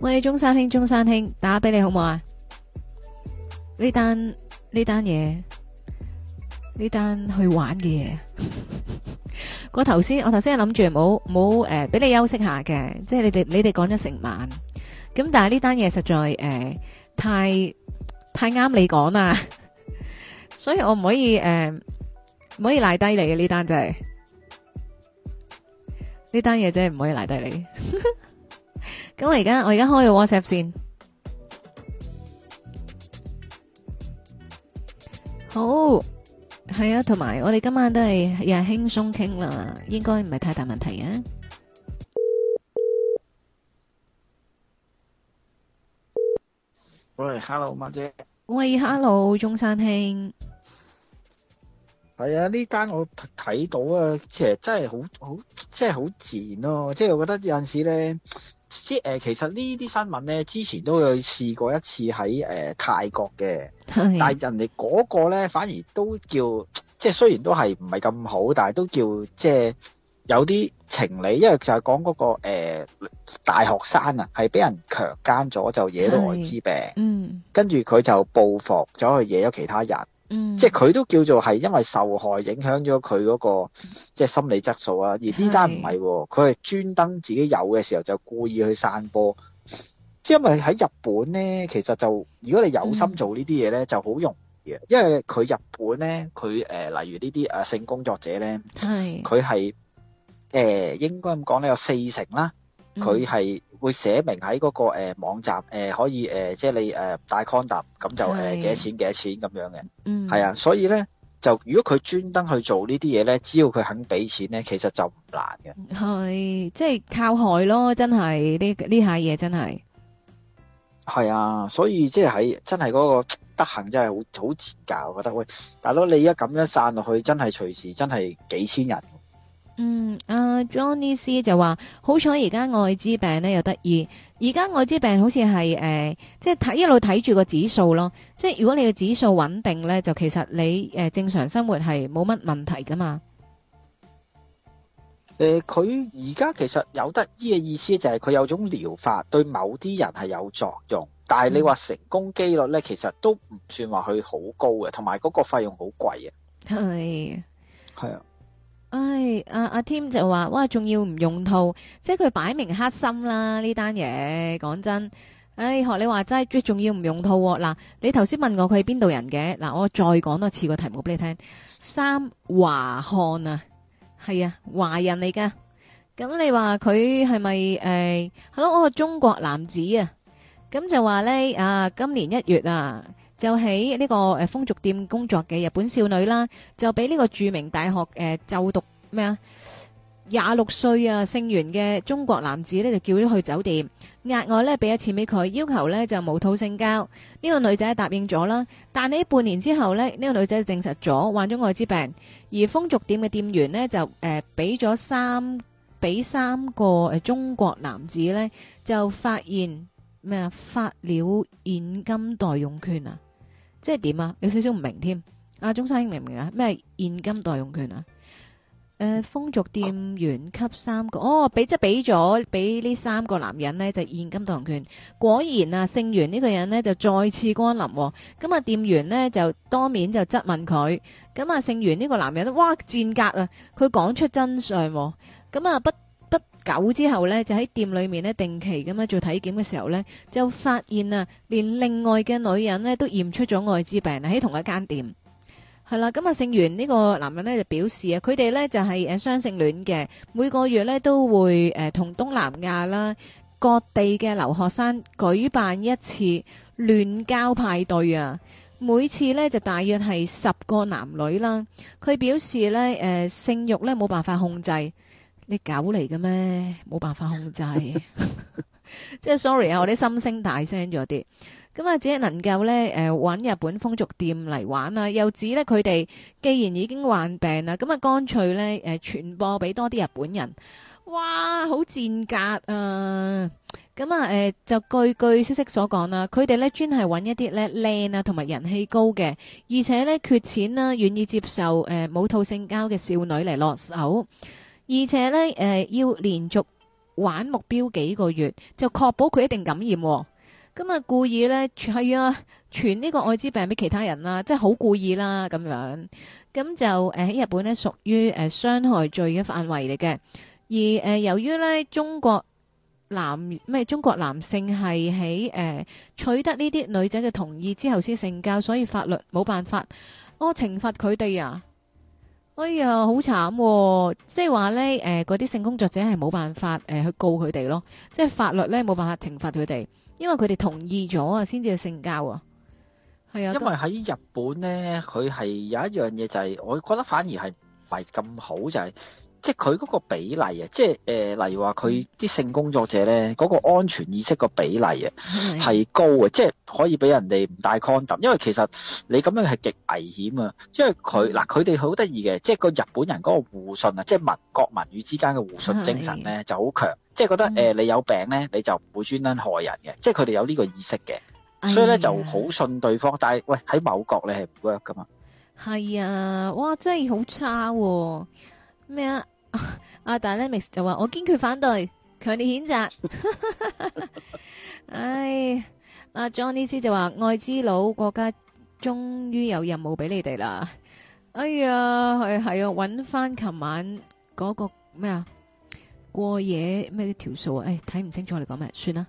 Speaker 1: 喂，中山兄，中山兄，打俾你好唔好啊？呢單呢單嘢，呢單去玩嘅嘢，我頭先我頭先係諗住冇冇，誒，俾你休息下嘅，即係你哋你哋講咗成晚，咁但係呢單嘢實在誒，太太啱你講啦，所以我唔可以誒，唔可以賴低你嘅呢單真係，呢單嘢真係唔可以賴低你。咁我而家我而家開個 WhatsApp 先，好係啊，同埋我哋今晚都係又係輕鬆傾啦，應該唔係太大問題
Speaker 3: 嘅。喂，Hello，馬姐。
Speaker 1: 喂，Hello，中山兄。
Speaker 3: 係啊，呢間我睇到啊，其實真係好好，即係好自然咯。即係我覺得有陣時咧。即係誒，其實這些聞呢啲新聞咧，之前都有試過一次喺誒、呃、泰國嘅，的但係人哋嗰個咧反而都叫，即係雖然都係唔係咁好，但係都叫即係有啲情理，因為就係講、嗰個誒、呃、大學生啊，係俾人強姦咗就惹到艾滋病，嗯，跟住佢就報復咗去惹咗其他人。嗯，即係佢都叫做係因為受害影響咗佢嗰個即係心理質素啊，而呢單唔係，佢係專登自己有嘅時候就故意去散播，即係因為喺日本咧，其實就如果你有心做呢啲嘢咧，就好容易嘅，因為佢日本咧，佢誒，例如呢啲誒性工作者咧，係佢係誒，應該咁講咧，有四成啦。佢係會寫明喺嗰、那個誒、呃、網站誒、呃、可以誒、呃，即係你誒帶 condom 咁就誒幾是、呃、多錢幾多錢咁樣嘅，係、嗯、啊，所以咧就如果佢專登去做這些呢啲嘢咧，只要佢肯俾錢咧，其實就唔難嘅。
Speaker 1: 係即係靠害咯，真係呢呢下嘢真係
Speaker 3: 係啊，所以即、就、係、是、真係嗰、那個得閒真係好好賤格，很我覺得喂大佬你而家咁樣散落去，真係隨時真係幾千人。
Speaker 1: 嗯，阿、啊、Johnny C 就話好彩而家艾滋病咧又得意，而家艾滋病好似係誒，即係睇一路睇住個指數咯，即係如果你個指數穩定咧，就其實你誒、呃、正常生活係冇乜問題噶嘛。
Speaker 3: 誒、呃，佢而家其實有得醫嘅意思就係佢有一種療法對某啲人係有作用，嗯、但係你話成功幾率咧，其實都唔算話佢好高嘅，同埋嗰個費用好貴啊。係係啊。
Speaker 1: 唉，阿阿 Tim 就話，哇，仲要唔用套，即係佢擺明黑心啦呢單嘢，講真，唉、哎，學你話齋，最重要唔用套、啊。嗱，你頭先問我佢係邊度人嘅，嗱，我再講多次個題目俾你聽，三華漢啊，係啊，華人嚟噶，咁你話佢係咪誒，係、哎、咯，我個中國男子啊，咁就話咧，啊，今年一月啊。就喺呢個誒風俗店工作嘅日本少女啦，就俾呢個著名大學誒、呃、就讀咩啊廿六歲啊姓袁嘅中國男子咧就叫咗去酒店，額外咧俾咗錢俾佢，要求咧就無套性交。呢、這個女仔答應咗啦，但喺半年之後呢，呢、這個女仔證實咗患咗愛滋病。而風俗店嘅店員呢，就誒俾咗三俾三個誒、呃、中國男子呢，就發現咩啊發了現金代用券啊！即係點啊？有少少唔明添。阿中山明唔明啊？咩現金代用券啊？誒、呃，風俗店員給三個，哦，俾即俾咗俾呢三個男人呢，就現金代用券。果然啊，盛源呢個人呢，就再次光臨。咁啊，店員呢，就當面就質問佢。咁啊，盛源呢個男人哇，賤格啊，佢講出真相。咁啊不。九之後呢，就喺店裏面呢定期咁樣做體檢嘅時候呢，就發現啊，連另外嘅女人呢都驗出咗艾滋病啊！喺同一間店，係啦，咁啊，姓袁呢個男人呢就表示啊，佢哋呢就係誒雙性戀嘅，每個月呢都會誒同東南亞啦各地嘅留學生舉辦一次亂交派對啊！每次呢就大約係十個男女啦。佢表示呢誒性慾呢冇辦法控制。你係狗嚟嘅咩？冇辦法控制，即係 (laughs) (laughs) sorry 啊！我啲心聲大聲咗啲，咁啊只係能夠咧搵、呃、日本風俗店嚟玩啊。又指咧佢哋既然已經患病啦，咁啊乾脆咧誒、呃、傳播俾多啲日本人，哇好賤格啊！咁啊、呃、就據據消息所講啦，佢哋咧專係搵一啲咧靚啊同埋人氣高嘅，而且咧缺錢啦，願意接受冇套、呃、性交嘅少女嚟落手。而且咧，誒、呃，要連續玩目標幾個月，就確保佢一定感染、啊。咁咪故意咧，係啊，傳呢個艾滋病俾其他人啦，即係好故意啦，咁樣，咁就誒喺、呃、日本咧屬於誒傷害罪嘅範圍嚟嘅。而誒、呃、由於咧中國男咩中國男性係喺誒取得呢啲女仔嘅同意之後先性交，所以法律冇辦法，我懲罰佢哋啊！哎呀，好慘哦！即係話呢，誒，嗰啲性工作者係冇辦法，誒，去告佢哋咯，即係法律呢冇辦法懲罰佢哋，因為佢哋同意咗
Speaker 3: 啊，先至性交
Speaker 1: 啊，係啊。因為喺
Speaker 3: 日本呢，佢係有一樣嘢就係，我覺得反而係唔係咁好就係。即係佢嗰個比例啊，即係誒、呃，例如話佢啲性工作者咧嗰、那個安全意識個比例啊係高啊，的即係可以俾人哋唔帶 condom，因為其實你咁樣係極危險啊，因為佢嗱佢哋好得意嘅，即係個、嗯、日本人嗰個互信啊，即係民國民與之間嘅互信精神咧的就好強，即係覺得誒、嗯呃、你有病咧你就唔會專登害人嘅，即係佢哋有呢個意識嘅，所以咧就好信對方。哎、呀但係喂喺某國你係唔 work 噶嘛？
Speaker 1: 係啊，哇，真係好差喎、哦！咩啊？阿達 l m i s、ah, 就話我堅決反對，強烈譴責。唉、 (laughs) 哎，阿、ah, johnny 就話愛之佬國家終於有任務俾你哋啦。哎呀，係係、那個、啊，揾翻琴晚嗰個咩啊過夜咩條數啊？誒，睇唔清楚你講咩？算啦。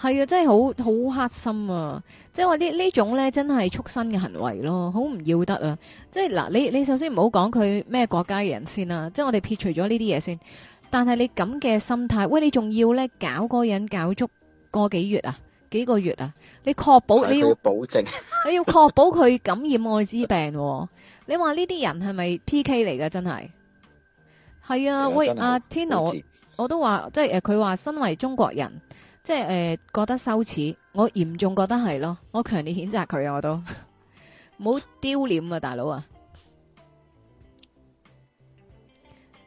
Speaker 1: 係啊，真係好好黑心啊！即係話呢呢種咧，真係畜生嘅行為咯，好唔要得啊！即係嗱，你你首先唔好講佢咩國家嘅人先啦、啊，即係我哋撇除咗呢啲嘢先。但係你咁嘅心態，喂，你仲要呢？搞嗰人搞足個幾月啊？幾個月啊？你確保對你要，他要
Speaker 3: 保證，
Speaker 1: (laughs) 你要確保佢感染愛滋病。 (laughs) 你話呢啲人係咪 PK 嚟噶？真係係啊！喂，阿、啊、Tino 我都話即係誒佢話身為中國人。即係誒、呃，覺得羞恥，我嚴重覺得係咯，我強烈譴責佢啊！我都唔好丟臉啊，大佬啊！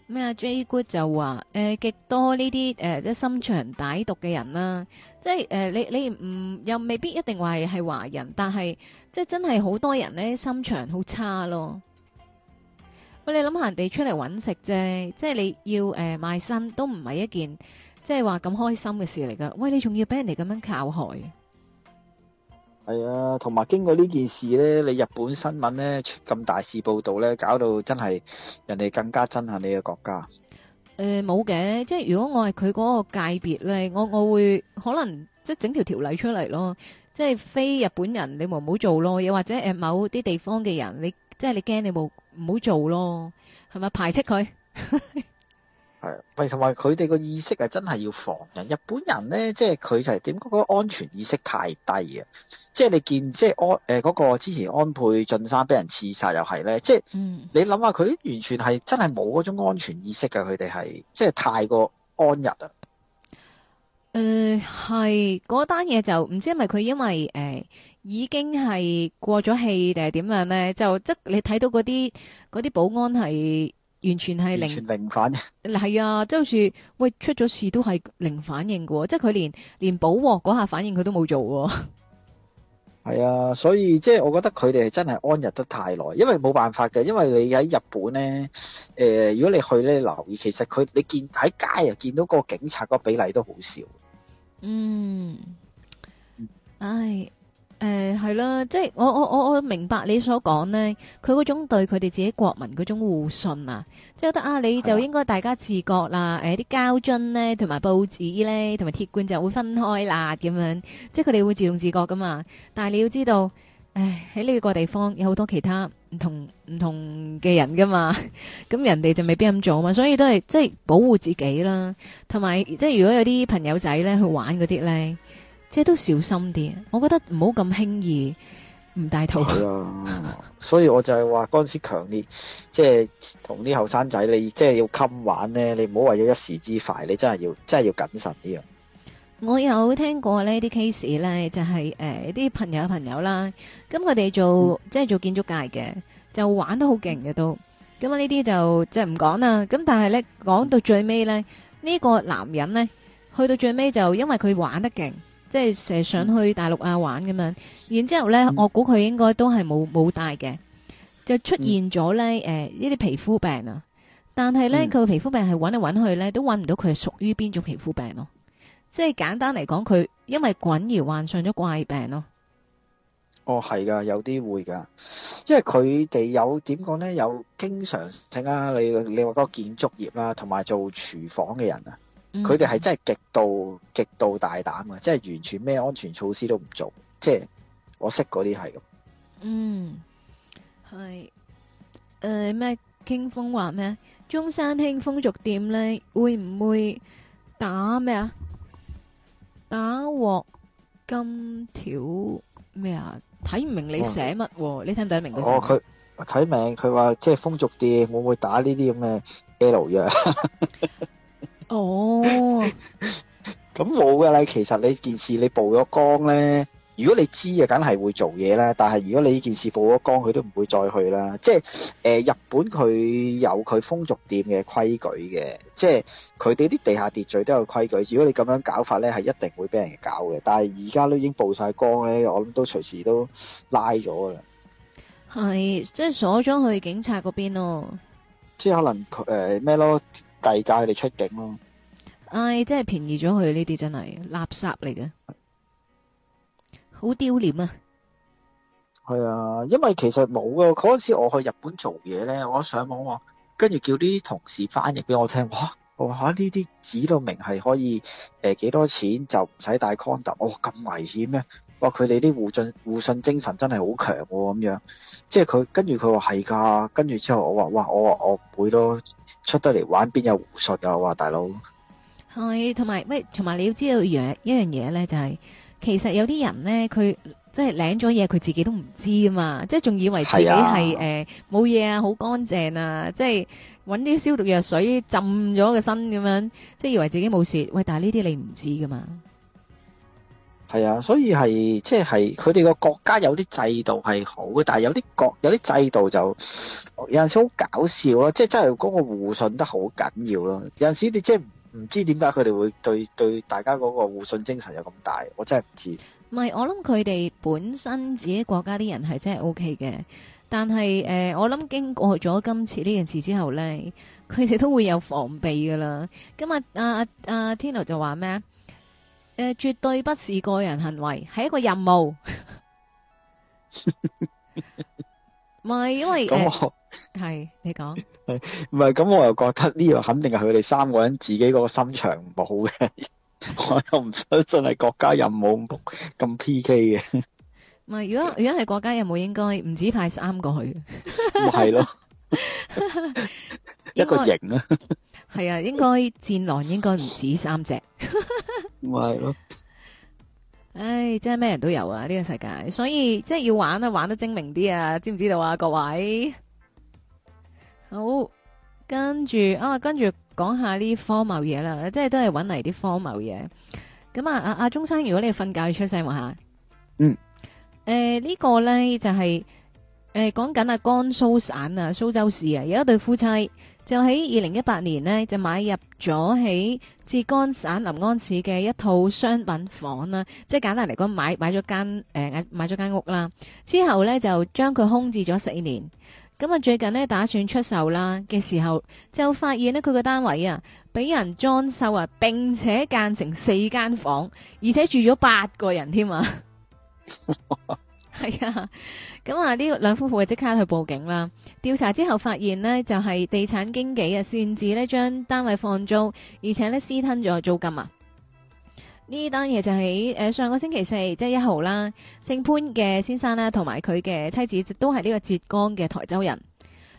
Speaker 1: 咩啊、嗯？Jay Good 就話誒、呃，極多呢啲誒，即係心腸歹毒嘅人啦、啊。即係誒、呃，你你唔又未必一定話係係華人，但係即係真係好多人咧，心腸好差咯。喂、呃，你諗下人哋出嚟搵食啫，即係你要誒、呃、賣身，都唔係一件。即係話咁開心嘅事嚟噶，喂，你仲要俾人哋咁樣靠害？
Speaker 3: 係啊，同埋經過呢件事咧，你日本新聞咧咁大事報道咧，搞到真係人哋更加憎恨你嘅國家。
Speaker 1: 誒，冇嘅，即係如果我係佢嗰個界別咧，我我會可能即係整條條例出嚟咯，即係非日本人你唔好做咯，又或者誒某啲地方嘅人，你即係你驚你冇唔好做咯，係咪排斥佢？
Speaker 3: 係，同埋佢哋個意識係真係要防人？日本人咧，即係佢就係點講個安全意識太低啊！即係你見，即係安誒嗰、呃那個之前安倍晉三俾人刺殺又係咧，即係你諗下，佢完全係真係冇嗰種安全意識嘅，佢哋係即係太過安逸啊！誒、嗯，
Speaker 1: 係嗰單嘢就唔知係咪佢因為誒、呃、已經係過咗氣定係點樣咧？就即係、就是、你睇到嗰啲嗰啲保安係。完全係零全零反應，係啊！即係好似喂出咗事都係零反應嘅喎，即係佢連連補鑊嗰下反應佢都冇做
Speaker 3: 喎。係啊，所以即係我覺得佢哋係真係安逸得太耐，因為冇辦法嘅。因為你喺日本咧，誒、呃，如果你去咧留意，其實佢你見喺街啊見到個警察個比例都好少。
Speaker 1: 嗯，唉。誒係啦，即係我我我我明白你所講呢，佢嗰種對佢哋自己國民嗰種互信啊，即係覺得啊你就應該大家自覺啦，誒啲膠樽呢，同埋報紙呢，同埋鐵罐就會分開啦咁樣，即係佢哋會自動自覺噶嘛。但係你要知道，誒喺呢個地方有好多其他唔同唔同嘅人噶嘛，咁人哋就未必咁做啊嘛，所以都係即係保護自己啦，同埋即係如果有啲朋友仔呢去玩嗰啲呢。即係都小心啲，我覺得唔好咁輕易唔帶套。
Speaker 3: 所以我就係話嗰陣時強烈，即係同啲後生仔，你即係要禁玩咧，你唔好為咗一時之快，你真係要真係要謹慎啲啊！
Speaker 1: 我有聽過咧啲 case 咧，就係誒一啲朋友嘅朋友啦。咁佢哋做即係做建築界嘅，就玩得好勁嘅都。咁啊呢啲就即係唔講啦。咁但係咧講到最尾咧，呢個男人咧去到最尾就因為佢玩得勁。即係成日上去大陸啊玩咁樣，嗯、然之後咧，我估佢應該都係冇冇戴嘅，就出現咗咧誒呢啲、嗯呃、皮膚病啊。但係呢，佢嘅，嗯、皮膚病係揾嚟揾去呢，都揾唔到佢係屬於邊種皮膚病咯。即係簡單嚟講，佢因為滾而患上咗怪
Speaker 3: 病咯。哦，係噶，有啲會噶，因為佢哋有點講呢，有經常性啊。你你話個建築業啦，啊，同埋做廚房嘅人啊。佢哋係真係極度極度大膽啊，即係完全咩安全措施都唔做。即係我識嗰啲係咁。嗯，
Speaker 1: 係誒咩？傾風話咩？中山興風俗店咧，會唔會打咩啊？打鑊金條咩啊？睇唔明你寫乜？你聽唔聽得明佢先。哦，佢
Speaker 3: 睇唔明。佢話，即係風俗店會唔會打呢啲咁嘅雞勞藥？哦，咁冇噶啦。其實你件事你曝咗光咧，如果你知啊，梗係會做嘢啦。但係如果你呢件事曝咗光，佢都唔會再去啦。即係誒、呃，日本佢有佢風俗店嘅規矩嘅，即係佢哋啲地下秩序都有規矩。如果你咁樣搞法咧，係一定會俾人搞嘅。但係而家都已經曝晒光咧，我諗都隨時都拉咗啦。
Speaker 1: 係即係鎖咗去警察嗰邊咯。
Speaker 3: 即係可能佢誒咩咯？遞解佢哋出境咯，
Speaker 1: 唉、哎，真係便宜咗佢呢啲真係垃圾嚟嘅，好丟臉啊！
Speaker 3: 係啊，因為其實冇啊。嗰陣時我去日本做嘢咧，我一上網跟住叫啲同事翻譯俾我聽，哇，我話吓呢啲指到明係可以誒幾多錢就唔使帶 condom，我咁危險咩？哇，佢哋啲互信互信精神真係好強咁樣，即係佢跟住佢話係噶，跟住之後我話哇，我我唔會咯。出得嚟玩邊有胡術啊？大佬
Speaker 1: 係，同埋喂，同埋你要知道樣一樣嘢咧，就係、是、其實有啲人咧，佢即係領咗嘢，佢自己都唔知㗎嘛，即係仲以為自己係冇嘢啊，好、呃啊、乾淨啊，即係揾啲消毒藥水浸咗個身咁樣，即係以為自己冇事。喂，但係呢啲你唔知噶嘛。
Speaker 3: 係啊，所以係即係佢哋個國家有啲制度係好嘅，但係有啲國有啲制度就有陣時好搞笑咯，即係真係嗰個互信得好緊要咯。有陣時你即係唔知點解佢哋會對對大家嗰個互信精神有咁大，我真係唔知。
Speaker 1: 唔係，我諗佢哋本身自己國家啲人係真係 O K 嘅，但係誒，我諗經過咗今次呢件事之後咧，佢哋都會有防備噶啦。咁啊阿阿阿天喵就話咩啊？啊啊誒，絕對不是個人行為，係一個任務。唔係因為係你講，
Speaker 3: 唔係咁我又覺得呢樣肯定係佢哋三個人自己嗰個心腸唔好嘅，我又唔相信係國家任務局咁 PK 嘅。
Speaker 1: 唔係如果如果係國家任務，應該唔止派三個去。
Speaker 3: 咪係咯，一個營啦。
Speaker 1: 係啊，應該戰狼應該唔止三隻。係咯，唉、 (laughs) 哎，真係咩人都有啊！呢、這個世界，所以即係要玩啊，玩得精明啲啊，知唔知道啊？各位，好，跟住啊，跟住講下呢啲科某嘢啦，即係都係搵嚟啲科某嘢。咁啊，阿、啊、阿中山，如果你瞓覺，你出聲話、啊、吓，嗯，誒、呃，這個、呢個咧就係、是、誒、呃、講緊啊江蘇省啊蘇州市啊有一對夫妻。就喺二零一八年呢，就買入咗喺浙江省臨安市嘅一套商品房啦，即係簡單嚟講，買間、呃、買咗間誒買咗間屋啦。之後呢，就將佢空置咗四年，咁啊最近呢，打算出售啦嘅時候，就發現呢，佢個單位啊俾人裝修啊，並且間成四間房，而且住咗八個人添啊！ (laughs) 係啊，咁啊呢兩夫婦啊即刻去報警啦。調查之後發現呢，就係地產經紀啊，擅自咧將單位放租，而且呢私吞咗租金啊。呢單嘢就喺誒，上個星期四，即係一號啦。姓潘嘅先生啦，同埋佢嘅妻子都係呢個浙江嘅台州人。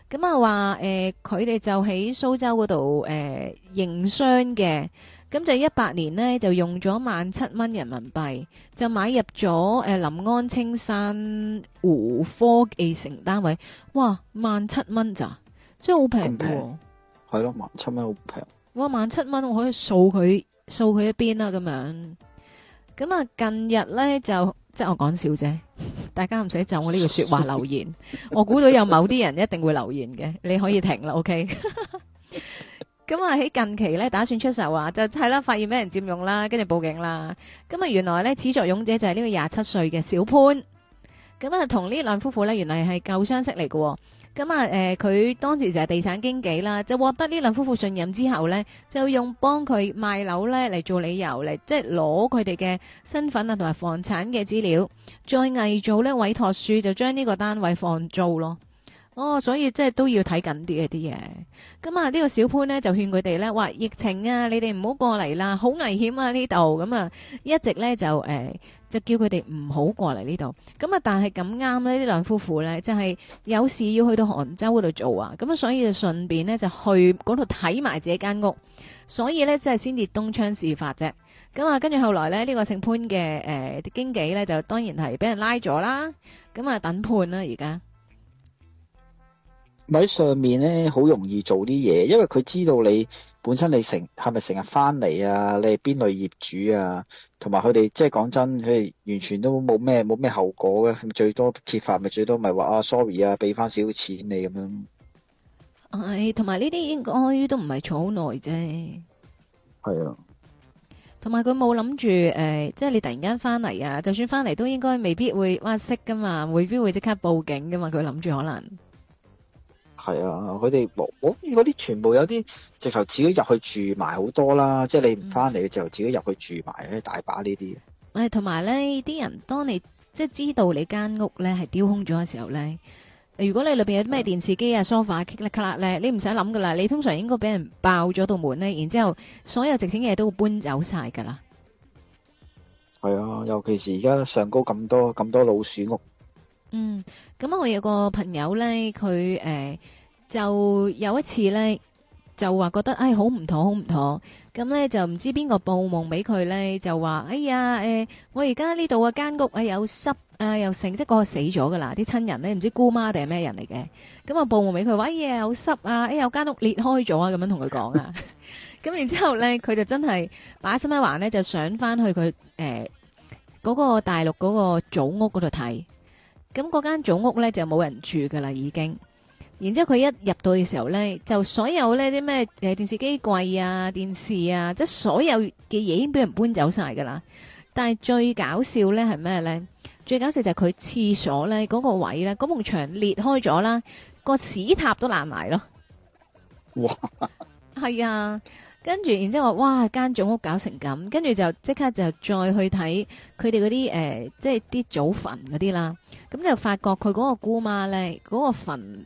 Speaker 1: 咁啊話誒，佢哋就喺蘇州嗰度誒營商嘅。咁就一八年呢，就用咗萬七蚊人民幣，就買入咗誒臨安青山湖科技城單位，哇，萬七蚊咋，真係好平嘅，
Speaker 3: 係咯萬七蚊好平。
Speaker 1: 哇，萬七蚊我可以掃佢掃佢一邊啦咁樣。咁啊近日呢就即係我講笑啫，大家唔使就我呢句說話留言。我估到有某啲人一定會留言嘅，你可以停啦，OK。咁啊，喺近期咧打算出售啊，就係啦，發現俾人佔用啦，跟住報警啦。咁啊，原來咧，始作俑者就係呢個廿七歲嘅小潘。咁啊，同呢兩夫婦咧，原來係舊相識嚟嘅。咁啊，誒，佢當時就係地產經紀啦，就獲得呢兩夫婦信任之後咧，就用幫佢賣樓咧嚟做理由嚟，即係攞佢哋嘅身份啊同埋房產嘅資料，再偽造咧委託書，就將呢個單位放租咯。哦，所以即係都要睇緊啲嘅啲嘢。咁、嗯、啊，呢、這個小潘呢，就勸佢哋呢：哇「話疫情啊，你哋唔好過嚟啦，好危險啊呢度。咁啊、嗯，一直呢，就誒、呃、就叫佢哋唔好過嚟呢度。咁、嗯、啊，但係咁啱呢，呢兩夫婦呢，即、就、係、是、有事要去到杭州嗰度做啊。咁、嗯、啊，所以就順便呢，就去嗰度睇埋自己間屋。所以呢，即係先至東窗事發啫。咁、嗯、啊，跟住後來呢，呢、這個姓潘嘅誒、呃、經紀呢就當然係俾人拉咗啦。咁、嗯、啊，等判啦而家。
Speaker 3: 咪喺上面咧，好容易做啲嘢，因為佢知道你本身你成係咪成日翻嚟啊？你係邊類業主啊？同埋佢哋即係講真，佢哋完全都冇咩冇咩後果嘅，最多揭發咪最多咪話啊，sorry 啊，俾翻少少錢你咁樣。
Speaker 1: 係、哎，同埋呢啲應該都唔係坐好耐啫。係
Speaker 2: 啊的，
Speaker 1: 同埋佢冇諗住誒，即、呃、係、就是、你突然間翻嚟啊，就算翻嚟都應該未必會哇識噶嘛，未必會即刻報警噶嘛，佢諗住可能。
Speaker 3: 係啊，佢哋我我嗰啲全部有啲，直頭自己入去住埋好多啦。即係你唔翻嚟嘅時候，自己入去住埋咧，嗯、大把有呢啲。
Speaker 1: 誒，同埋咧，啲人當你即係知道你間屋咧係丟空咗嘅時候咧，如果你裏邊有啲咩電視機啊、sofa、啊、click 咧，你唔使諗噶啦，你通常應該俾人爆咗道門咧，然之後所有值錢嘢都搬走晒噶啦。
Speaker 3: 係啊，尤其是而家上高咁多咁多老鼠屋。嗯、
Speaker 1: 咁、嗯、我有個朋友咧，佢誒。欸就有一次咧，就話覺得哎好唔妥，好唔妥。咁咧就唔知邊個報夢俾佢咧，就話哎呀誒、哎，我而家呢度啊間屋誒又濕啊又成，即係嗰個死咗噶啦，啲親人咧唔知姑媽定係咩人嚟嘅。咁、嗯、啊報夢俾佢話哎呀有濕啊，哎又間屋裂開咗啊，咁樣同佢講啊。咁 (laughs) 然之後咧，佢就真係把心一橫咧，就上翻去佢誒嗰個大陸嗰個祖屋嗰度睇。咁嗰間祖屋咧就冇人住噶啦，已經。然之後佢一入到嘅時候呢，就所有呢啲咩誒電視機櫃啊、電視啊，即係所有嘅嘢，已經俾人搬走晒噶啦。但係最搞笑呢係咩呢？最搞笑就係佢廁所呢嗰個位咧，嗰埲牆裂開咗啦，個屎塔都爛埋咯哇、啊。哇！係啊，跟住然之後哇，間祖屋搞成咁，跟住就即刻就再去睇佢哋嗰啲誒，即係啲祖墳嗰啲啦。咁就發覺佢嗰個姑媽呢，嗰、嗰個墳。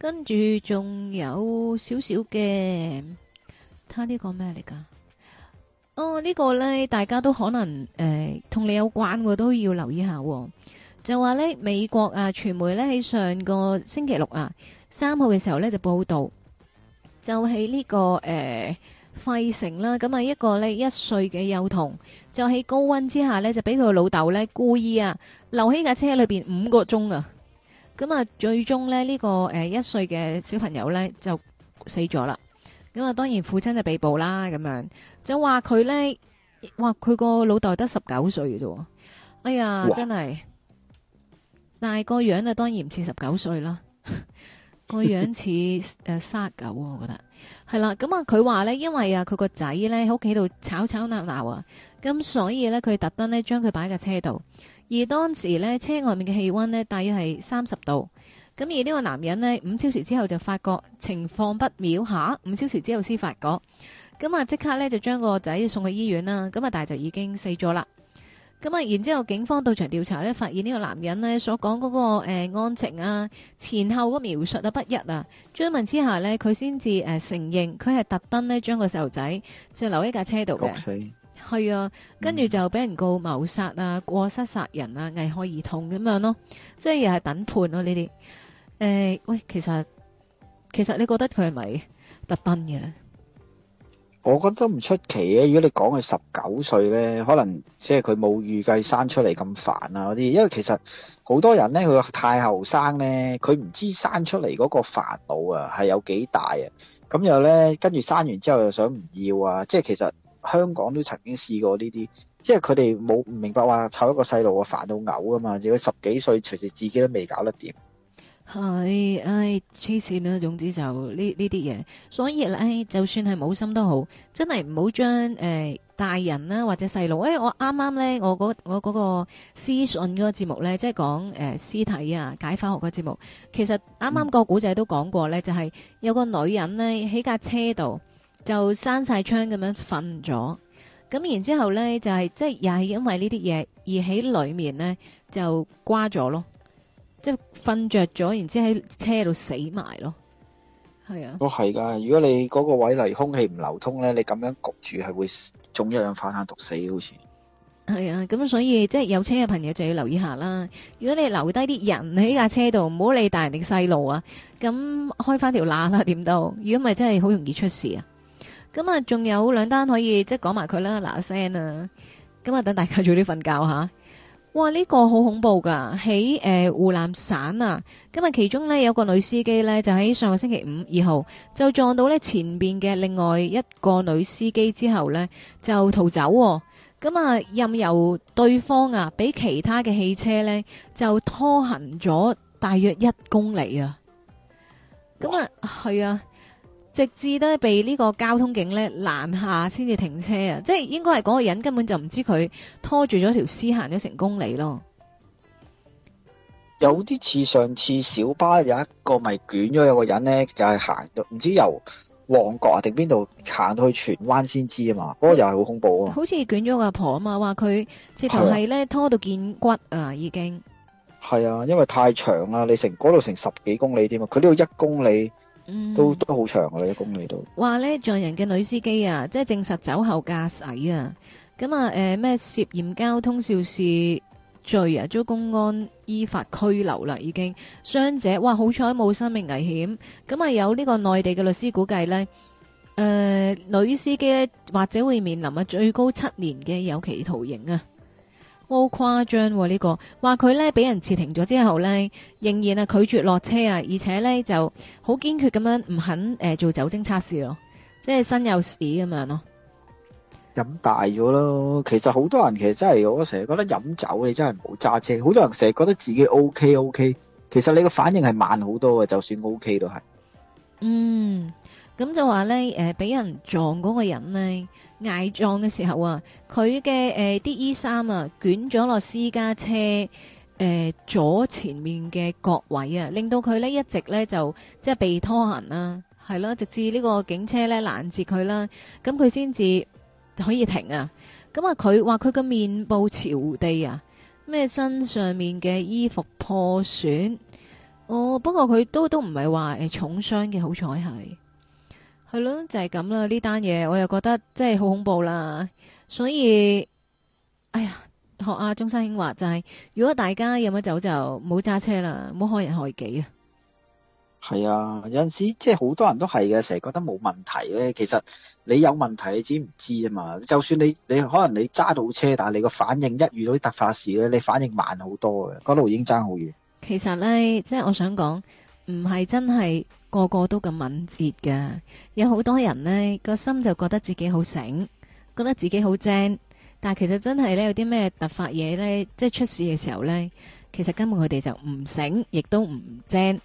Speaker 1: 跟住仲有少少嘅，睇下呢個咩嚟噶？哦，呢、這個呢，大家都可能誒同、呃、你有關的，都要留意一下，哦。就話呢，美國啊，傳媒呢，喺上個星期六啊三號嘅時候呢，就報道，就喺呢、這個誒、呃、費城啦，咁啊一個呢一歲嘅幼童，就喺高溫之下呢，就俾佢老豆呢故意啊留喺架車裏邊五個鐘啊！咁啊，最終咧呢、這個誒一、呃、歲嘅小朋友咧就死咗啦。咁啊，當然父親就被捕啦。咁樣就話佢咧，話佢個老豆得十九歲嘅啫。哎呀，哇真係但係個樣啊，當然唔似十九歲啦。
Speaker 3: 個 (laughs) 樣
Speaker 1: 似誒卅九，我覺得係啦。咁、嗯、啊，佢話咧，因為啊，佢個仔咧喺屋企度吵吵鬧鬧啊，咁所以咧佢特登咧將佢擺喺架車度。而當時咧，車外面嘅氣温咧，大約係三十度。咁而呢個男人咧，五小時之後就發覺情況不妙嚇，五、啊、小時之後先發覺，咁啊即刻呢就將個仔送去醫院啦。咁啊，但係就已經死咗啦。咁、嗯、啊，然之後警方到場調查呢，發現呢個男人呢所講嗰、嗰個案、呃、情啊，前後嘅描述啊不一啊。追問之下呢，佢先至誒承認佢係特登咧將個細路仔就留喺架車度嘅。係啊，跟住就俾人告謀殺啊、過失殺人啊、危害兒童咁樣咯，即係又係等判咯呢啲。誒，喂，其實其實你覺得佢係咪特登嘅咧？
Speaker 3: 我覺得都唔出奇啊，如果你講佢十九歲咧，可能即係佢冇預計生出嚟咁煩啊嗰啲，因為其實好多人咧，佢太後生咧，佢唔知生出嚟嗰個煩惱啊係有幾大啊，咁又咧跟住生完之後又想唔要啊，即係其實。香港都曾經試過呢啲，即係佢哋冇唔明白話湊一個細路啊煩到嘔啊嘛，而佢十幾歲隨時自己都未搞得掂。
Speaker 1: 係，唉、哎，黐線啦！總之就呢呢啲嘢，所以咧，就算係冇心都好，真係唔好將誒大人啦、啊、或者細路。誒、哎，我啱啱咧，我嗰我嗰、那個屍訊嗰個節目咧，即係講誒屍體啊解剖學嗰個節目，其實啱啱個古仔都講過咧，嗯、就係有個女人咧喺架車度。就閂晒窗咁樣瞓咗，咁然之後咧就係、是、即係，又係因為呢啲嘢而喺裏面咧就瓜咗咯，即係瞓着咗，然之後喺車度死埋咯，係啊，都
Speaker 3: 係噶。如果你嗰個位嚟空氣唔流通咧，你咁樣焗住係會中一氧化碳毒死，好似
Speaker 1: 係啊。咁所以即係有車嘅朋友就要留意下啦。如果你留低啲人喺架車度，唔好理大人定細路啊。咁開翻條罅啦，點都如果咪真係好容易出事啊。咁啊，仲有兩單可以即係講埋佢啦，嗱聲啊！咁啊，等大家早啲瞓覺吓、啊。哇，呢、這個好恐怖噶，喺誒、呃、湖南省啊，咁啊，其中呢，有個女司機呢，就喺上個星期五二號就撞到呢前邊嘅另外一個女司機之後呢，就逃走、啊，咁啊任由對方啊俾其他嘅汽車呢，就拖行咗大約一公里啊！咁啊，係啊。直至咧被呢個交通警咧攔下，先至停車啊！即係應該係嗰個人根本就唔知佢拖住咗條屍行咗成公里咯。
Speaker 3: 有啲似上次小巴有一個咪捲咗有個人咧，就係、是、行到唔知由旺角啊定邊度行到去荃灣先知啊嘛。嗰、那個又係好恐怖啊！好
Speaker 1: 似捲咗個阿婆啊嘛，話佢直頭係咧拖到見骨啊，已經
Speaker 3: 係啊，因為太長啦，你成嗰度成十幾公里添啊，佢呢度一公里。都都好長嘅，啊，一公里度。
Speaker 1: 話，嗯，呢，撞人嘅女司機啊，即係證實酒後駕駛啊，咁啊，誒、呃、咩涉嫌交通肇事罪啊，遭公安依法拘留啦，已經。傷者哇，好彩冇生命危險。咁啊，有呢個內地嘅律師估計呢，誒、呃，女司機呢，或者會面臨啊最高七年嘅有期徒刑啊。好誇張呢個，話佢呢，俾人截停咗之後呢，仍然啊拒絕落車啊，而且呢就好堅決咁樣唔肯誒、呃、做酒精測試咯，即係身有屎咁樣咯，
Speaker 3: 飲大咗咯。其實好多人其實真係我成日覺得飲酒你真係唔好揸車，好多人成日覺得自己 O K O K，其實你個反應係慢好多嘅，就算 O K 都係，嗯。
Speaker 1: 咁就話咧，誒、呃，俾人撞嗰個人呢，挨撞嘅時候啊，佢嘅誒啲衣衫啊捲咗落私家車誒、呃、左前面嘅角位啊，令到佢呢一直呢就即係被拖行，啊，啦，係咯，直至呢個警車咧攔截佢啦，咁佢先至可以停啊。咁啊，佢話佢嘅面部朝地啊，咩身上面嘅衣服破損哦，不過佢都都唔係話誒重傷嘅，好彩係。係咯，就係咁啦。呢單嘢我又覺得真係好恐怖啦。所以，哎呀，學阿中山兄話齋，係，如果大家飲咗酒就唔好揸車啦，唔好害人害己啊。
Speaker 3: 係啊，有陣時即係好多人都係嘅，成日覺得冇問題咧。其實你有問題，你知唔知啊嘛。就算你你可能你揸到車，但係你個反應一遇到啲突發事咧，你反應慢好多嘅。嗰度已經爭好遠。
Speaker 1: 其實咧，即係我想講，唔係真係。個個都咁敏捷噶有好多人呢個心就覺得自己好醒，覺得自己好精，但係其實真係呢有啲咩突發嘢呢，即係出事嘅時候呢，其實根本佢哋就唔醒，亦都唔精。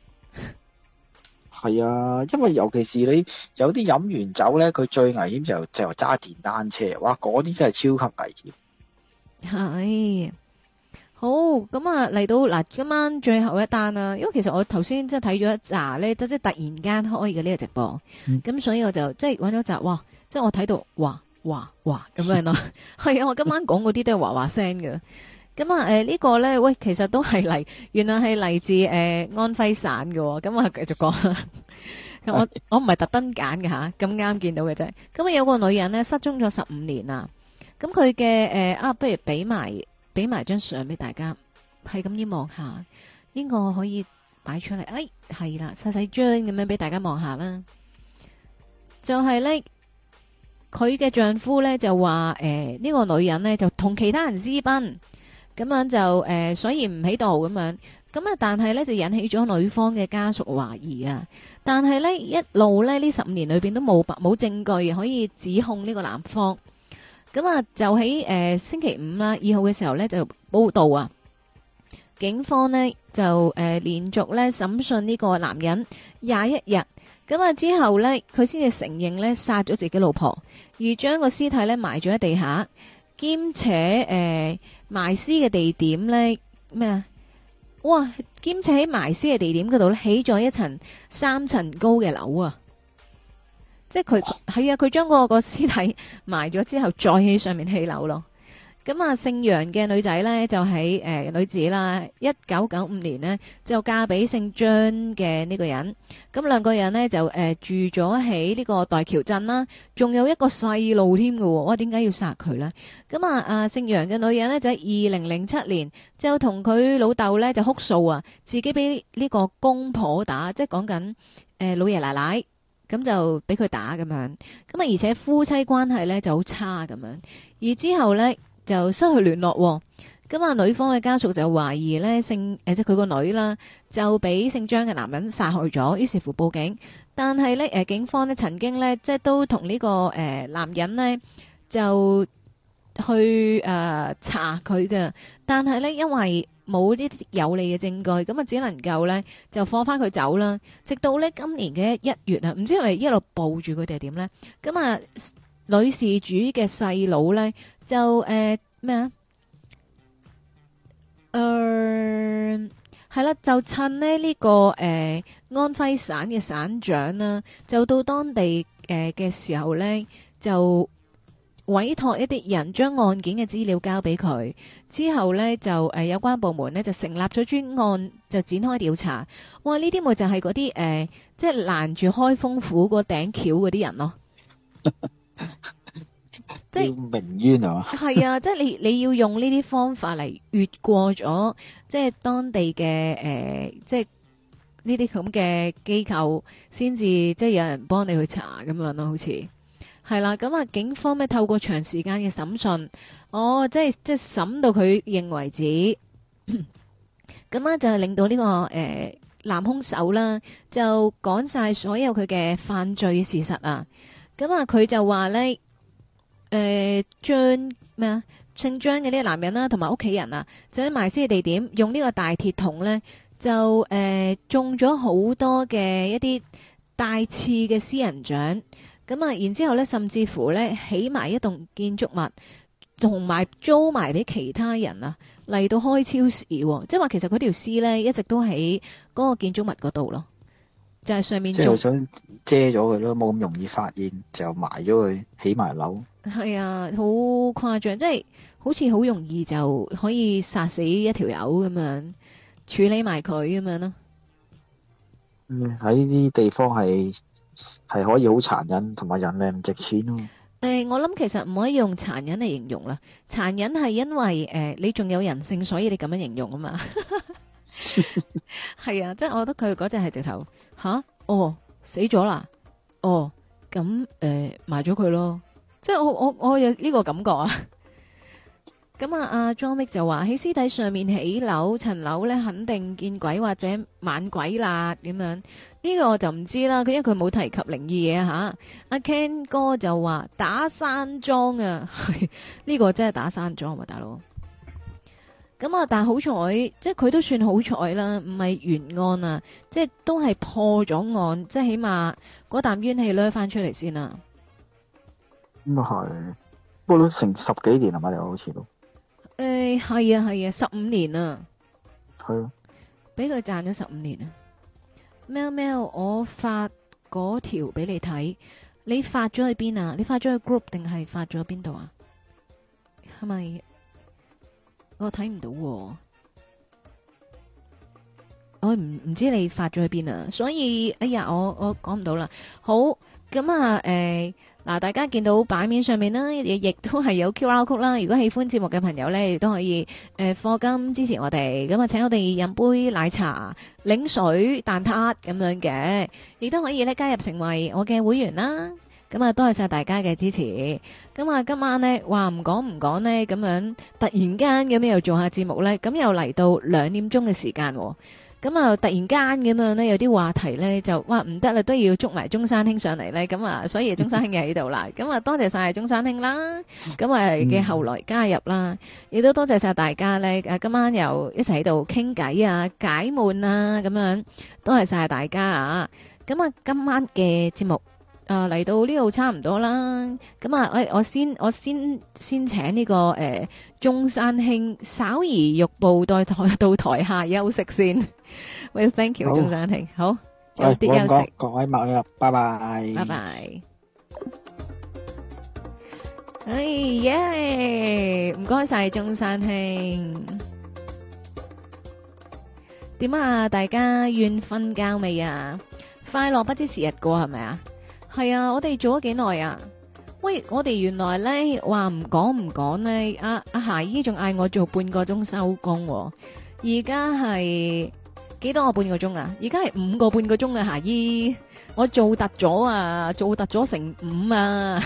Speaker 3: 係啊，因爲尤其是你有啲飲完酒呢，佢最危險就就揸電單車。哇，嗰啲真係超級危險。
Speaker 1: 係。好咁啊嚟到嗱，今晚最後一單啊，因為其實我頭先即係睇咗一紮咧，即係突然間開嘅呢個直播，咁、嗯、所以我就即係搵咗一紮，哇，即係我睇到哇哇哇咁樣咯，係啊， (laughs) (laughs) 我今晚講嗰啲都係嘩嘩聲嘅，咁啊、呃這個、呢個咧，喂，其實都係嚟，原來係嚟自誒、呃、安徽省嘅、哦，咁啊繼續講啦， (laughs) 我 (laughs) 我唔係特登揀㗎吓，咁啱見到嘅啫，咁啊有個女人咧失蹤咗十五年啊，咁佢嘅啊，不如俾埋。俾埋張相俾大家一，係咁樣望下，呢個可以擺出嚟。哎，係啦，細細張咁樣俾大家望下啦。就係呢，佢嘅丈夫呢就話，誒呢個女人呢，就同其他人私奔，咁樣就誒，所以唔喺度咁樣。咁啊，但係呢就引起咗女方嘅家屬懷疑啊。但係呢，一路呢，呢十五年裏邊都冇冇證據可以指控呢個男方。咁啊，就喺誒星期五啦，二號嘅時候咧就報道啊，警方咧就誒連續咧審訊呢個男人廿一日，咁啊之後咧佢先至承認咧殺咗自己老婆，而將個屍體咧埋咗喺地下，兼且誒埋屍嘅地點咧咩啊？哇！兼且喺埋屍嘅地點嗰度咧起咗一層三層高嘅樓啊！即係佢係啊！佢將個個屍體埋咗之後，再喺上面起樓咯。咁啊，姓楊嘅女仔呢，就喺、是、誒、呃、女子啦，一九九五年呢，就嫁俾姓張嘅呢個人。咁兩個人呢，就誒、呃、住咗喺呢個代橋鎮啦。仲有一個細路添喎。我點解要殺佢呢？咁啊啊！姓楊嘅女人呢，就喺二零零七年就同佢老豆呢，就哭訴啊，自己俾呢個公婆打，即係講緊誒老爺奶奶。咁就俾佢打咁樣，咁啊而且夫妻關係咧就好差咁樣，而之後咧就失去聯絡、哦。咁啊女方嘅家屬就懷疑咧姓誒即係佢個女啦，就俾姓張嘅男人殺害咗，於是乎報警。但係咧誒警方咧曾經咧即係都同呢、呢個誒、呃、男人呢，就去誒、呃、查佢嘅，但係咧因為，冇呢啲有，有利嘅證據，咁啊只能夠咧就放翻佢走啦。直到咧今年嘅一月啊，唔知係咪一路報住佢哋係點咧？咁啊，女事主嘅細佬咧就誒咩啊？誒係啦，就趁呢、這、呢個誒、呃、安徽省嘅省長啦，就到當地嘅、呃、時候咧就。委託一啲人將案件嘅資料交俾佢，之後呢，就誒、呃、有關部門呢，就成立咗專案，就展開調查。哇！呢啲咪就係嗰啲誒，即係攔住開封府個頂轎、嗰啲人咯，
Speaker 3: (laughs) 即係鳴冤啊！
Speaker 1: 係 (laughs) 啊，即係你你要用呢啲方法嚟越過咗，即係當地嘅誒、呃，即係呢啲咁嘅機構，先至即係有人幫你去查咁樣咯，好似。係啦，咁啊、嗯，警方咩透過長時間嘅審訊，哦，即係即係審到佢認為止，咁咧、 (coughs) 嗯、就係令到、這個呃、呢個誒男凶手啦，就講晒所有佢嘅犯罪事實啊，咁啊佢就話咧，誒張咩啊，姓張嘅呢個男人啦、啊，同埋屋企人啊，就喺埋屍嘅地點，用呢個大鐵桶咧，就誒、呃、種咗好多嘅一啲帶刺嘅仙人掌。咁啊，然之後咧，甚至乎咧，起埋一棟建築物，同埋租埋俾其他人啊，嚟到開超市喎、啊。即係話，其實佢條屍咧一直都喺嗰個建築物嗰度咯，就係、係、上面就。即係想
Speaker 3: 遮咗佢咯，冇咁容易發現，就埋咗佢，起埋樓。
Speaker 1: 係啊，好誇張，即係好似好容易就可以殺死一條友咁樣，處理埋佢咁樣咯。嗯，
Speaker 3: 喺呢啲地方係。係可以好殘忍，同埋人命唔值錢咯、啊。
Speaker 1: 誒、欸，我諗其實唔可以用殘忍嚟形容啦。殘忍係因為誒、呃、你仲有人性，所以你咁樣形容啊嘛。係 (laughs) (laughs) (laughs) 啊，即係我覺得佢嗰隻係直頭吓、啊，哦死咗啦，哦咁誒、呃、埋咗佢咯。即係我我我有呢個感覺啊。咁 (laughs) 啊，阿、啊、j o e 就話喺屍體上面起樓，層樓咧肯定見鬼或者猛鬼啦，咁樣。呢個我就唔知啦，佢因為佢冇提及靈異嘢吓。阿、啊、Ken 哥就話打山莊啊，呢 (laughs) 個真係打山莊啊，大佬。咁、嗯、啊，但係好彩，即係佢都算好彩啦，唔係懸案啊，即係都係破咗案，即係起碼嗰啖冤氣甩翻出嚟先啊。
Speaker 3: 咁啊不過都成十幾年啦嘛，你好似都。
Speaker 1: 誒係啊係啊，十五年啊。係啊。俾佢賺咗十五年啊。喵喵，我發嗰條俾你睇，你發咗去邊啊？你發咗去 group 定係發咗去邊度啊？係咪我睇唔到？我唔唔知你發咗去邊啊，所以哎呀，我我講唔到啦。好咁啊，誒。呃嗱，大家見到版面上面呢，亦都係有 QR Code 啦。如果喜歡節目嘅朋友呢，亦都可以誒課金支持我哋咁啊。請我哋飲杯奶茶、檸水、蛋撻咁樣嘅，亦都可以呢加入成為我嘅會員啦。咁啊，多謝曬大家嘅支持。咁啊，今晚呢，話唔講唔講呢，咁樣，突然間咁又做下節目呢，咁又嚟到兩點鐘嘅時間喎。咁啊！突然間咁樣咧，有啲話題咧就哇唔得啦，都要捉埋中山兄上嚟咧。咁啊，所以中山兄又喺度啦。咁啊，多謝晒中山兄啦。咁啊嘅後來加入啦，亦都多謝晒大家咧。啊，今晚又一齊喺度傾偈啊，解悶啊，咁樣多謝晒大家啊。咁啊，今晚嘅節目啊嚟到呢度差唔多啦。咁啊，我我先我先先請呢個誒中山兄稍移玉步，待台到台下休息先。Well, thank you，中山兄，好，早啲休息。
Speaker 3: 各位麥入，拜拜，
Speaker 1: 拜拜。哎耶，唔該晒中山兄。點啊？大家願瞓覺未啊？快樂不知時日過，係咪啊？係啊，我哋做咗幾耐啊？喂，我哋原來咧，話唔講唔講咧，阿阿霞姨仲嗌我做半個鐘收工，而家係幾多個半個鐘啊？而家係五個半個鐘啊！吓依，我做達咗啊，做達咗成五啊！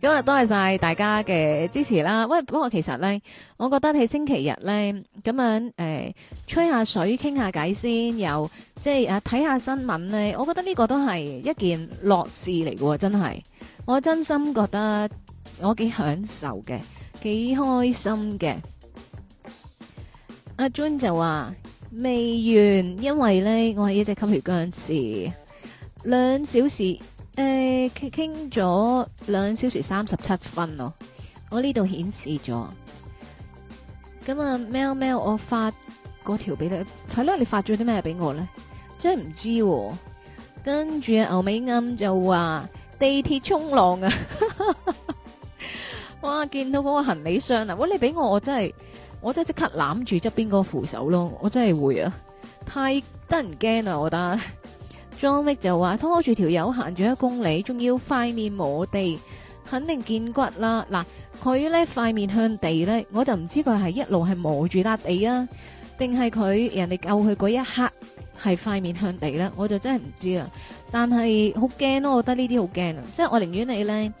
Speaker 1: 咁 (laughs) 日多謝晒大家嘅支持啦。喂，不過其實咧，我覺得喺星期日咧咁樣誒、呃，吹下水、傾下偈先，又即係誒睇下新聞咧，我覺得呢個都係一件樂事嚟嘅，真係。我真心覺得我幾享受嘅，幾開心嘅。阿、啊、John 就話。未完，因為咧我係一隻吸血僵屍，兩小時誒傾傾咗兩小時三十七分咯，我呢度顯示咗。咁啊，喵喵，我發嗰條俾你，係咯，你發咗啲咩俾我咧？真係唔知道、哦。跟住啊，牛尾庵就話地鐵衝浪啊！哈哈哇，見到嗰個行李箱啊！我你俾我，我真係～我真係即刻攬住側邊個扶手咯，我真係會啊，太得人驚啊。我覺得 John Wick 就話拖住條友行住一公里，仲要塊面磨地，肯定見骨啦。嗱，佢咧塊面向地咧，我就唔知佢係一路係磨住笪地啊，定係佢人哋救佢嗰一刻係塊面向地咧，我就真係唔知啦。但係好驚咯，我覺得呢啲好驚啊，即係我寧願你咧，誒、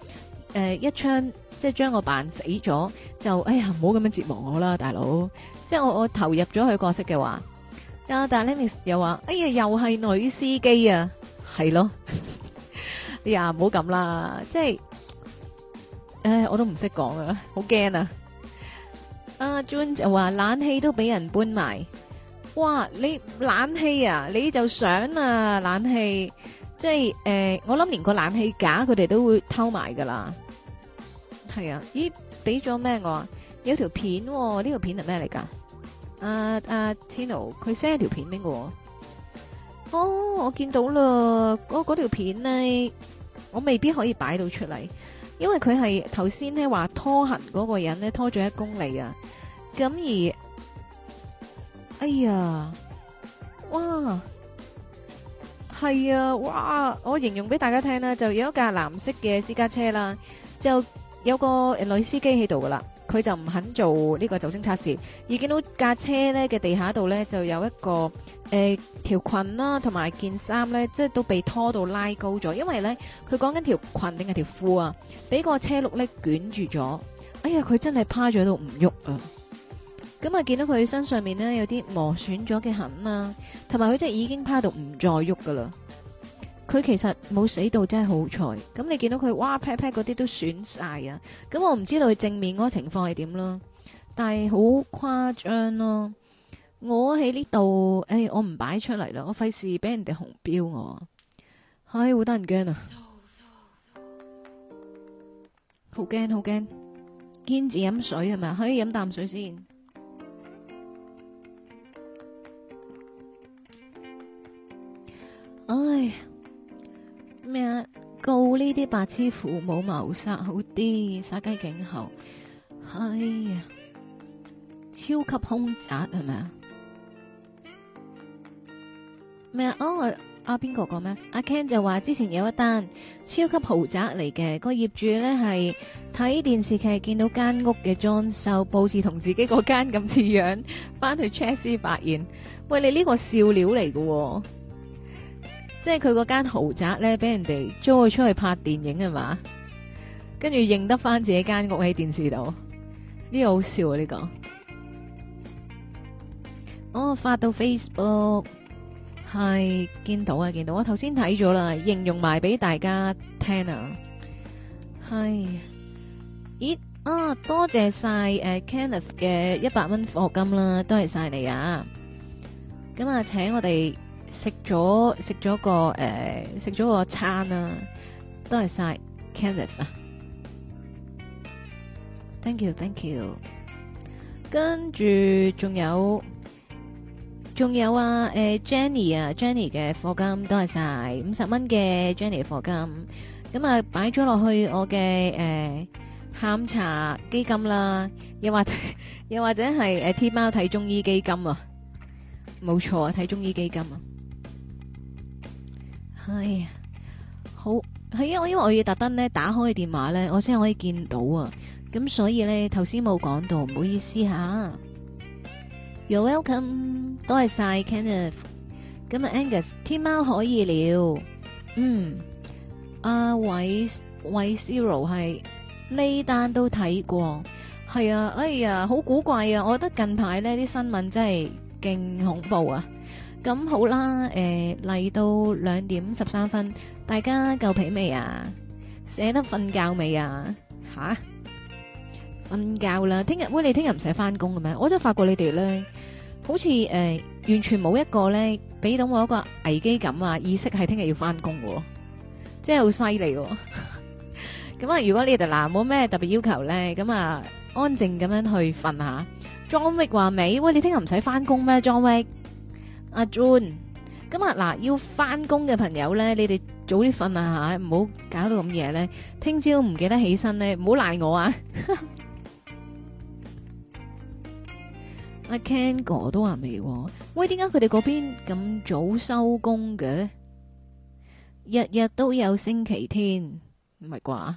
Speaker 1: 呃、一槍。即係將我扮死咗，就哎呀，唔好咁樣折磨我啦，大佬！即係我我投入咗佢角色嘅話，啊，但係 Lemis 又話，哎呀，又係女司機啊，係咯， (laughs) 哎呀，唔好咁啦，即係，誒、呃，我都唔識講啊，好驚啊說！阿 John 就話冷氣都俾人搬埋，哇，你冷氣啊，你就想啊，冷氣，即係誒、呃，我諗連個冷氣架佢哋都會偷埋噶啦。係啊！咦，俾咗咩我啊？有條片呢、哦？條片係咩嚟噶？啊啊，Tino 佢 send 條片俾我。哦，我見到啦。嗰條條片呢，我未必可以擺到出嚟，因為佢係頭先呢話拖行嗰個人呢拖咗一公里啊。咁而，哎呀，哇，係啊，哇！我形容俾大家聽啦，就有一架藍色嘅私家車啦，就。有個女司機喺度噶啦，佢就唔肯做呢個酒精測試，而見到架車咧嘅地下度咧就有一個誒條、呃、裙啦，同埋件衫咧，即係都被拖到拉高咗，因為咧佢講緊條裙定係條褲啊，俾個車轆咧捲住咗。哎呀，佢真係趴咗喺度唔喐啊！咁啊，見到佢身上面咧有啲磨損咗嘅痕啊，同埋佢即係已經趴喺度唔再喐噶啦。佢其實冇死到真係好彩，咁你見到佢哇 pat pat 嗰啲都損曬啊！咁我唔知道佢正面嗰個情況係點咯，但係好誇張咯。我喺呢度，誒、哎、我唔擺出嚟啦，我費事俾人哋紅標我。唉、哎，好得人驚啊！好驚好驚，堅持飲水係咪？可以飲啖水先。哎。咩啊，告呢啲白痴父母謀殺好啲，殺雞儆猴。哎呀，超級凶宅係咪、哦、啊咩啊哦阿邊個講咩阿 Ken 就話之前有一單超級豪宅嚟嘅、個業主咧係睇電視劇見到間屋嘅裝修布置同自己嗰間咁似樣，翻去 check 先發現，喂你呢個笑料嚟嘅、哦。即係佢嗰間豪宅咧，俾人哋租咗出去拍電影係嘛，跟住認得翻自己間屋喺電視度，呢、這個好笑啊！呢、這個我、哦、發到 Facebook，係見到啊，見到我頭先睇咗啦，形容埋俾大家聽啊，係，咦啊，多謝晒誒、呃、Kenneth 嘅一百蚊課金啦，多謝晒你啊，咁啊，請我哋。食咗食咗個誒、欸、食咗個餐啦，啊，多謝晒 Kenneth 啊，thank you thank you，跟住仲有仲有啊誒、欸、Jenny 啊 Jenny 嘅課金，金，多謝晒五十蚊嘅 Jenny 課金，咁啊擺咗落去我嘅誒下午茶基金啦，又或又或者係誒、欸、天喵睇中醫基金啊，冇錯啊睇中醫基金啊。哎呀，好係因我因為我要特登咧打開電話咧，我先可以見到啊，咁所以咧頭先冇講到，唔好意思吓，啊。You're welcome，多謝晒 Kenneth，咁 Angus 天喵可以了，嗯，阿偉偉 Sir 係呢單都睇過，係啊，哎呀，好古怪啊，我覺得近排呢啲新聞真係勁恐怖啊。咁好啦，誒、呃、嚟到兩點十三分，大家夠皮未啊？捨得瞓覺未啊？吓，瞓覺啦！聽日喂，你聽日唔使翻工嘅咩？我就係發覺你哋咧，好似誒、呃、完全冇一個咧俾到我一個危機感啊！意識係聽日要翻工，真係好犀利。咁 (laughs) 啊，如果你哋嗱冇咩特別要求咧，咁啊安靜咁樣去瞓下。John Wick 話美，喂，你聽日唔使翻工咩？John Wick。阿 Joan，今日嗱要翻工嘅朋友咧，你哋早啲瞓下吓，唔好搞到咁夜咧。聽朝唔記得起身咧，唔好賴我啊！阿 Ken 哥都話未？喂，點解佢哋嗰邊咁早收工嘅？日日都有星期天，唔係啩？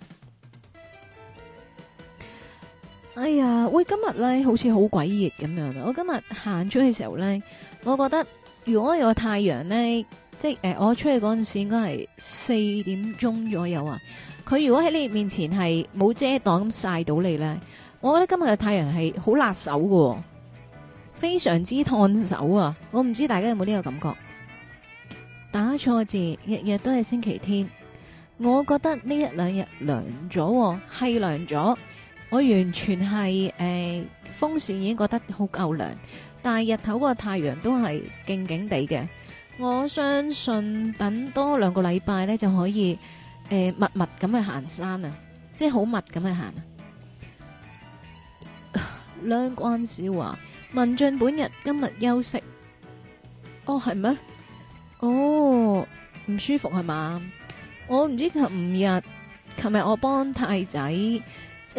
Speaker 1: 哎呀，喂，今日咧好似好鬼熱咁樣。我今日行出去嘅時候咧，我覺得。如果有個太陽呢，即係、呃、我出去嗰陣時應該係四點鐘左右啊。佢如果喺你面前係冇遮擋咁曬到你呢，我覺得今日嘅太陽係好辣手嘅，哦，非常之燙手啊！我唔知大家有冇呢個感覺？打錯字，日日都係星期天。我覺得呢一兩日涼咗，係涼咗。我完全係誒、呃，風扇已經覺得好夠涼。但係日頭嗰個太陽都係勁勁地嘅，我相信等多兩個禮拜咧就可以誒密密咁去行山啊，即係好密咁去行啊！兩關少華，文進本日今日休息，哦係咩？哦唔舒服係嘛？我唔知琴日，琴日我幫太仔即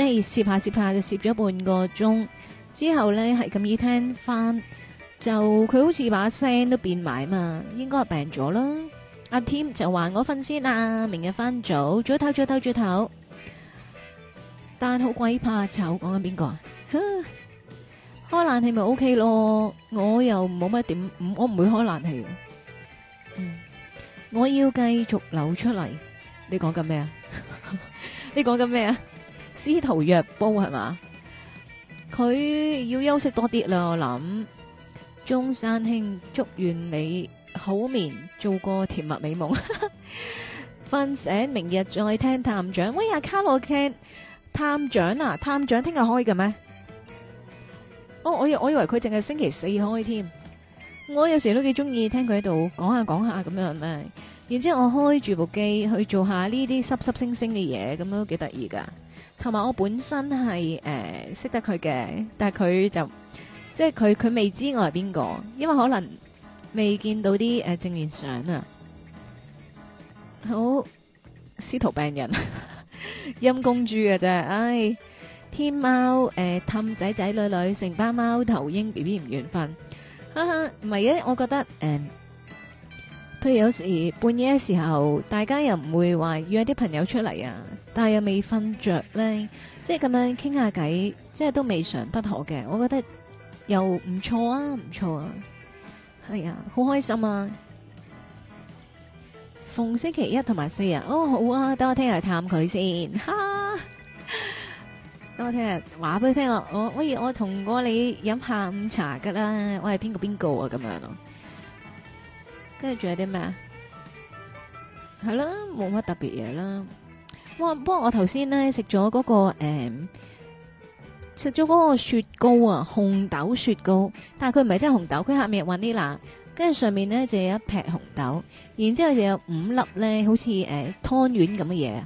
Speaker 1: 係攝下攝下就攝咗半個鐘。之後咧係咁易聽翻，就佢好似把聲都變埋嘛，應該係病咗啦。阿、啊、添就話我瞓先啦，明日翻早，早唞早唞。早唞，但好鬼怕醜，講緊邊個啊？開冷氣咪 OK 咯，我又冇乜點，我唔會開冷氣，嗯。我要繼續扭出嚟。你講緊咩啊？ (laughs) 你講緊咩啊？司徒藥煲係嘛？佢要休息多啲啦，我諗。中山兄，祝願你好眠，做個甜蜜美夢。瞓醒，明日再聽探長。喂啊，卡羅聽探長啊，探長聽日開嘅咩？哦，我以我以為佢淨係星期四開添。我有時都幾中意聽佢喺度講下講下咁樣咩？然之後我開住部機去做下呢啲濕濕星星嘅嘢，咁樣都幾得意噶。同埋我本身係誒、呃、識得佢嘅，但係佢就即係佢佢未知我係邊個，因為可能未見到啲誒正面相啊。好，司徒病人陰公豬嘅啫，唉，天喵誒氹仔仔女女成班貓頭鷹 B B 唔緣分，哈哈，唔係啊，我覺得誒、呃，譬如有時半夜嘅時候，大家又唔會話約啲朋友出嚟啊。但係又未瞓着咧，即係咁樣傾下偈，即係都未嘗不可嘅。我覺得又唔錯啊，唔錯啊，係啊，好開心啊！逢星期一同埋四日，哦好啊，等我聽日去探佢先，哈，哈！等我聽日話俾佢聽喇。我可以我同過你飲下午茶噶啦，我係邊個邊個啊，咁樣咯。跟住仲有啲咩啊？係啦，冇乜特別嘢啦。哦、不過我頭先咧食咗嗰個誒，食、呃、咗個雪糕啊，紅豆雪糕。但係佢唔係真係紅豆，佢下面畫呢藍，跟住上面呢就有一片紅豆，然之後又有五粒咧，好似誒、呃、湯圓咁嘅嘢。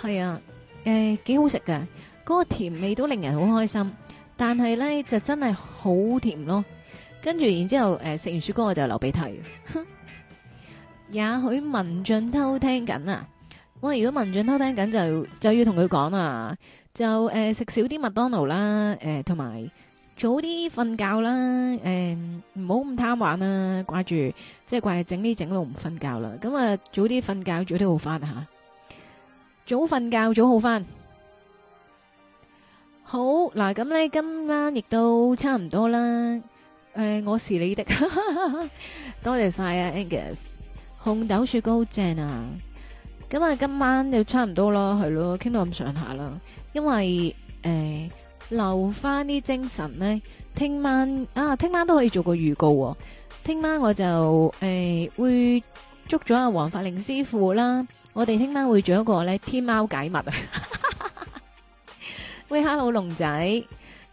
Speaker 1: 係啊，誒、呃、幾好食噶，嗰、那個甜味都令人好開心。但係咧就真係好甜咯。跟住然之後誒食、呃、完雪糕我就流鼻涕。哼， (laughs) 也許文進偷聽緊啊！喂，如果文俊偷聽緊就就要同佢講啊，就誒食少啲麥當勞啦，誒同埋早啲瞓覺啦，誒唔好咁貪玩啦，掛住即係掛住整呢整路唔瞓覺啦，咁啊早啲瞓覺早啲好翻吓，早瞓覺早好翻。好嗱，咁咧今晚亦都差唔多啦，誒我時你的多謝晒啊 Angus 紅豆雪糕正啊！咁啊，今晚就差唔多啦，係咯，傾到咁上下啦。因為誒、呃、留翻啲精神咧，聽晚啊，聽晚都可以做個預告。聽晚我就誒、呃、會捉咗阿黃法靈師傅啦。我哋聽晚會做一個咧天貓解密。 (laughs) (laughs) 喂，Hello 龍仔，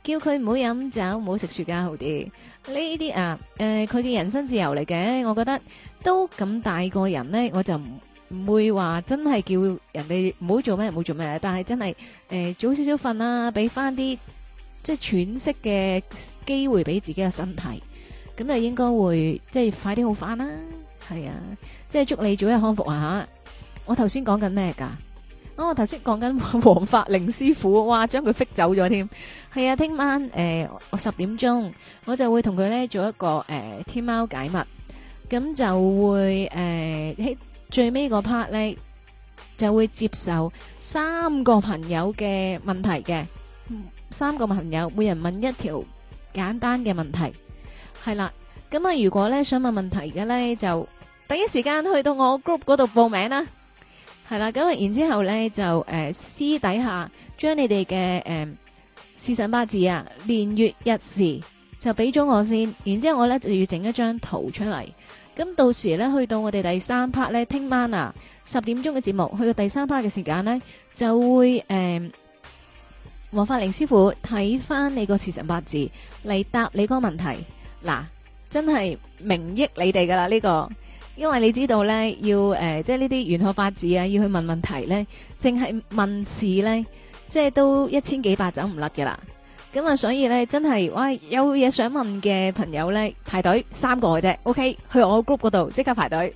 Speaker 1: 叫佢唔好飲酒，唔好食雪茄好啲。呢啲啊誒，佢、呃、嘅人身自由嚟嘅，我覺得都咁大個人咧，我就唔。唔會話真係叫人哋唔好做咩，唔好做咩，但係真係誒早少少瞓啦，俾翻啲即係喘息嘅機會俾自己嘅身體，咁你應該會即係快啲好翻啦。係啊，即係祝你早日康復啊吓！我頭先講緊咩噶？哦，我頭先講緊黃發玲師傅，哇，將佢逼走咗添。係啊，聽晚誒，我十點鐘，我就會同佢咧做一個誒天喵解密，咁就會誒。最尾個 part 咧，就會接受三個朋友嘅問題嘅，三個朋友每人問一條簡單嘅問題，係啦。咁啊，如果咧想問問題嘅咧，就第一時間去到我 group 嗰度報名啦。係啦，咁然之後咧就誒、呃、私底下將你哋嘅誒四神八字啊、年月日時就俾咗我先，然之後我咧就要整一張圖出嚟。咁到時咧，去到我哋第三 part 咧，聽晚啊，十點鐘嘅節目，去到第三 part 嘅時間咧，就會誒，黃發玲師傅睇翻你個時辰八字嚟，答你個問題。嗱，真係明益你哋噶啦呢個，因為你知道咧，要誒、呃、即係呢啲玄學八字啊，要去問問題咧，淨係問事咧，即係都一千幾百走唔甩噶啦。咁啊，所以咧，真係哇，有嘢想問嘅朋友咧，排隊三個嘅啫。OK，去我 group 嗰度即刻排隊。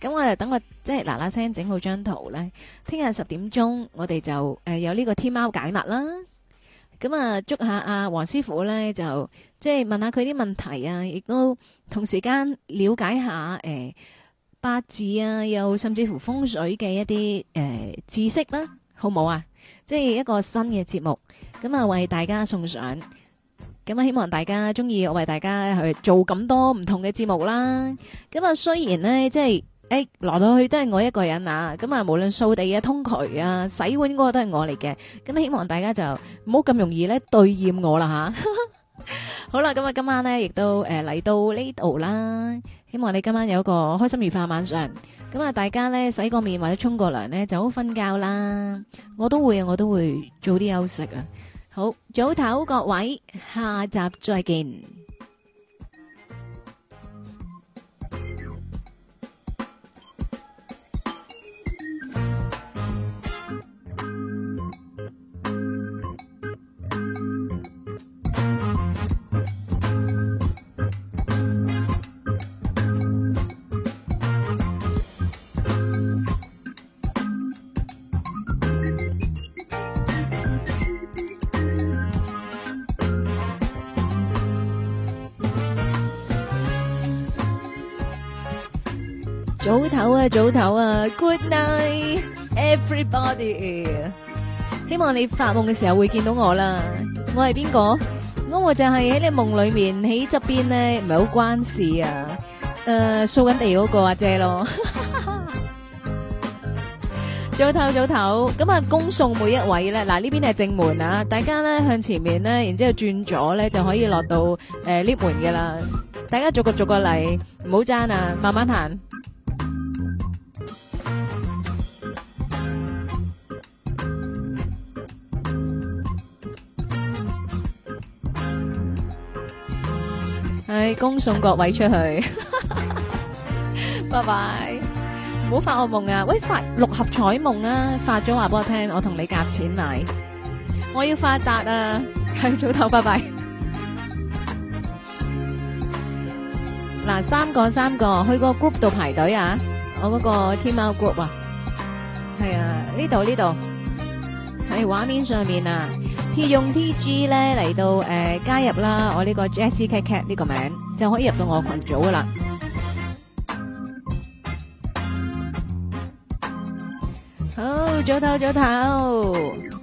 Speaker 1: 咁我就等我即係嗱嗱聲整好張圖咧。聽日十點鐘我哋就誒有呢個天喵解密啦。咁啊，祝下阿黃師傅咧，就即係問下佢啲問題啊，亦都同時間了解下誒八字啊，又甚至乎風水嘅一啲誒知識啦，好冇啊？即係一個新嘅節目。咁啊，為大家送上，咁啊，希望大家中意我為大家去做咁多唔同嘅節目啦。咁啊，雖然咧，即係誒，來來去去都係我一個人啊。咁啊，無論掃地啊、通渠啊、洗碗嗰個都係我嚟嘅。咁啊，希望大家就唔好咁容易咧，對厭我啦吓。好啦，咁啊，今晚咧亦都誒嚟到呢度啦。希望你今晚有一個開心愉快嘅晚上。咁啊，大家咧洗個面或者沖個涼咧就好瞓覺啦。我都會，我都會早啲休息啊。好，早唞各位，下集再見。唞啊，早唞啊，Good night everybody。希望你發夢嘅時候會見到我啦。我係邊個？我我就係喺你夢裏面喺側邊咧，唔係好關事啊。誒，掃緊地嗰個阿姐咯。早唞早唞，咁啊，恭送每一位咧。嗱，呢邊係正門啊，大家咧向前面咧，然之後轉咗咧就可以落到誒 lift 門噶啦。大家逐個逐個嚟，唔好爭啊，慢慢行。恭送各位出去，拜拜！唔好發惡夢啊！喂，發六合彩夢啊！發咗話俾我聽，我同你夾錢買，我要發達啊！係早唞，拜拜！嗱，三個三個去個 group 度排隊啊！我嗰個天貓 group 啊，係啊，呢度呢度喺畫面上面啊！用 T G 咧嚟到誒、呃、加入啦，我呢個 Jazzycatcat 呢個名就可以入到我群組噶啦。好，早唞，早唞。